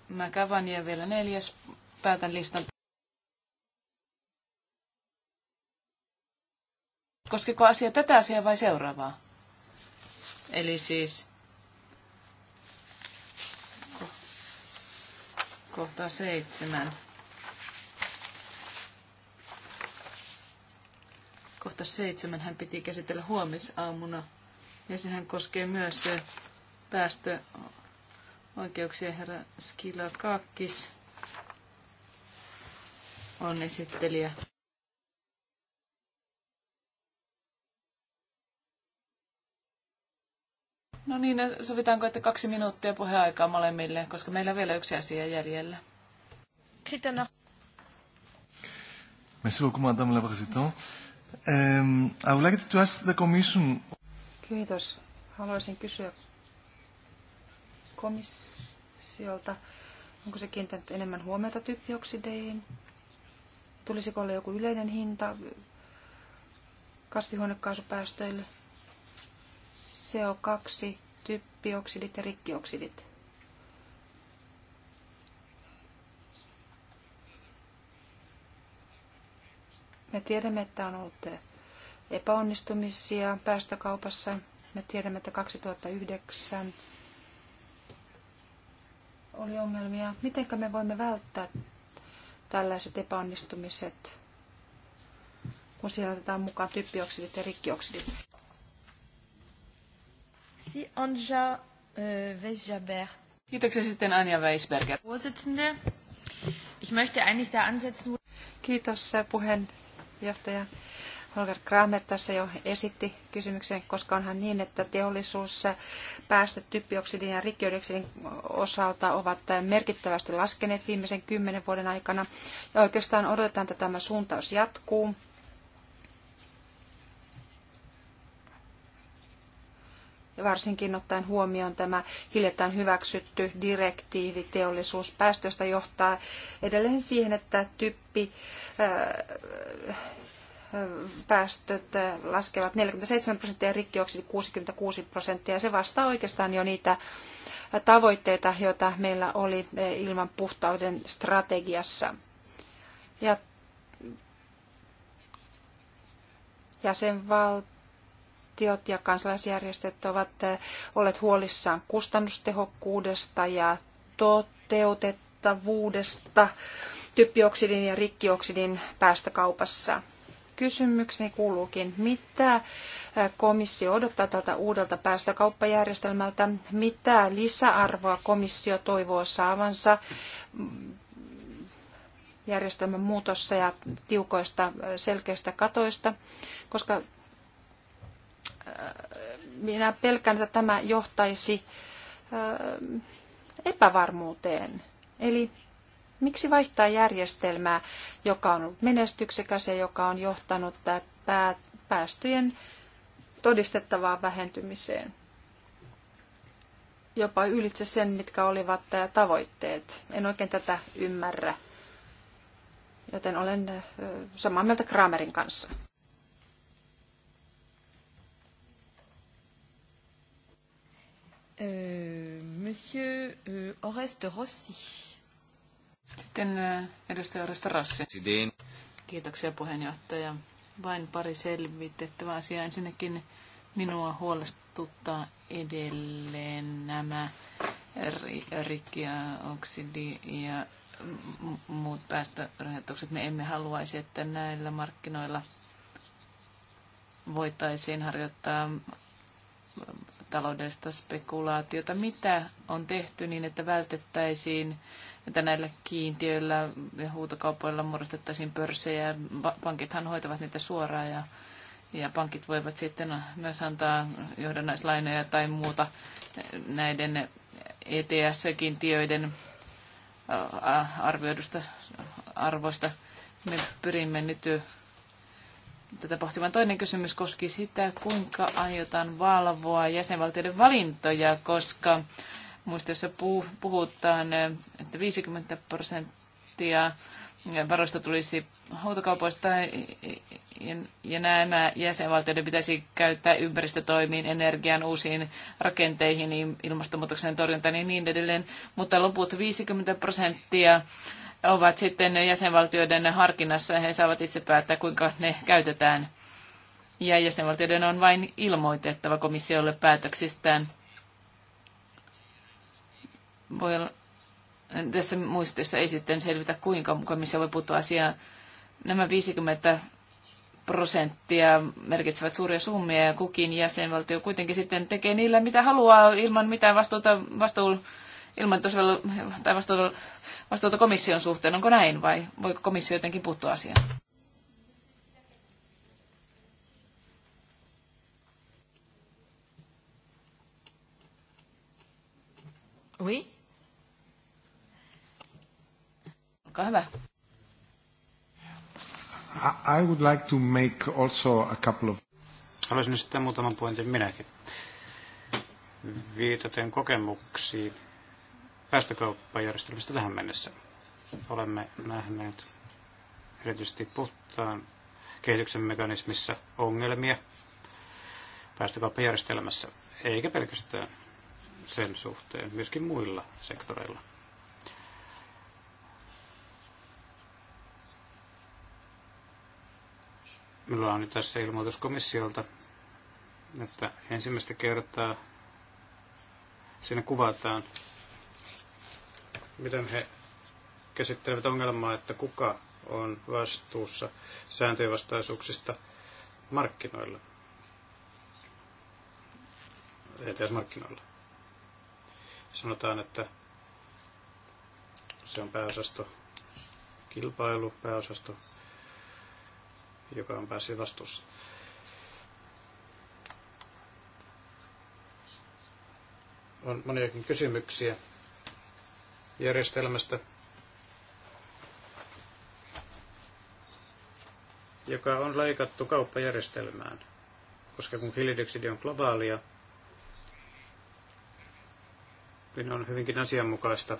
Mä ja vielä neljäs. Päätän listan. Koskeko asia tätä asiaa vai seuraavaa? Eli siis kohtaa seitsemän. Kohta seitsemän hän piti käsitellä huomisaamuna. Ja sehän koskee myös päästö eh, päästöoikeuksia herra Skila Kakkis on esittelijä. No niin, sovitaanko, että kaksi minuuttia puheaikaa molemmille, koska meillä on vielä yksi asia jäljellä. Kiitos. Merci beaucoup, Madame la Présidente. Um, I would like to ask the Commission... Kiitos. Haluaisin kysyä komissiolta, onko se kiinnittänyt enemmän huomiota typpioksideihin? Tulisiko olla joku yleinen hinta kasvihuonekaasupäästöille? CO2, typpioksidit ja rikkioksidit. Me tiedämme, että on ollut epäonnistumisia päästökaupassa. Me tiedämme, että 2009 oli ongelmia. Miten me voimme välttää tällaiset epäonnistumiset, kun siellä otetaan mukaan typpioksidit ja rikkioksidit? Merci Anja äh, Weisjaber. Kiitoksia sitten Anja Weisberger. Vorsitzende, ich möchte eigentlich da ansetzen. Kiitos äh, puheenjohtaja. Holger Kramer tässä jo esitti kysymyksen, koska onhan niin, että teollisuus äh, päästöt typpioksidin ja rikkiodioksinin osalta ovat merkittävästi laskeneet viimeisen kymmenen vuoden aikana. Ja oikeastaan odotetaan, että tämä suuntaus jatkuu. varsinkin ottaen huomioon tämä hiljattain hyväksytty direktiivi teollisuuspäästöstä johtaa edelleen siihen, että typpi äh, äh, päästöt äh, laskevat 47 prosenttia ja rikkioksidi 66 prosenttia. se vastaa oikeastaan jo niitä tavoitteita, joita meillä oli ilman puhtauden strategiassa. Ja jäsenvaltio valtiot ja kansalaisjärjestöt ovat eh, olleet huolissaan kustannustehokkuudesta ja toteutettavuudesta typpioksidin ja rikkioksidin päästökaupassa. Kysymykseni kuuluukin, mitä eh, komissio odottaa tältä uudelta päästökauppajärjestelmältä, mitä lisäarvoa komissio toivoo saavansa mm, järjestelmän muutossa ja tiukoista eh, selkeistä katoista, koska minä pelkään, että tämä johtaisi epävarmuuteen. Eli miksi vaihtaa järjestelmää, joka on ollut menestyksekäs ja joka on johtanut päästöjen todistettavaan vähentymiseen? Jopa ylitse sen, mitkä olivat tavoitteet. En oikein tätä ymmärrä. Joten olen samaa mieltä Kramerin kanssa. Euh, monsieur euh, Oreste Rossi. Sitten äh, edustaja Oreste Rossi. Sidin. Kiitoksia puheenjohtaja. Vain pari selvitettävää asiaa. Ensinnäkin minua huolestuttaa edelleen nämä rikki ja oksidi ja muut päästörajoitukset. Me emme haluaisi, että näillä markkinoilla voitaisiin harjoittaa taloudellista spekulaatiota. Mitä on tehty niin, että vältettäisiin, että näillä kiintiöillä ja huutokaupoilla muodostettaisiin pörssejä. Pankithan hoitavat niitä suoraan ja, ja pankit voivat sitten myös antaa johdannaislainoja tai muuta näiden ETS-kiintiöiden arvioidusta arvoista. Me pyrimme nyt tätä pohtimaan. Toinen kysymys koski sitä, kuinka aiotaan valvoa jäsenvaltioiden valintoja, koska muistiossa puhutaan, että 50 prosenttia varoista tulisi huutokaupoista ja nämä jäsenvaltioiden pitäisi käyttää ympäristötoimiin, energian uusiin rakenteihin, ilmastonmuutoksen torjuntaan ja niin edelleen, mutta loput 50 prosenttia ovat sitten jäsenvaltioiden harkinnassa ja he saavat itse päättää, kuinka ne käytetään. Ja jäsenvaltioiden on vain ilmoitettava komissiolle päätöksistään. Voi olla, tässä muistissa ei sitten selvitä, kuinka komissio voi puuttua asiaan. Nämä 50 prosenttia merkitsevät suuria summia ja kukin jäsenvaltio kuitenkin sitten tekee niillä mitä haluaa ilman mitään vastuuta, vastuun ilman tasolla, tai vastuuta, vastuuta komission suhteen. Onko näin vai voiko komissio jotenkin puuttua asiaan? Oui. Olkaa hyvä. I would like to make also a couple of... Haluaisin sitten muutaman pointin minäkin. Viitaten kokemuksiin, päästökauppajärjestelmistä tähän mennessä. Olemme nähneet erityisesti puhtaan kehityksen mekanismissa ongelmia päästökauppajärjestelmässä, eikä pelkästään sen suhteen, myöskin muilla sektoreilla. Minulla on nyt tässä ilmoitus komissiolta, että ensimmäistä kertaa siinä kuvataan miten he käsittelevät ongelmaa, että kuka on vastuussa sääntöjen vastaisuuksista markkinoilla. ETS-markkinoilla. Sanotaan, että se on pääosasto, kilpailu, pääosasto, joka on päässyt vastuussa. On moniakin kysymyksiä järjestelmästä, joka on leikattu kauppajärjestelmään, koska kun hiilidioksidi on globaalia, niin on hyvinkin asianmukaista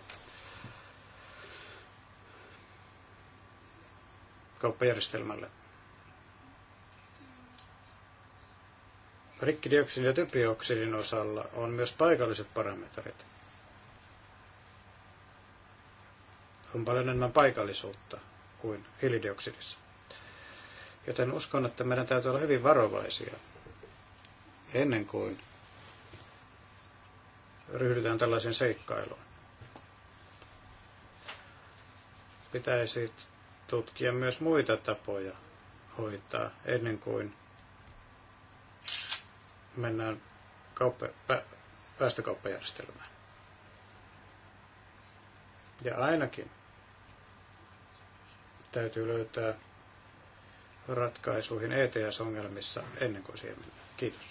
kauppajärjestelmälle. Rikkidioksidin ja typioksidin osalla on myös paikalliset parametrit. on paljon enemmän paikallisuutta kuin hiilidioksidissa. Joten uskon, että meidän täytyy olla hyvin varovaisia ennen kuin ryhdytään tällaisen seikkailuun. Pitäisi tutkia myös muita tapoja hoitaa ennen kuin mennään kauppa, pä, päästökauppajärjestelmään. Ja ainakin täytyy löytää ratkaisuihin ETS-ongelmissa ennen kuin siihen mennään. Kiitos.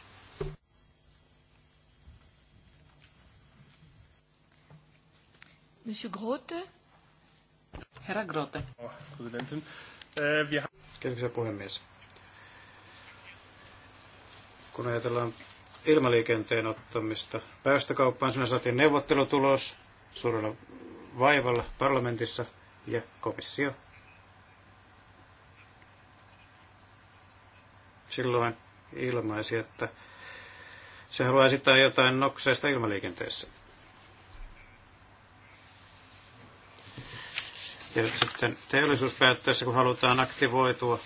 Monsieur Grote. Herra Grote. Kiitoksia puhemies. Kun ajatellaan ilmaliikenteen ottamista päästökauppaan, sinä saatiin neuvottelutulos suurella vaivalla parlamentissa ja komissio silloin ilmaisi, että se haluaa esittää jotain nokseista ilmaliikenteessä. Ja nyt sitten teollisuuspäätteessä, kun halutaan aktivoitua,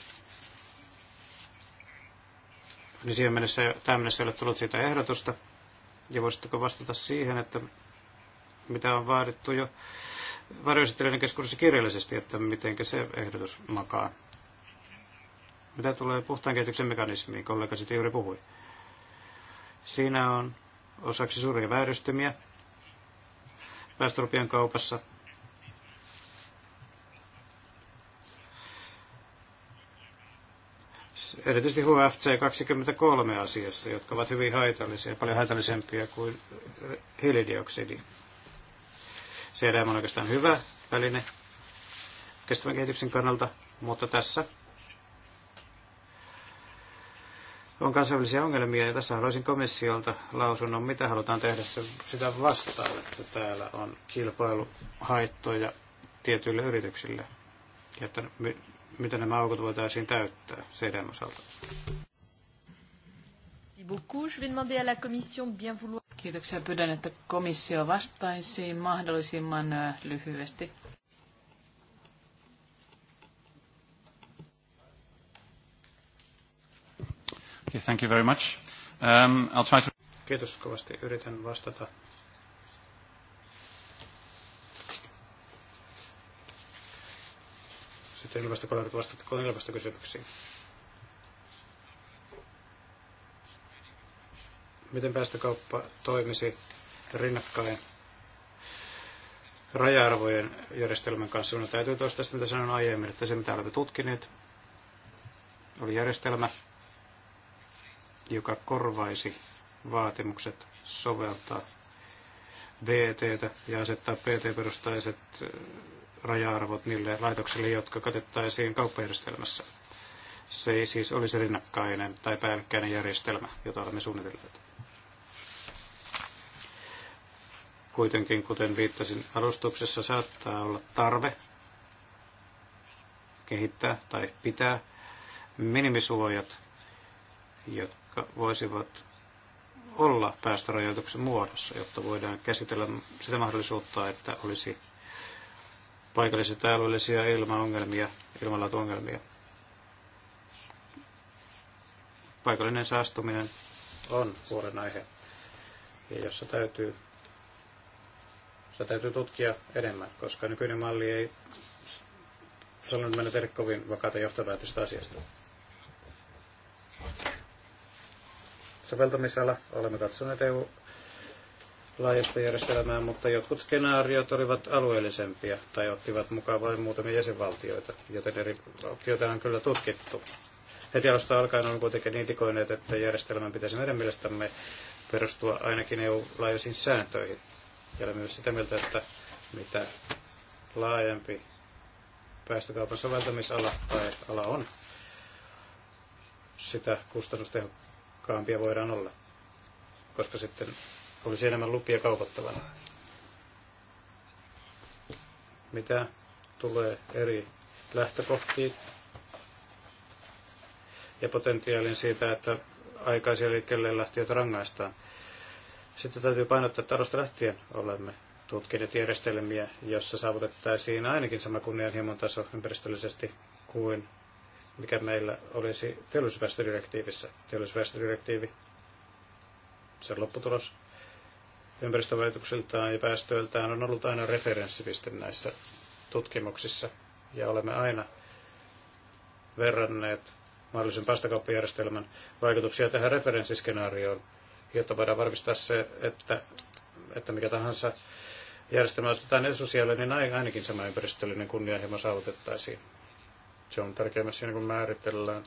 niin siihen mennessä, tämän mennessä ei ole tullut siitä ehdotusta. Ja voisitteko vastata siihen, että mitä on vaadittu jo varjoesittelijöiden keskuudessa kirjallisesti, että miten se ehdotus makaa? Mitä tulee puhtaan kehityksen mekanismiin, kollega sitä juuri puhui. Siinä on osaksi suuria vääristymiä päästölupien kaupassa. Erityisesti HFC 23 asiassa, jotka ovat hyvin haitallisia, paljon haitallisempia kuin hiilidioksidi. CDM on oikeastaan hyvä väline kestävän kehityksen kannalta, mutta tässä on kansainvälisiä ongelmia ja tässä haluaisin komissiolta lausunnon, mitä halutaan tehdä sitä vastaan, että täällä on kilpailuhaittoja tietyille yrityksille ja että miten nämä aukot voitaisiin täyttää CDM osalta. Kiitoksia. Pyydän, että komissio vastaisi mahdollisimman lyhyesti. Okay, thank you very much. Um, I'll try to... Kiitos kovasti. Yritän vastata. Sitten ilmasta kollegat vastata, ilmasta kysymyksiin. Miten päästökauppa toimisi rinnakkain raja-arvojen järjestelmän kanssa. Minun täytyy toistaa sitä, mitä sanoin aiemmin, että se mitä olemme tutkineet oli järjestelmä, joka korvaisi vaatimukset soveltaa BTtä ja asettaa PT-perustaiset raja-arvot niille laitoksille, jotka katettaisiin kauppajärjestelmässä. Se ei siis olisi rinnakkainen tai päällekkäinen järjestelmä, jota olemme suunnitelleet. Kuitenkin, kuten viittasin alustuksessa, saattaa olla tarve kehittää tai pitää minimisuojat, jotka jotka voisivat olla päästörajoituksen muodossa, jotta voidaan käsitellä sitä mahdollisuutta, että olisi paikallisia tai alueellisia ilmaongelmia, ilmanlaatuongelmia. Paikallinen saastuminen on huolenaihe, ja jossa täytyy, sitä täytyy tutkia enemmän, koska nykyinen malli ei sanonut mennä tehdä kovin vakaata johtopäätöstä asiasta. soveltamisala. Olemme katsoneet EU laajasta järjestelmää, mutta jotkut skenaariot olivat alueellisempia tai ottivat mukaan vain muutamia jäsenvaltioita, joten eri optioita on kyllä tutkittu. Heti alusta alkaen on kuitenkin indikoineet, että järjestelmän pitäisi meidän mielestämme perustua ainakin EU-laajuisiin sääntöihin. Ja olemme myös sitä mieltä, että mitä laajempi päästökaupan soveltamisala tai ala on, sitä kustannustehokkaampi tehokkaampia voidaan olla, koska sitten olisi enemmän lupia kaupattavana. Mitä tulee eri lähtökohtiin ja potentiaalin siitä, että aikaisia liikkeelle lähtiöitä rangaistaan. Sitten täytyy painottaa, että arvosta lähtien olemme tutkineet järjestelmiä, jossa saavutettaisiin ainakin sama kunnianhimon taso ympäristöllisesti kuin mikä meillä olisi teollisuusväestödirektiivissä. Teollisuusväestödirektiivi, sen lopputulos ympäristövaikutuksiltaan ja päästöiltään on ollut aina referenssipiste näissä tutkimuksissa. Ja olemme aina verranneet mahdollisen päästökauppajärjestelmän vaikutuksia tähän referenssiskenaarioon, jotta voidaan varmistaa se, että, että mikä tahansa järjestelmä asetetaan sosiaalinen, niin ainakin sama ympäristöllinen kunnianhimo saavutettaisiin. Se on tärkeää myös siinä, kun määritellään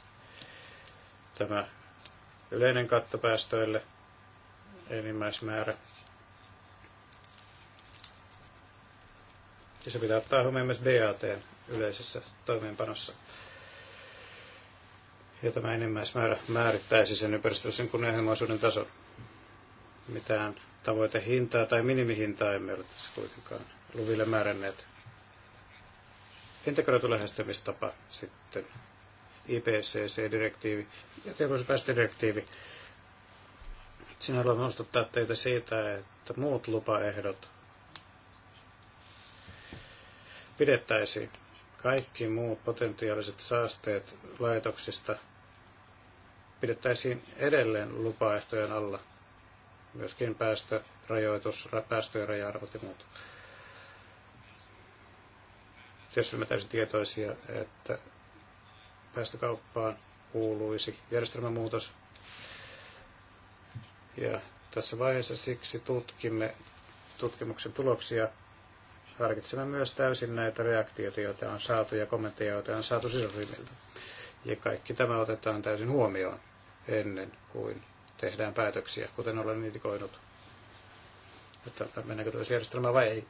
tämä yleinen katto päästöille, enimmäismäärä. Ja se pitää ottaa huomioon myös BAT yleisessä toimeenpanossa. Ja tämä enimmäismäärä määrittäisi sen ympäristöllisen kunnianhimoisuuden tason. Mitään tavoitehintaa tai minimihintaa emme ole tässä kuitenkaan luville määränneet integroitu lähestymistapa sitten, IPCC-direktiivi ja teollisuuspäästödirektiivi. Sinä haluan muistuttaa teitä siitä, että muut lupaehdot pidettäisiin. Kaikki muut potentiaaliset saasteet laitoksista pidettäisiin edelleen lupaehtojen alla. Myöskin päästörajoitus, päästöjen raja-arvot ja muut. Tietysti olemme täysin tietoisia, että päästökauppaan kuuluisi järjestelmämuutos. Ja tässä vaiheessa siksi tutkimme tutkimuksen tuloksia. Harkitsemme myös täysin näitä reaktioita, joita on saatu ja kommentteja, joita on saatu sisäryhmiltä. Ja kaikki tämä otetaan täysin huomioon ennen kuin tehdään päätöksiä, kuten olen indikoinut, että mennäänkö tuossa järjestelmään vai ei.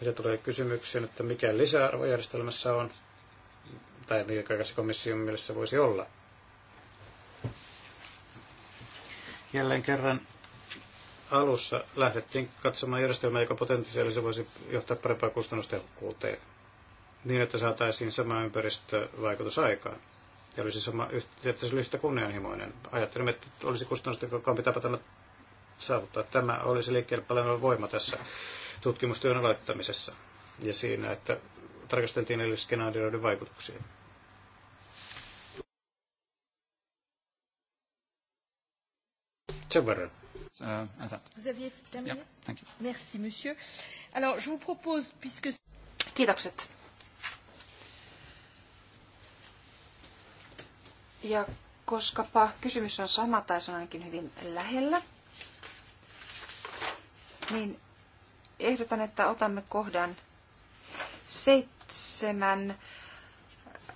Mitä tulee kysymykseen, että mikä lisäarvojärjestelmässä on, tai mikä kaikessa komission mielessä voisi olla. Jälleen kerran alussa lähdettiin katsomaan järjestelmää, joka potentiaalisesti voisi johtaa parempaan kustannustehokkuuteen, niin että saataisiin sama ympäristövaikutus aikaan. Ja olisi sama, että se olisi yhtä kunnianhimoinen. Ajattelimme, että olisi kustannustehokkaampi tapa tämä saavuttaa. Tämä olisi liikkeelle paljon voima tässä tutkimustyön aloittamisessa ja siinä, että tarkasteltiin eri skenaarioiden vaikutuksia. Sen verran. Uh, Kiitokset. Ja koskapa kysymys on sama tai se on ainakin hyvin lähellä, niin ehdotan, että otamme kohdan seitsemän,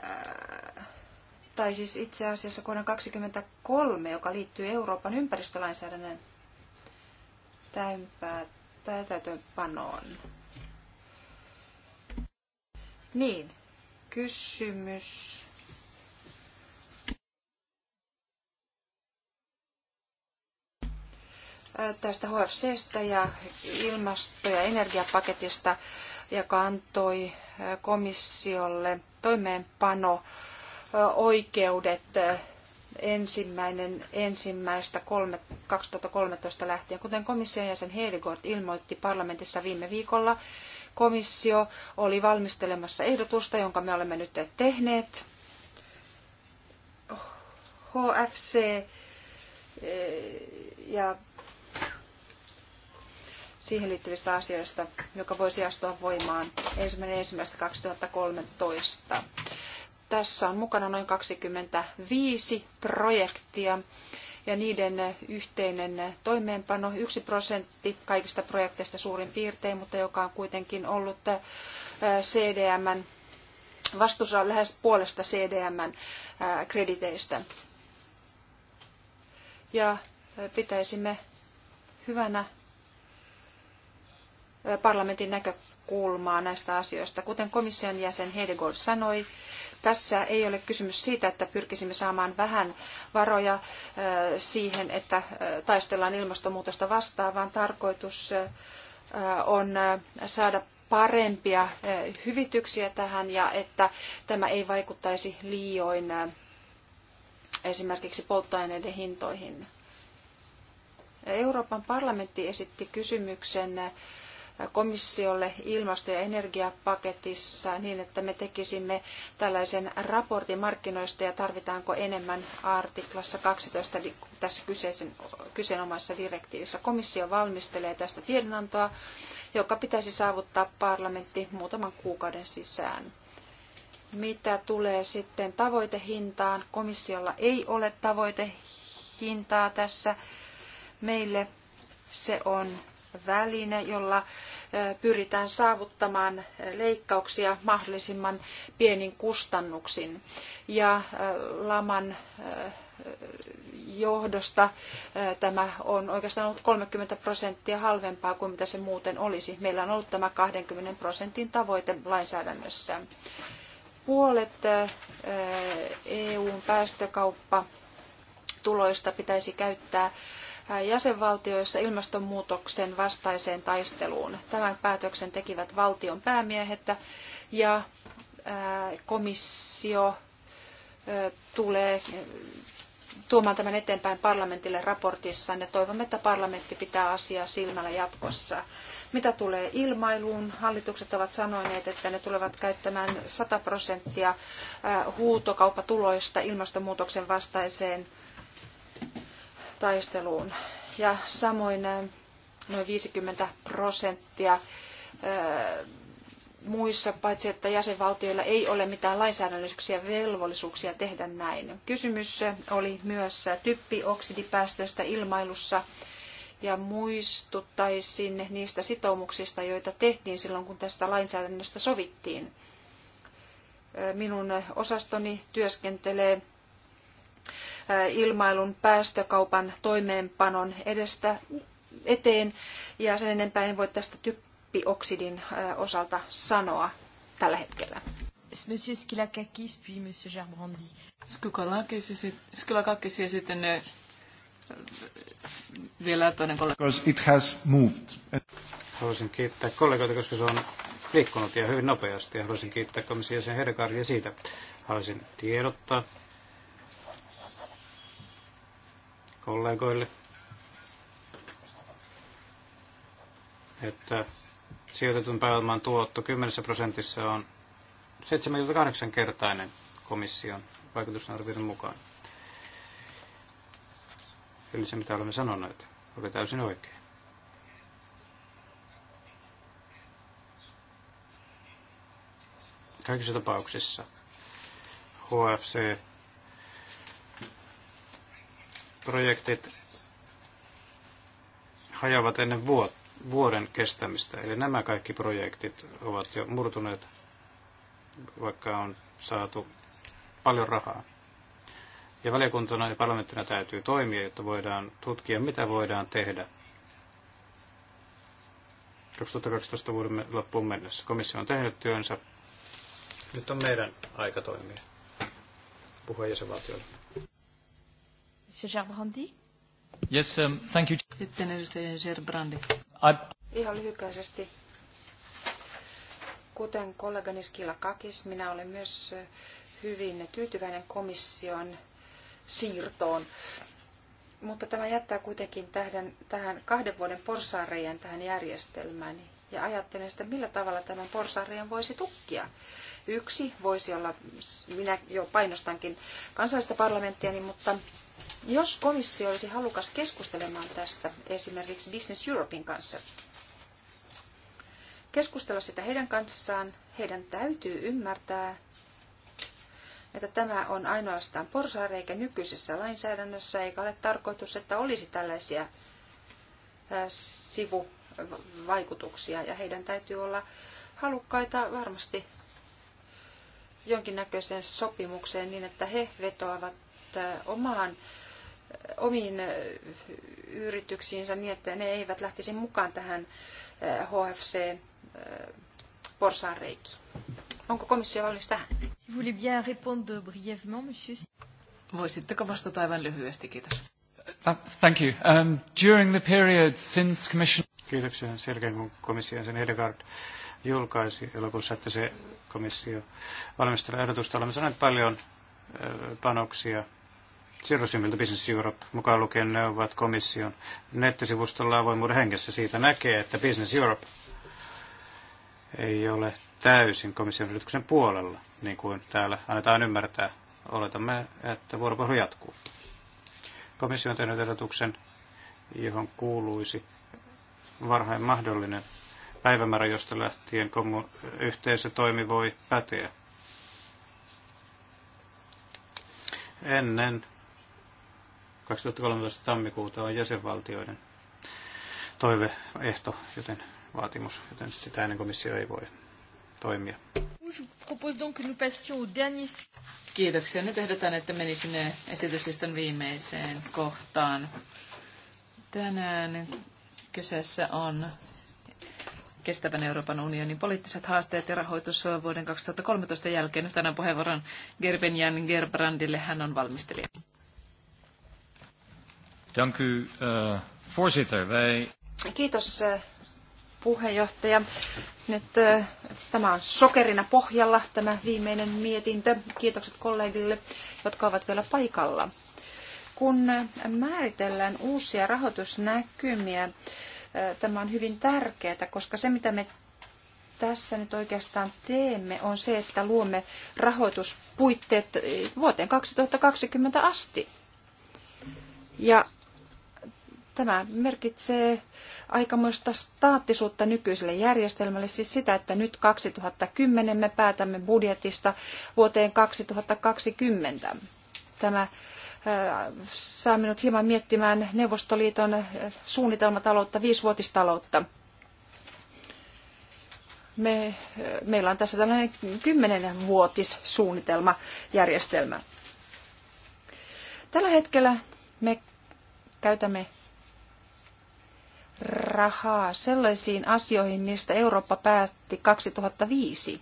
äh, tai siis itse asiassa kohdan 23, joka liittyy Euroopan ympäristölainsäädännön täytäntöönpanoon. Niin, kysymys tästä HFCstä ja ilmasto- ja energiapaketista, joka antoi komissiolle toimeenpano oikeudet ensimmäinen ensimmäistä kolme 2013 lähtien. Kuten komission jäsen Hedegaard ilmoitti parlamentissa viime viikolla, komissio oli valmistelemassa ehdotusta, jonka me olemme nyt tehneet. HFC ja siihen liittyvistä asioista, joka voisi astua voimaan 1.1.2013. Tässä on mukana noin 25 projektia ja niiden yhteinen toimeenpano, yksi prosentti kaikista projekteista suurin piirtein, mutta joka on kuitenkin ollut äh, CDMn vastuussa on lähes puolesta CDMn äh, krediteistä. Ja äh, pitäisimme hyvänä parlamentin näkökulmaa näistä asioista. Kuten komission jäsen Hedegaard sanoi, tässä ei ole kysymys siitä, että pyrkisimme saamaan vähän varoja äh, siihen, että äh, taistellaan ilmastonmuutosta vastaan, vaan tarkoitus äh, on saada parempia hyvityksiä tähän ja että tämä ei vaikuttaisi liioin esimerkiksi polttoaineiden hintoihin. Euroopan parlamentti esitti kysymyksen komissiolle ilmasto- ja energiapaketissa niin, että me tekisimme tällaisen raportin markkinoista ja tarvitaanko enemmän artiklassa 12 tässä kyseisen, kyseenomaisessa direktiivissä. Komissio valmistelee tästä tiedonantoa, joka pitäisi saavuttaa parlamentti muutaman kuukauden sisään. Mitä tulee sitten tavoitehintaan, komissiolla ei ole tavoitehintaa tässä. Meille se on väline, jolla pyritään saavuttamaan leikkauksia mahdollisimman pienin kustannuksin. Ja laman johdosta tämä on oikeastaan ollut 30 prosenttia halvempaa kuin mitä se muuten olisi. Meillä on ollut tämä 20 prosentin tavoite lainsäädännössä. Puolet EUn päästökauppa tuloista pitäisi käyttää jäsenvaltioissa ilmastonmuutoksen vastaiseen taisteluun. Tämän päätöksen tekivät valtion päämiehet ja komissio tulee tuomaan tämän eteenpäin parlamentille raportissa, ja toivomme, että parlamentti pitää asiaa silmällä jatkossa. Mitä tulee ilmailuun, hallitukset ovat sanoneet, että ne tulevat käyttämään 100 prosenttia huutokauppatuloista ilmastonmuutoksen vastaiseen taisteluun. Ja samoin äh, noin 50 prosenttia äh, muissa, paitsi että jäsenvaltioilla ei ole mitään lainsäädännöllisiä velvollisuuksia tehdä näin. Kysymys äh, oli myös typpioksidipäästöistä ilmailussa ja muistuttaisin niistä sitoumuksista, joita tehtiin silloin, kun tästä lainsäädännöstä sovittiin. Minun osastoni työskentelee Eh, ilmailun päästökaupan toimeenpanon edestä eteen. Ja sen enempää en voi tästä typpioksidin eh, osalta sanoa tällä hetkellä. Monsieur Skilakakis, puis Monsieur Gerbrandi. Skilakakis ja sitten eh, vielä toinen kollega. It has moved. Haluaisin kiittää kollegoita, koska se on liikkunut ja hyvin nopeasti. Ja haluaisin kiittää komission sen Hedegaardia siitä. Haluaisin tiedottaa kollegoille, että sijoitetun pääoman tuotto 10 prosentissa on 78-kertainen komission vaikutusarvioiden mukaan. Eli se, mitä olemme sanoneet, oli täysin oikein. Kaikissa tapauksissa HFC projektit hajoavat ennen vuoden kestämistä. Eli nämä kaikki projektit ovat jo murtuneet, vaikka on saatu paljon rahaa. Ja valiokuntana ja parlamenttina täytyy toimia, jotta voidaan tutkia, mitä voidaan tehdä 2012 vuoden loppuun mennessä. Komissio on tehnyt työnsä. Nyt on meidän aika toimia puheenjäsenvaltioille. Monsieur Gerbrandi. Yes, um, thank you. Sitten edustaja Gerbrandi. I... Ihan lyhykäisesti. Kuten kollegani kakis, minä olen myös hyvin tyytyväinen komission siirtoon. Mutta tämä jättää kuitenkin tähden, tähän kahden vuoden porsaanreijän tähän järjestelmään. Ja ajattelen sitä, millä tavalla tämän porsaanreijan voisi tukkia. Yksi voisi olla, minä jo painostankin kansallista parlamenttiani, mutta jos komissio olisi halukas keskustelemaan tästä esimerkiksi Business Europein kanssa, keskustella sitä heidän kanssaan, heidän täytyy ymmärtää, että tämä on ainoastaan porsaareikä nykyisessä lainsäädännössä, eikä ole tarkoitus, että olisi tällaisia äh, sivuvaikutuksia, ja heidän täytyy olla halukkaita varmasti jonkinnäköiseen sopimukseen niin, että he vetoavat äh, omaan omiin yrityksiinsä niin, että ne eivät lähtisi mukaan tähän HFC porsaanreikiin. Onko komissio valmis tähän? monsieur. Voisitteko vastata aivan lyhyesti, kiitos. Uh, thank you. Um, during the period since commission... Kiitoksia sen jälkeen, kun komission sen Edegaard julkaisi elokuussa, että se komissio valmistelee ehdotusta. Olemme saaneet paljon panoksia sidosryhmiltä Business Europe, mukaan lukien ne ovat komission nettisivustolla avoimuuden hengessä. Siitä näkee, että Business Europe ei ole täysin komission yrityksen puolella, niin kuin täällä annetaan ymmärtää. Oletamme, että vuoropuhelu jatkuu. Komissio on tehnyt ehdotuksen, johon kuuluisi varhain mahdollinen päivämäärä, josta lähtien toimi voi päteä. Ennen 2013 tammikuuta on jäsenvaltioiden toiveehto, joten vaatimus, joten sitä ennen komissio ei voi toimia. Kiitoksia. Nyt ehdotan, että menisimme esityslistan viimeiseen kohtaan. Tänään kyseessä on kestävän Euroopan unionin poliittiset haasteet ja rahoitus vuoden 2013 jälkeen. Nyt annan puheenvuoron Gerben Jan Gerbrandille. Hän on valmistelija. Dank u, uh, voorzitter. Wij... Kiitos eh, puheenjohtaja. Nyt eh, tämä on sokerina pohjalla, tämä viimeinen mietintö. Kiitokset kollegille, jotka ovat vielä paikalla. Kun määritellään uusia rahoitusnäkymiä, tämä on hyvin tärkeää, koska se mitä me tässä nyt oikeastaan teemme on se, että luomme rahoituspuitteet vuoteen 2020 asti. Ja Tämä merkitsee aikamoista staattisuutta nykyiselle järjestelmälle, siis sitä, että nyt 2010 me päätämme budjetista vuoteen 2020. Tämä äh, saa minut hieman miettimään Neuvostoliiton äh, suunnitelmataloutta, viisivuotistaloutta. Me, äh, meillä on tässä tällainen kymmenenvuotissuunnitelmajärjestelmä. Tällä hetkellä me käytämme rahaa sellaisiin asioihin, mistä Eurooppa päätti 2005,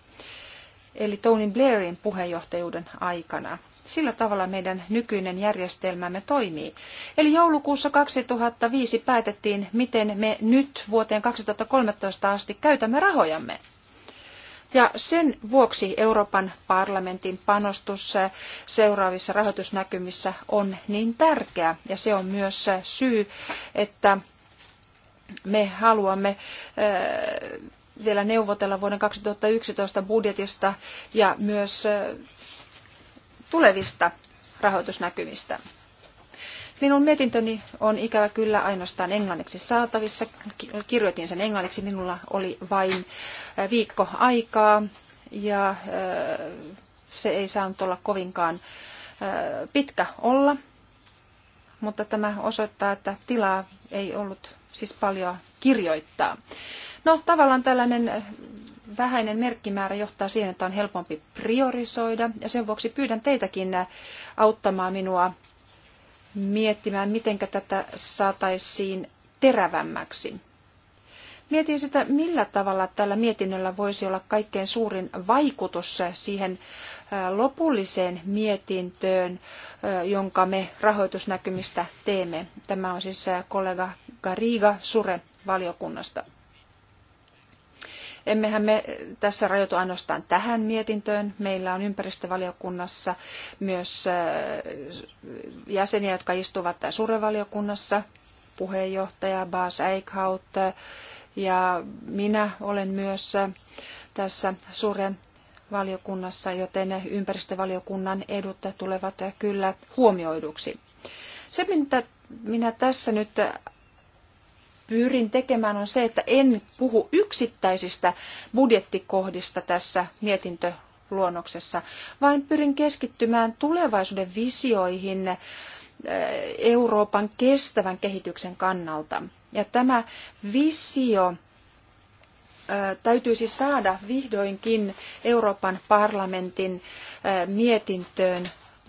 eli Tony Blairin puheenjohtajuuden aikana. Sillä tavalla meidän nykyinen järjestelmämme toimii. Eli joulukuussa 2005 päätettiin, miten me nyt vuoteen 2013 asti käytämme rahojamme. Ja sen vuoksi Euroopan parlamentin panostus seuraavissa rahoitusnäkymissä on niin tärkeä. Ja se on myös syy, että me haluamme äh, vielä neuvotella vuoden 2011 budjetista ja myös äh, tulevista rahoitusnäkymistä. Minun mietintöni on ikävä kyllä ainoastaan englanniksi saatavissa. Kirjoitin sen englanniksi, minulla oli vain äh, viikko aikaa ja se ei saanut olla kovinkaan pitkä olla, mutta tämä osoittaa, että tilaa ei ollut siis paljon kirjoittaa. No tavallaan tällainen eh, vähäinen merkkimäärä johtaa siihen, että on helpompi priorisoida ja sen vuoksi pyydän teitäkin eh, auttamaan minua miettimään, miten tätä saataisiin terävämmäksi. Mietin sitä, millä tavalla tällä mietinnöllä voisi olla kaikkein suurin vaikutus siihen lopulliseen mietintöön, jonka me rahoitusnäkymistä teemme. Tämä on siis kollega Gariga Sure valiokunnasta. Emmehän me tässä rajoitu ainoastaan tähän mietintöön. Meillä on ympäristövaliokunnassa myös jäseniä, jotka istuvat surevaliokunnassa, puheenjohtaja Baas Eichhaut ja minä olen myös äh, tässä suuren valiokunnassa, joten ympäristövaliokunnan edut tulevat kyllä huomioiduksi. Se, mitä minä tässä nyt pyrin tekemään on se, että en puhu yksittäisistä budjettikohdista tässä mietintöluonnoksessa, vaan pyrin keskittymään tulevaisuuden visioihin äh, Euroopan kestävän kehityksen kannalta. Ja tämä visio täytyisi siis saada vihdoinkin Euroopan parlamentin mietintöön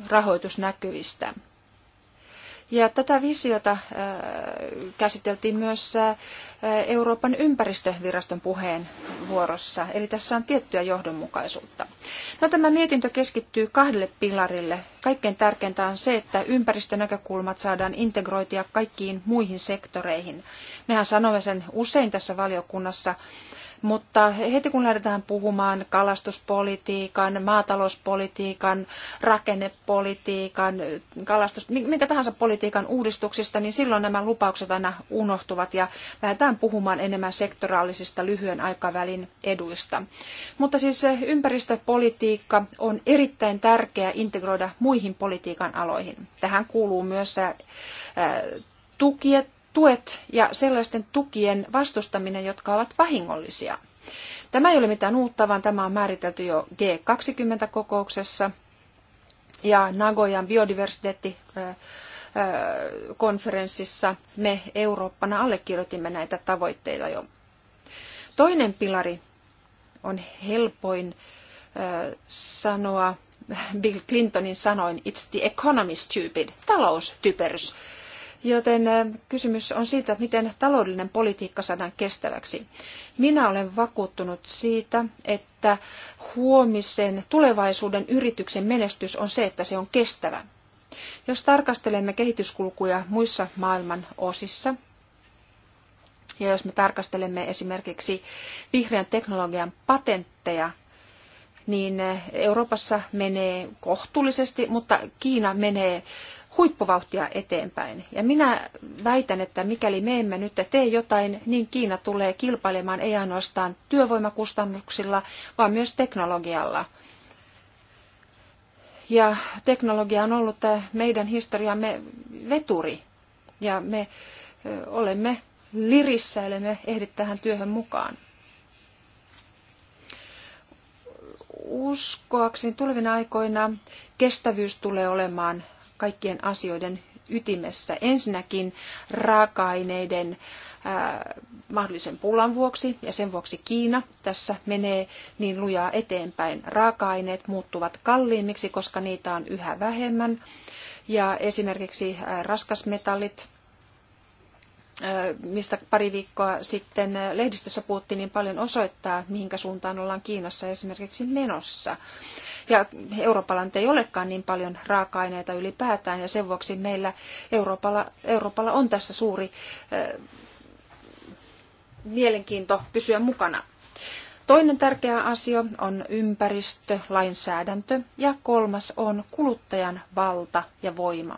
rahoitusnäkyvistä. Ja tätä visiota äh, käsiteltiin myös äh, Euroopan ympäristöviraston puheen vuorossa, eli tässä on tiettyä johdonmukaisuutta. No, tämä mietintö keskittyy kahdelle pilarille. Kaikkein tärkeintä on se, että ympäristönäkökulmat saadaan integroitia kaikkiin muihin sektoreihin. Mehän sanomme sen usein tässä valiokunnassa, mutta heti kun lähdetään puhumaan kalastuspolitiikan, maatalouspolitiikan, rakennepolitiikan, kalastus, minkä tahansa politiikan uudistuksista, niin silloin nämä lupaukset aina unohtuvat ja lähdetään puhumaan enemmän sektoraalisista lyhyen aikavälin eduista. Mutta siis ympäristöpolitiikka on erittäin tärkeää integroida muihin politiikan aloihin. Tähän kuuluu myös äh, tukiet, tuet ja sellaisten tukien vastustaminen, jotka ovat vahingollisia. Tämä ei ole mitään uutta, vaan tämä on määritelty jo G20-kokouksessa ja Nagojan biodiversiteettikonferenssissa me Eurooppana allekirjoitimme näitä tavoitteita jo. Toinen pilari on helpoin sanoa Bill Clintonin sanoin, it's the economy stupid, taloustyperys. Joten kysymys on siitä, miten taloudellinen politiikka saadaan kestäväksi. Minä olen vakuuttunut siitä, että huomisen tulevaisuuden yrityksen menestys on se, että se on kestävä. Jos tarkastelemme kehityskulkuja muissa maailman osissa, ja jos me tarkastelemme esimerkiksi vihreän teknologian patentteja, niin Euroopassa menee kohtuullisesti, mutta Kiina menee huippuvauhtia eteenpäin. Ja minä väitän, että mikäli me emme nyt tee jotain, niin Kiina tulee kilpailemaan ei ainoastaan työvoimakustannuksilla, vaan myös teknologialla. Ja teknologia on ollut meidän historiamme veturi. Ja me olemme lirissä, me ehdit tähän työhön mukaan. Uskoakseni tulevina aikoina kestävyys tulee olemaan kaikkien asioiden ytimessä. Ensinnäkin raaka-aineiden ää, äh, mahdollisen pulan vuoksi ja sen vuoksi Kiina tässä menee niin lujaa eteenpäin. Raaka-aineet muuttuvat kalliimmiksi, koska niitä on yhä vähemmän ja esimerkiksi ää, äh, raskasmetallit äh, mistä pari viikkoa sitten lehdistössä puhuttiin niin paljon osoittaa, mihinkä suuntaan ollaan Kiinassa esimerkiksi menossa. Ja Euroopalla nyt ei olekaan niin paljon raaka-aineita ylipäätään ja sen vuoksi meillä Euroopalla, Euroopalla on tässä suuri mielenkiinto pysyä mukana. Toinen tärkeä asia on ympäristö, lainsäädäntö ja kolmas on kuluttajan valta ja voima.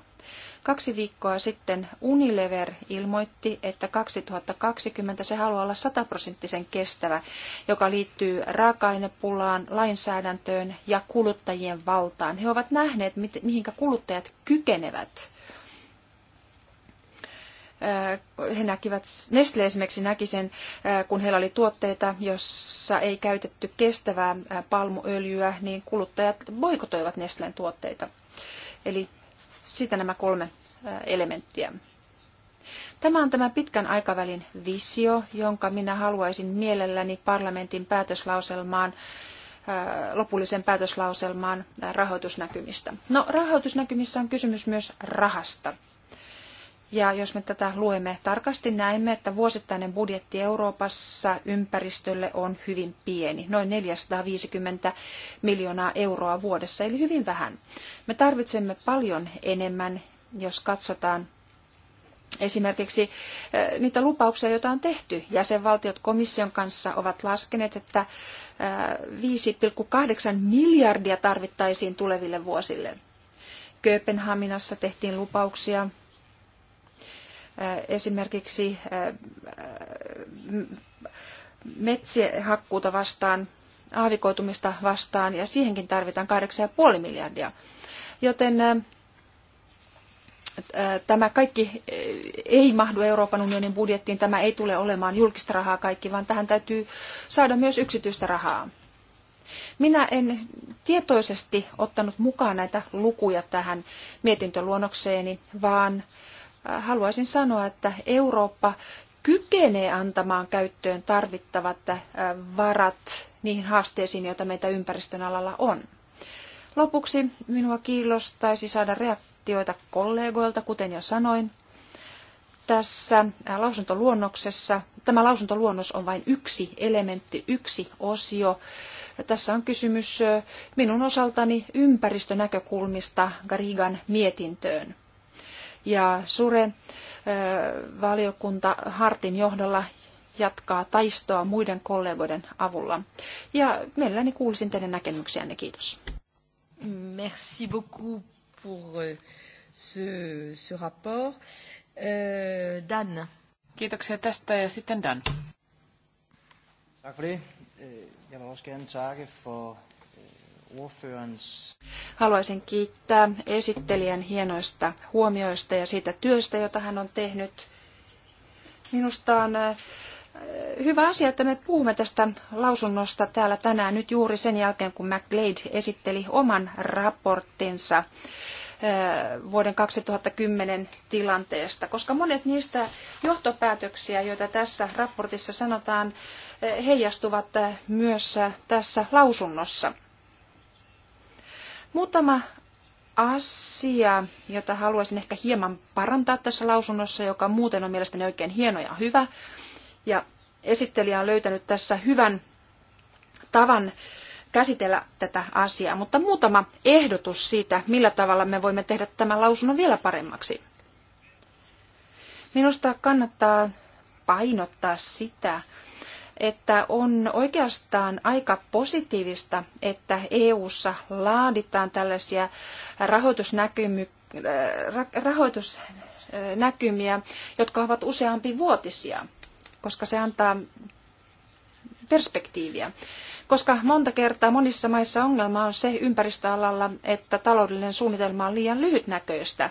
Kaksi viikkoa sitten Unilever ilmoitti, että 2020 se haluaa olla sataprosenttisen kestävä, joka liittyy raaka-ainepulaan, lainsäädäntöön ja kuluttajien valtaan. He ovat nähneet, mihinkä kuluttajat kykenevät he näkivät, Nestle esimerkiksi näki sen, kun heillä oli tuotteita, jossa ei käytetty kestävää palmuöljyä, niin kuluttajat boikotoivat Nestlen tuotteita. Eli siitä nämä kolme elementtiä. Tämä on tämä pitkän aikavälin visio, jonka minä haluaisin mielelläni parlamentin päätöslauselmaan lopullisen päätöslauselmaan rahoitusnäkymistä. No, rahoitusnäkymissä on kysymys myös rahasta. Ja jos me tätä luemme tarkasti, näemme, että vuosittainen budjetti Euroopassa ympäristölle on hyvin pieni, noin 450 miljoonaa euroa vuodessa, eli hyvin vähän. Me tarvitsemme paljon enemmän, jos katsotaan Esimerkiksi eh, niitä lupauksia, joita on tehty. Jäsenvaltiot komission kanssa ovat laskeneet, että 5,8 eh, miljardia tarvittaisiin tuleville vuosille. Kööpenhaminassa tehtiin lupauksia esimerkiksi äh, metsihakkuuta vastaan, aavikoitumista vastaan, ja siihenkin tarvitaan 8,5 miljardia. Joten äh, äh, tämä kaikki ei mahdu Euroopan unionin budjettiin, tämä ei tule olemaan julkista rahaa kaikki, vaan tähän täytyy saada myös yksityistä rahaa. Minä en tietoisesti ottanut mukaan näitä lukuja tähän mietintöluonnokseeni, vaan haluaisin sanoa, että Eurooppa kykenee antamaan käyttöön tarvittavat äh, varat niihin haasteisiin, joita meitä ympäristön alalla on. Lopuksi minua kiinnostaisi saada reaktioita kollegoilta, kuten jo sanoin. Tässä äh, lausuntoluonnoksessa, tämä lausuntoluonnos on vain yksi elementti, yksi osio. Tässä on kysymys äh, minun osaltani ympäristönäkökulmista Garigan mietintöön ja Sure valiokunta Hartin johdolla jatkaa taistoa muiden kollegoiden avulla. Ja mielelläni kuulisin teidän näkemyksiänne. Kiitos. Merci beaucoup pour euh, ce, ce rapport. Euh, Dan. Kiitoksia tästä ja sitten Dan. Tak for det. Øh, jeg vil også gerne takke for Haluaisin kiittää esittelijän hienoista huomioista ja siitä työstä, jota hän on tehnyt. Minusta on äh, hyvä asia, että me puhumme tästä lausunnosta täällä tänään nyt juuri sen jälkeen, kun McGlade esitteli oman raporttinsa äh, vuoden 2010 tilanteesta, koska monet niistä johtopäätöksiä, joita tässä raportissa sanotaan, äh, heijastuvat myös tässä lausunnossa. Muutama asia, jota haluaisin ehkä hieman parantaa tässä lausunnossa, joka muuten on mielestäni oikein hieno ja hyvä. Ja esittelijä on löytänyt tässä hyvän tavan käsitellä tätä asiaa, mutta muutama ehdotus siitä, millä tavalla me voimme tehdä tämän lausunnon vielä paremmaksi. Minusta kannattaa painottaa sitä, että on oikeastaan aika positiivista, että EU:ssa laaditaan tällaisia rahoitusnäkymy, äh, rahoitusnäkymiä, jotka ovat useampi vuotisia, koska se antaa perspektiiviä. Koska monta kertaa monissa maissa ongelma on se ympäristöalalla, että taloudellinen suunnitelma on liian lyhytnäköistä.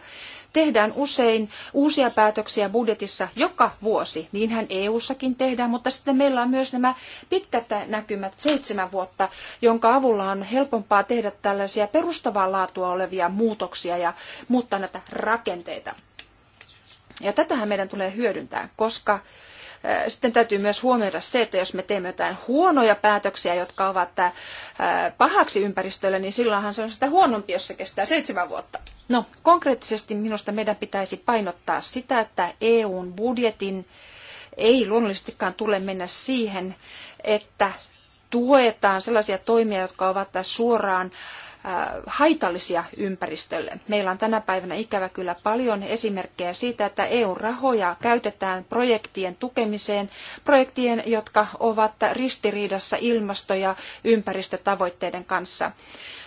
Tehdään usein uusia päätöksiä budjetissa joka vuosi, niinhän EU-sakin tehdään, mutta sitten meillä on myös nämä pitkät näkymät seitsemän vuotta, jonka avulla on helpompaa tehdä tällaisia perustavaa laatua olevia muutoksia ja muuttaa näitä rakenteita. Ja tätähän meidän tulee hyödyntää, koska sitten täytyy myös huomioida se, että jos me teemme jotain huonoja päätöksiä, jotka ovat pahaksi ympäristölle, niin silloinhan se on sitä huonompi, jos se kestää seitsemän vuotta. No, konkreettisesti minusta meidän pitäisi painottaa sitä, että EUn budjetin ei luonnollisestikaan tule mennä siihen, että tuetaan sellaisia toimia, jotka ovat suoraan haitallisia ympäristölle. Meillä on tänä päivänä ikävä kyllä paljon esimerkkejä siitä, että EU-rahoja käytetään projektien tukemiseen, projektien, jotka ovat ristiriidassa ilmasto- ja ympäristötavoitteiden kanssa.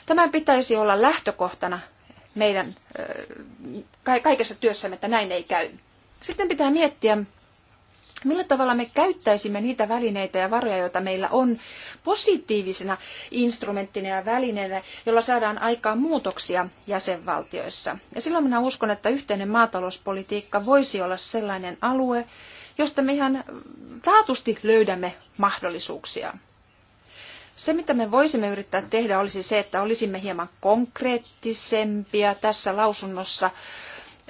Tämän pitäisi olla lähtökohtana meidän kaikessa työssämme, että näin ei käy. Sitten pitää miettiä, Millä tavalla me käyttäisimme niitä välineitä ja varoja, joita meillä on positiivisena instrumenttina ja välineenä, jolla saadaan aikaan muutoksia jäsenvaltioissa. Ja silloin minä uskon, että yhteinen maatalouspolitiikka voisi olla sellainen alue, josta me ihan taatusti löydämme mahdollisuuksia. Se, mitä me voisimme yrittää tehdä, olisi se, että olisimme hieman konkreettisempia tässä lausunnossa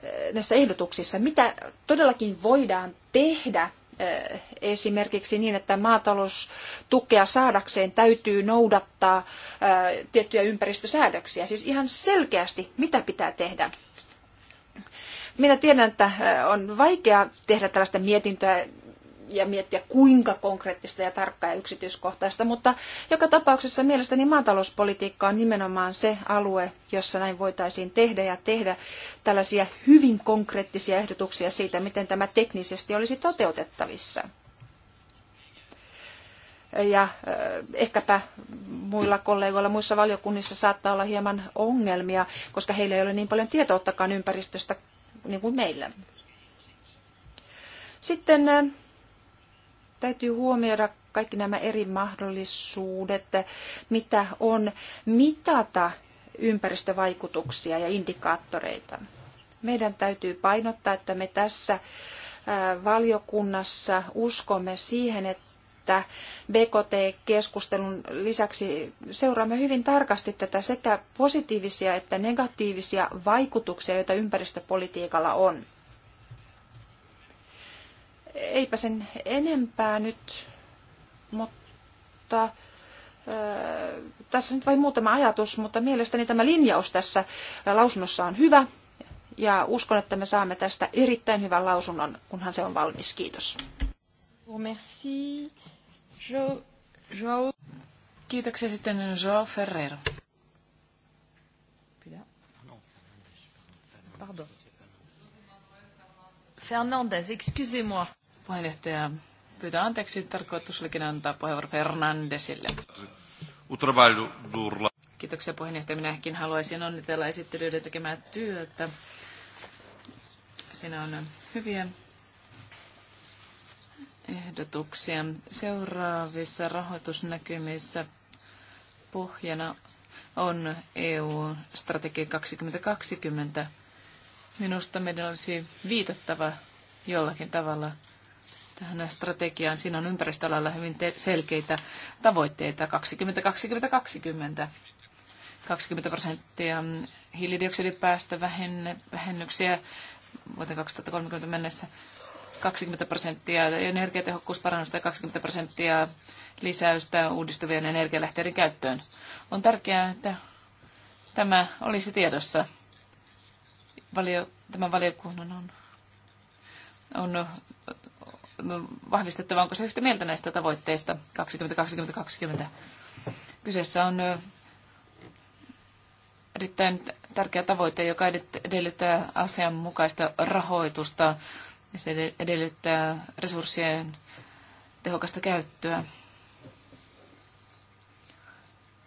eh, näissä ehdotuksissa, mitä todellakin voidaan tehdä eh, esimerkiksi niin, että maataloustukea saadakseen täytyy noudattaa eh, tiettyjä ympäristösäädöksiä. Siis ihan selkeästi, mitä pitää tehdä. Minä tiedän, että eh, on vaikea tehdä tällaista mietintöä ja miettiä kuinka konkreettista ja tarkkaa ja yksityiskohtaista, mutta joka tapauksessa mielestäni maatalouspolitiikka on nimenomaan se alue, jossa näin voitaisiin tehdä ja tehdä tällaisia hyvin konkreettisia ehdotuksia siitä, miten tämä teknisesti olisi toteutettavissa. Ja eh, ehkäpä muilla kollegoilla muissa valiokunnissa saattaa olla hieman ongelmia, koska heillä ei ole niin paljon tietoa ympäristöstä niin kuin meillä. Sitten eh, täytyy huomioida kaikki nämä eri mahdollisuudet, mitä on mitata ympäristövaikutuksia ja indikaattoreita. Meidän täytyy painottaa, että me tässä valiokunnassa uskomme siihen, että BKT-keskustelun lisäksi seuraamme hyvin tarkasti tätä sekä positiivisia että negatiivisia vaikutuksia, joita ympäristöpolitiikalla on. Eipä sen enempää nyt, mutta tässä nyt vain muutama ajatus, mutta mielestäni tämä linjaus tässä lausunnossa on hyvä ja uskon, että me saamme tästä erittäin hyvän lausunnon, kunhan se on valmis. Kiitos. Merci. Jo, jo. Kiitoksia sitten Jo Ferrero. Pardon. Fernandez, excusez-moi. Puheenjohtaja pyytää anteeksi. Tarkoitus olikin antaa puheenvuoro Fernandesille. Kiitoksia puheenjohtaja. Minäkin haluaisin onnitella esittelyiden tekemää työtä. Siinä on hyviä ehdotuksia. Seuraavissa rahoitusnäkymissä pohjana on EU-strategia 2020. Minusta meidän olisi viitattava jollakin tavalla tähän strategiaan. Siinä on ympäristöalalla hyvin selkeitä tavoitteita. 20 20 20 20 prosenttia vähennyksiä, vuoteen 2030 mennessä, 20 prosenttia energiatehokkuusparannusta ja 20 prosenttia lisäystä uudistuvien energialähteiden käyttöön. On tärkeää, että tämä olisi tiedossa. Valio, tämän valiokunnan on, on vahvistettava, onko se yhtä mieltä näistä tavoitteista 2020-2020. Kyseessä on erittäin tärkeä tavoite, joka edellyttää asianmukaista rahoitusta ja se edellyttää resurssien tehokasta käyttöä.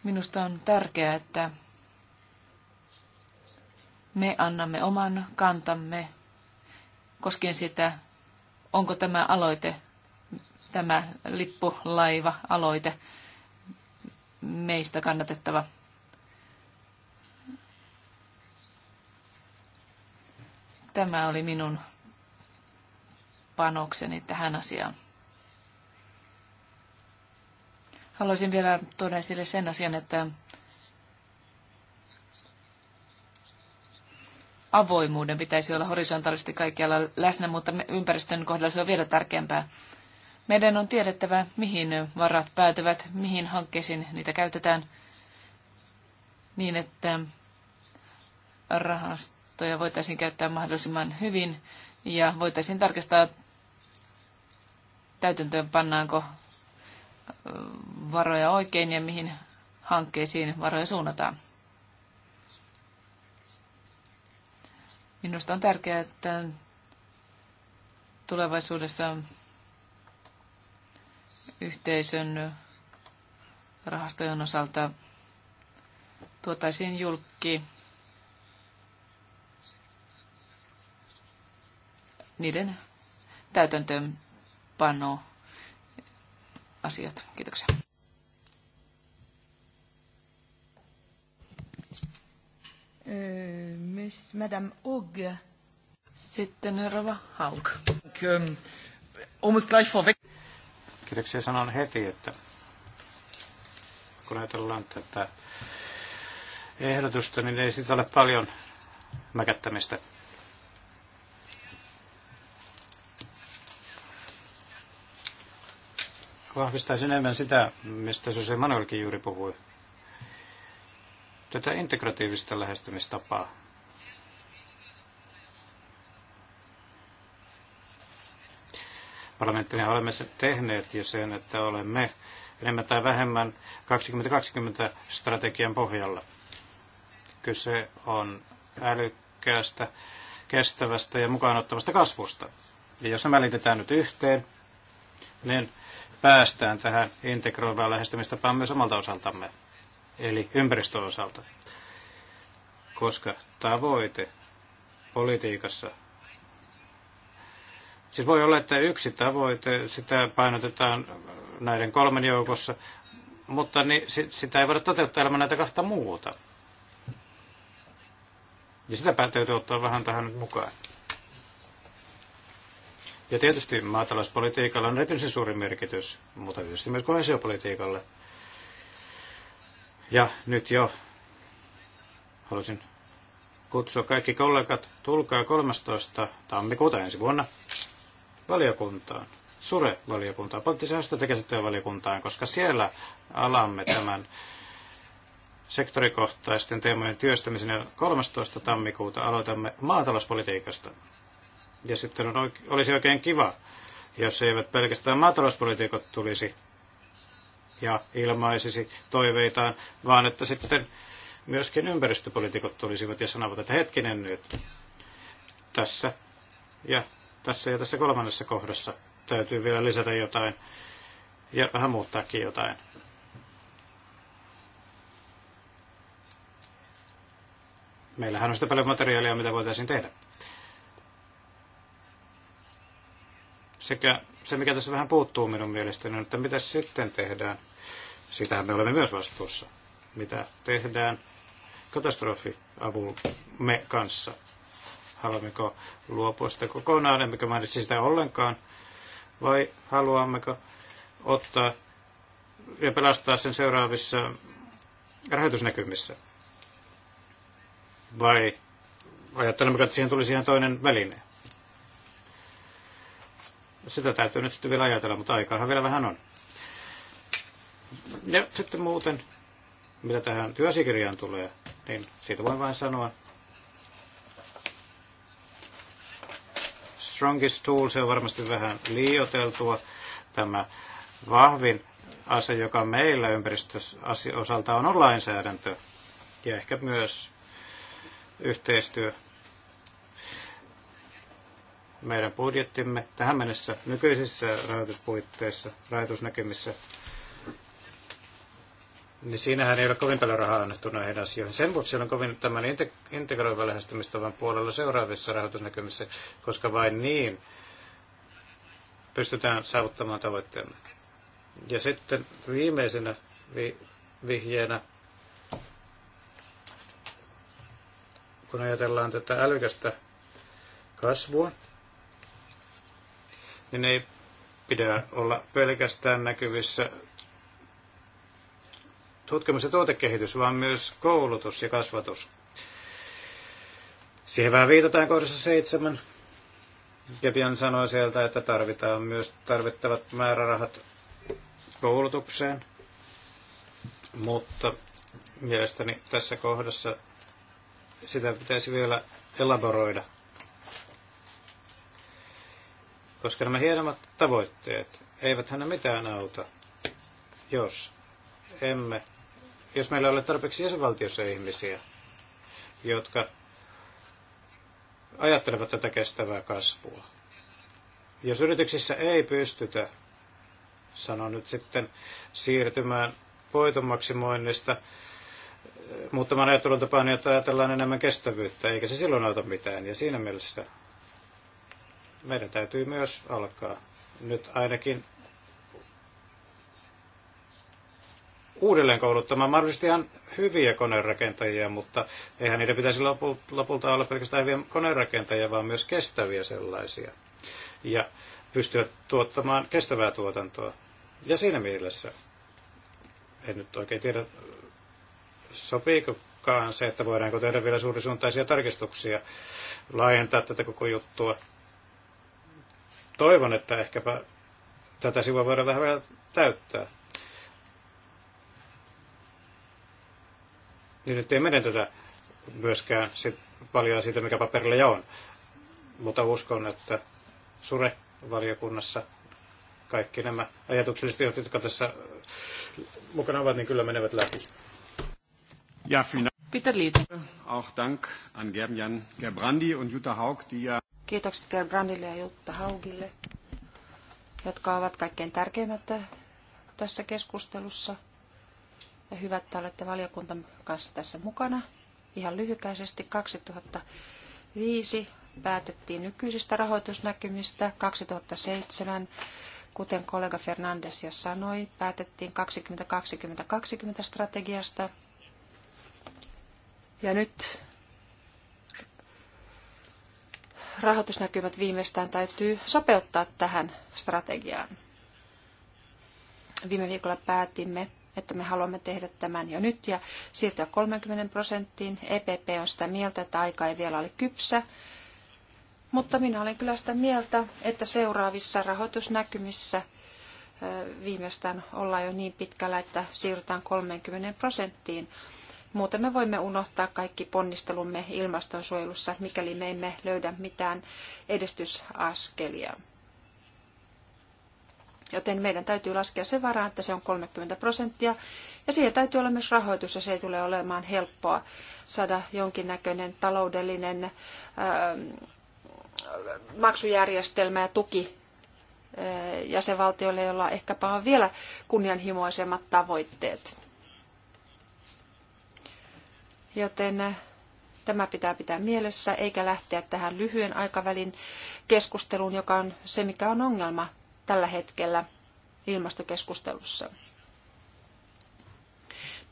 Minusta on tärkeää, että me annamme oman kantamme koskien sitä, onko tämä aloite, tämä lippulaiva-aloite meistä kannatettava. Tämä oli minun panokseni tähän asiaan. Haluaisin vielä tuoda esille sen asian, että avoimuuden pitäisi olla horisontaalisesti kaikkialla läsnä, mutta ympäristön kohdalla se on vielä tärkeämpää. Meidän on tiedettävä, mihin varat päätyvät, mihin hankkeisiin niitä käytetään, niin että rahastoja voitaisiin käyttää mahdollisimman hyvin ja voitaisiin tarkistaa, täytäntöön pannaanko varoja oikein ja mihin hankkeisiin varoja suunnataan. Minusta on tärkeää, että tulevaisuudessa yhteisön rahastojen osalta tuotaisiin julkki niiden täytäntöönpano asiat. Kiitoksia. Miss, Madame Ugg, Sitten Rova Haug. Um Kiitoksia sanon heti, että kun ajatellaan tätä ehdotusta, niin ei siitä ole paljon mäkättämistä. Vahvistaisin enemmän sitä, mistä Jose Manuelkin juuri puhui, tätä integratiivista lähestymistapaa. Parlamenttina olemme sen tehneet ja sen, että olemme enemmän tai vähemmän 2020 strategian pohjalla. Kyse on älykkäästä, kestävästä ja mukaanottavasta kasvusta. Ja jos nämä liitetään nyt yhteen, niin päästään tähän integroivaan lähestymistapaan myös omalta osaltamme eli ympäristöosalta, koska tavoite politiikassa Siis voi olla, että yksi tavoite, sitä painotetaan näiden kolmen joukossa, mutta niin, sitä ei voida toteuttaa ilman näitä kahta muuta. Ja sitä päätöitä ottaa vähän tähän nyt mukaan. Ja tietysti maatalouspolitiikalla on erityisen suuri merkitys, mutta tietysti myös kohesiopolitiikalle. Ja nyt jo halusin kutsua kaikki kollegat, tulkaa 13. tammikuuta ensi vuonna valiokuntaan, Sure-valiokuntaan, poliittisesta käsittelyä valiokuntaan, koska siellä alamme tämän sektorikohtaisten teemojen työstämisen ja 13. tammikuuta aloitamme maatalouspolitiikasta. Ja sitten on, olisi oikein kiva, jos eivät pelkästään maatalouspolitiikot tulisi ja ilmaisisi toiveitaan, vaan että sitten myöskin ympäristöpolitiikot tulisivat ja sanovat, että hetkinen nyt tässä ja tässä ja tässä kolmannessa kohdassa täytyy vielä lisätä jotain ja vähän muuttaakin jotain. Meillähän on sitä paljon materiaalia, mitä voitaisiin tehdä. Sekä se, mikä tässä vähän puuttuu minun mielestäni, on, että mitä sitten tehdään. Sitähän me olemme myös vastuussa. Mitä tehdään me kanssa? Haluammeko luopua sitä kokonaan, emmekä mainitsi sitä ollenkaan? Vai haluammeko ottaa ja pelastaa sen seuraavissa rahoitusnäkymissä? Vai ajattelemmeko, että siihen tulisi ihan toinen väline? sitä täytyy nyt sitten vielä ajatella, mutta aikaahan vielä vähän on. Ja sitten muuten, mitä tähän työsikirjaan tulee, niin siitä voin vain sanoa. Strongest tool, se on varmasti vähän liioteltua. Tämä vahvin ase, joka meillä ympäristöosalta on, on lainsäädäntö ja ehkä myös yhteistyö meidän budjettimme tähän mennessä nykyisissä rahoituspuitteissa, rahoitusnäkymissä, niin siinähän ei ole kovin paljon rahaa annettu näihin asioihin. Sen vuoksi on kovin tämän integroivan lähestymistavan puolella seuraavissa rahoitusnäkymissä, koska vain niin pystytään saavuttamaan tavoitteemme. Ja sitten viimeisenä vi- vihjeenä, kun ajatellaan tätä älykästä kasvua, niin ei pidä olla pelkästään näkyvissä tutkimus- ja tuotekehitys, vaan myös koulutus ja kasvatus. Siihen vähän viitataan kohdassa seitsemän. Kepian sanoi sieltä, että tarvitaan myös tarvittavat määrärahat koulutukseen. Mutta mielestäni tässä kohdassa sitä pitäisi vielä elaboroida koska nämä hienommat tavoitteet eivät hänä mitään auta, jos emme, jos meillä ei ole tarpeeksi jäsenvaltiossa ihmisiä, jotka ajattelevat tätä kestävää kasvua. Jos yrityksissä ei pystytä, sanon nyt sitten, siirtymään voitonmaksimoinnista, maksimoinnista muuttamaan ajattelutapaan, jotta ajatellaan enemmän kestävyyttä, eikä se silloin auta mitään. Ja siinä mielessä meidän täytyy myös alkaa nyt ainakin uudelleen kouluttamaan mahdollisesti ihan hyviä konerakentajia, mutta eihän niiden pitäisi lopulta olla pelkästään hyviä konerakentajia, vaan myös kestäviä sellaisia ja pystyä tuottamaan kestävää tuotantoa. Ja siinä mielessä, en nyt oikein tiedä, sopiikokaan se, että voidaanko tehdä vielä suurisuuntaisia tarkistuksia, laajentaa tätä koko juttua Toivon, että ehkäpä tätä sivua voidaan vähän, vielä täyttää. Niin nyt ei tätä myöskään sit paljon siitä, mikä paperilla jo on. Mutta uskon, että Sure-valiokunnassa kaikki nämä ajatukselliset johtajat, jotka tässä mukana ovat, niin kyllä menevät läpi. Ja, Peter Liese. Auch Dank an Gerben Gerbrandi und Jutta Haug, die ja Kiitokset Brandille ja Jutta Haugille, jotka ovat kaikkein tärkeimmät tässä keskustelussa. Ja hyvä, että olette valiokuntamme kanssa tässä mukana. Ihan lyhykäisesti 2005 päätettiin nykyisistä rahoitusnäkymistä. 2007, kuten kollega Fernandes jo sanoi, päätettiin 2020-2020 strategiasta. Ja nyt rahoitusnäkymät viimeistään täytyy sopeuttaa tähän strategiaan. Viime viikolla päätimme, että me haluamme tehdä tämän jo nyt ja siirtyä 30 prosenttiin. EPP on sitä mieltä, että aika ei vielä ole kypsä. Mutta minä olen kyllä sitä mieltä, että seuraavissa rahoitusnäkymissä viimeistään ollaan jo niin pitkällä, että siirrytään 30 prosenttiin Muuten me voimme unohtaa kaikki ponnistelumme ilmastonsuojelussa, mikäli me emme löydä mitään edistysaskelia. Joten meidän täytyy laskea sen varaan, että se on 30 prosenttia. Ja siihen täytyy olla myös rahoitus, ja se ei tule olemaan helppoa saada jonkinnäköinen taloudellinen ää, ähm, maksujärjestelmä ja tuki ää, äh, jäsenvaltioille, joilla ehkäpä on vielä kunnianhimoisemmat tavoitteet. Joten eh, tämä pitää pitää mielessä, eikä lähteä tähän lyhyen aikavälin keskusteluun, joka on se, mikä on ongelma tällä hetkellä ilmastokeskustelussa.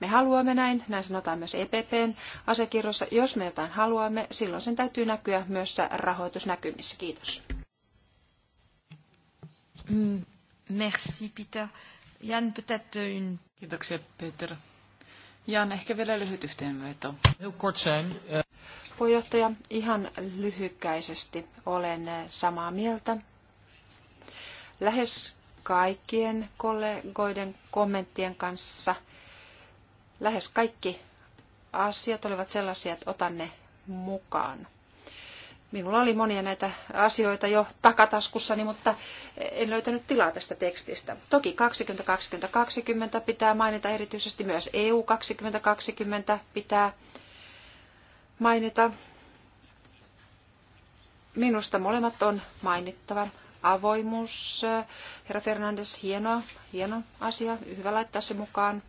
Me haluamme näin, näin sanotaan myös EPPn asiakirjoissa. Jos me jotain haluamme, silloin sen täytyy näkyä myös rahoitusnäkymissä. Kiitos. Mm, merci Peter. Jan, peut-être une... Kiitoksia Peter. Jan, ehkä vielä lyhyt yhteenveto. Eh, Puheenjohtaja, ihan lyhykäisesti olen samaa mieltä. Lähes kaikkien kollegoiden kommenttien kanssa lähes kaikki asiat olivat sellaisia, että otan ne mukaan. Minulla oli monia näitä asioita jo takataskussani, mutta en löytänyt tilaa tästä tekstistä. Toki 2020-2020 pitää mainita erityisesti myös EU 2020 pitää mainita. Minusta molemmat on mainittava. Avoimuus, herra Fernandes, hienoa, hieno asia, hyvä laittaa se mukaan.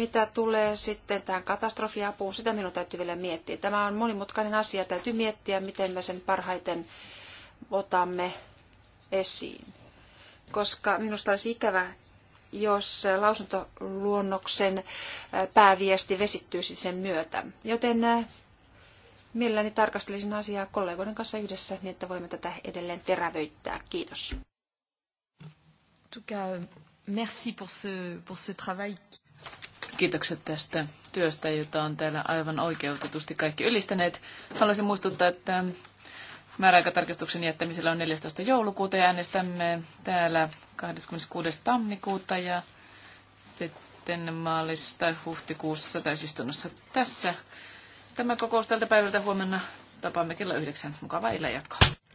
Mitä tulee sitten tähän katastrofiapuun, sitä minun täytyy vielä miettiä. Tämä on monimutkainen asia, täytyy miettiä, miten me sen parhaiten otamme esiin. Koska minusta olisi ikävä, jos lausuntoluonnoksen pääviesti vesittyisi sen myötä. Joten mielelläni tarkastelisin asiaa kollegoiden kanssa yhdessä, niin että voimme tätä edelleen terävöittää. Kiitos. Merci pour ce, pour ce travail kiitokset tästä työstä, jota on täällä aivan oikeutetusti kaikki ylistäneet. Haluaisin muistuttaa, että määräaikatarkistuksen jättämisellä on 14. joulukuuta ja äänestämme täällä 26. tammikuuta ja sitten maalis- tai huhtikuussa täysistunnossa tässä. Tämä kokous tältä päivältä huomenna tapaamme kello yhdeksän. Mukavaa illan jatkoa.